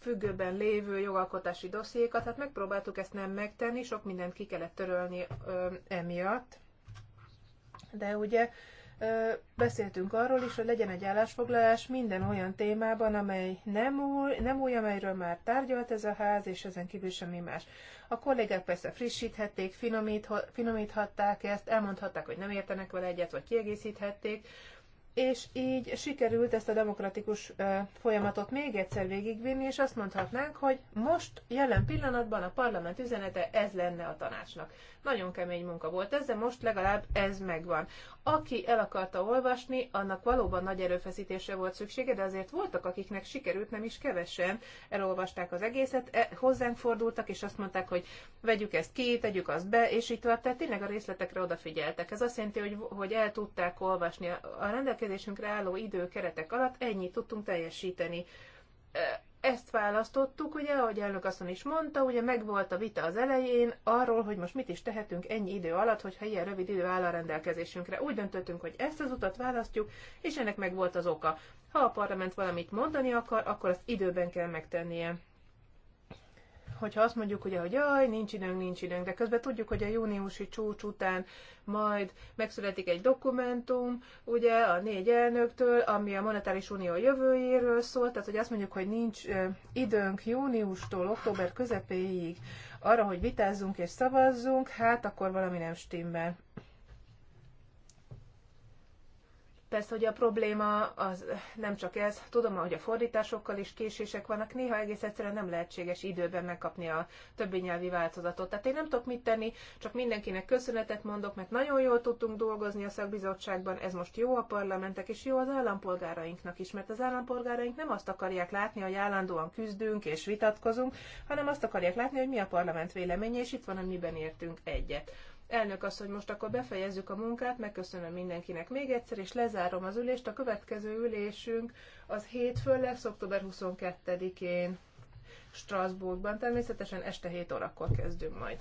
függőben lévő jogalkotási dossziékat, hát megpróbáltuk ezt nem megtenni, sok mindent ki kellett törölni ö, emiatt. De ugye beszéltünk arról is, hogy legyen egy állásfoglalás minden olyan témában, amely nem új, nem új, amelyről már tárgyalt ez a ház, és ezen kívül semmi más. A kollégák persze frissíthették, finomíthatták ezt, elmondhatták, hogy nem értenek vele egyet, vagy kiegészíthették, és így sikerült ezt a demokratikus folyamatot még egyszer végigvinni, és azt mondhatnánk, hogy most jelen pillanatban a parlament üzenete ez lenne a tanácsnak. Nagyon kemény munka volt ez, de most legalább ez megvan. Aki el akarta olvasni, annak valóban nagy erőfeszítésre volt szüksége, de azért voltak, akiknek sikerült, nem is kevesen elolvasták az egészet, e, hozzánk fordultak, és azt mondták, hogy vegyük ezt ki, tegyük azt be, és így tovább. Tehát tényleg a részletekre odafigyeltek. Ez azt jelenti, hogy, hogy el tudták olvasni. A rendelkezésünkre álló időkeretek alatt ennyit tudtunk teljesíteni e, ezt választottuk, ugye, ahogy elnök asszony is mondta, ugye megvolt a vita az elején arról, hogy most mit is tehetünk ennyi idő alatt, hogyha ilyen rövid idő áll a rendelkezésünkre. Úgy döntöttünk, hogy ezt az utat választjuk, és ennek megvolt az oka. Ha a parlament valamit mondani akar, akkor azt időben kell megtennie hogyha azt mondjuk, ugye, hogy jaj, nincs időnk, nincs időnk, de közben tudjuk, hogy a júniusi csúcs után majd megszületik egy dokumentum, ugye, a négy elnöktől, ami a monetáris unió jövőjéről szól, tehát hogy azt mondjuk, hogy nincs időnk júniustól október közepéig arra, hogy vitázzunk és szavazzunk, hát akkor valami nem stimmel. Persze, hogy a probléma az nem csak ez, tudom, hogy a fordításokkal is késések vannak, néha egész egyszerűen nem lehetséges időben megkapni a többi nyelvi változatot. Tehát én nem tudok mit tenni, csak mindenkinek köszönetet mondok, mert nagyon jól tudtunk dolgozni a szakbizottságban, ez most jó a parlamentek, és jó az állampolgárainknak is, mert az állampolgáraink nem azt akarják látni, hogy állandóan küzdünk és vitatkozunk, hanem azt akarják látni, hogy mi a parlament véleménye, és itt van, hogy miben értünk egyet. Elnök azt, hogy most akkor befejezzük a munkát, megköszönöm mindenkinek még egyszer, és lezárom az ülést. A következő ülésünk az hétfőn lesz, október 22-én Strasbourgban. Természetesen este 7 órakor kezdünk majd.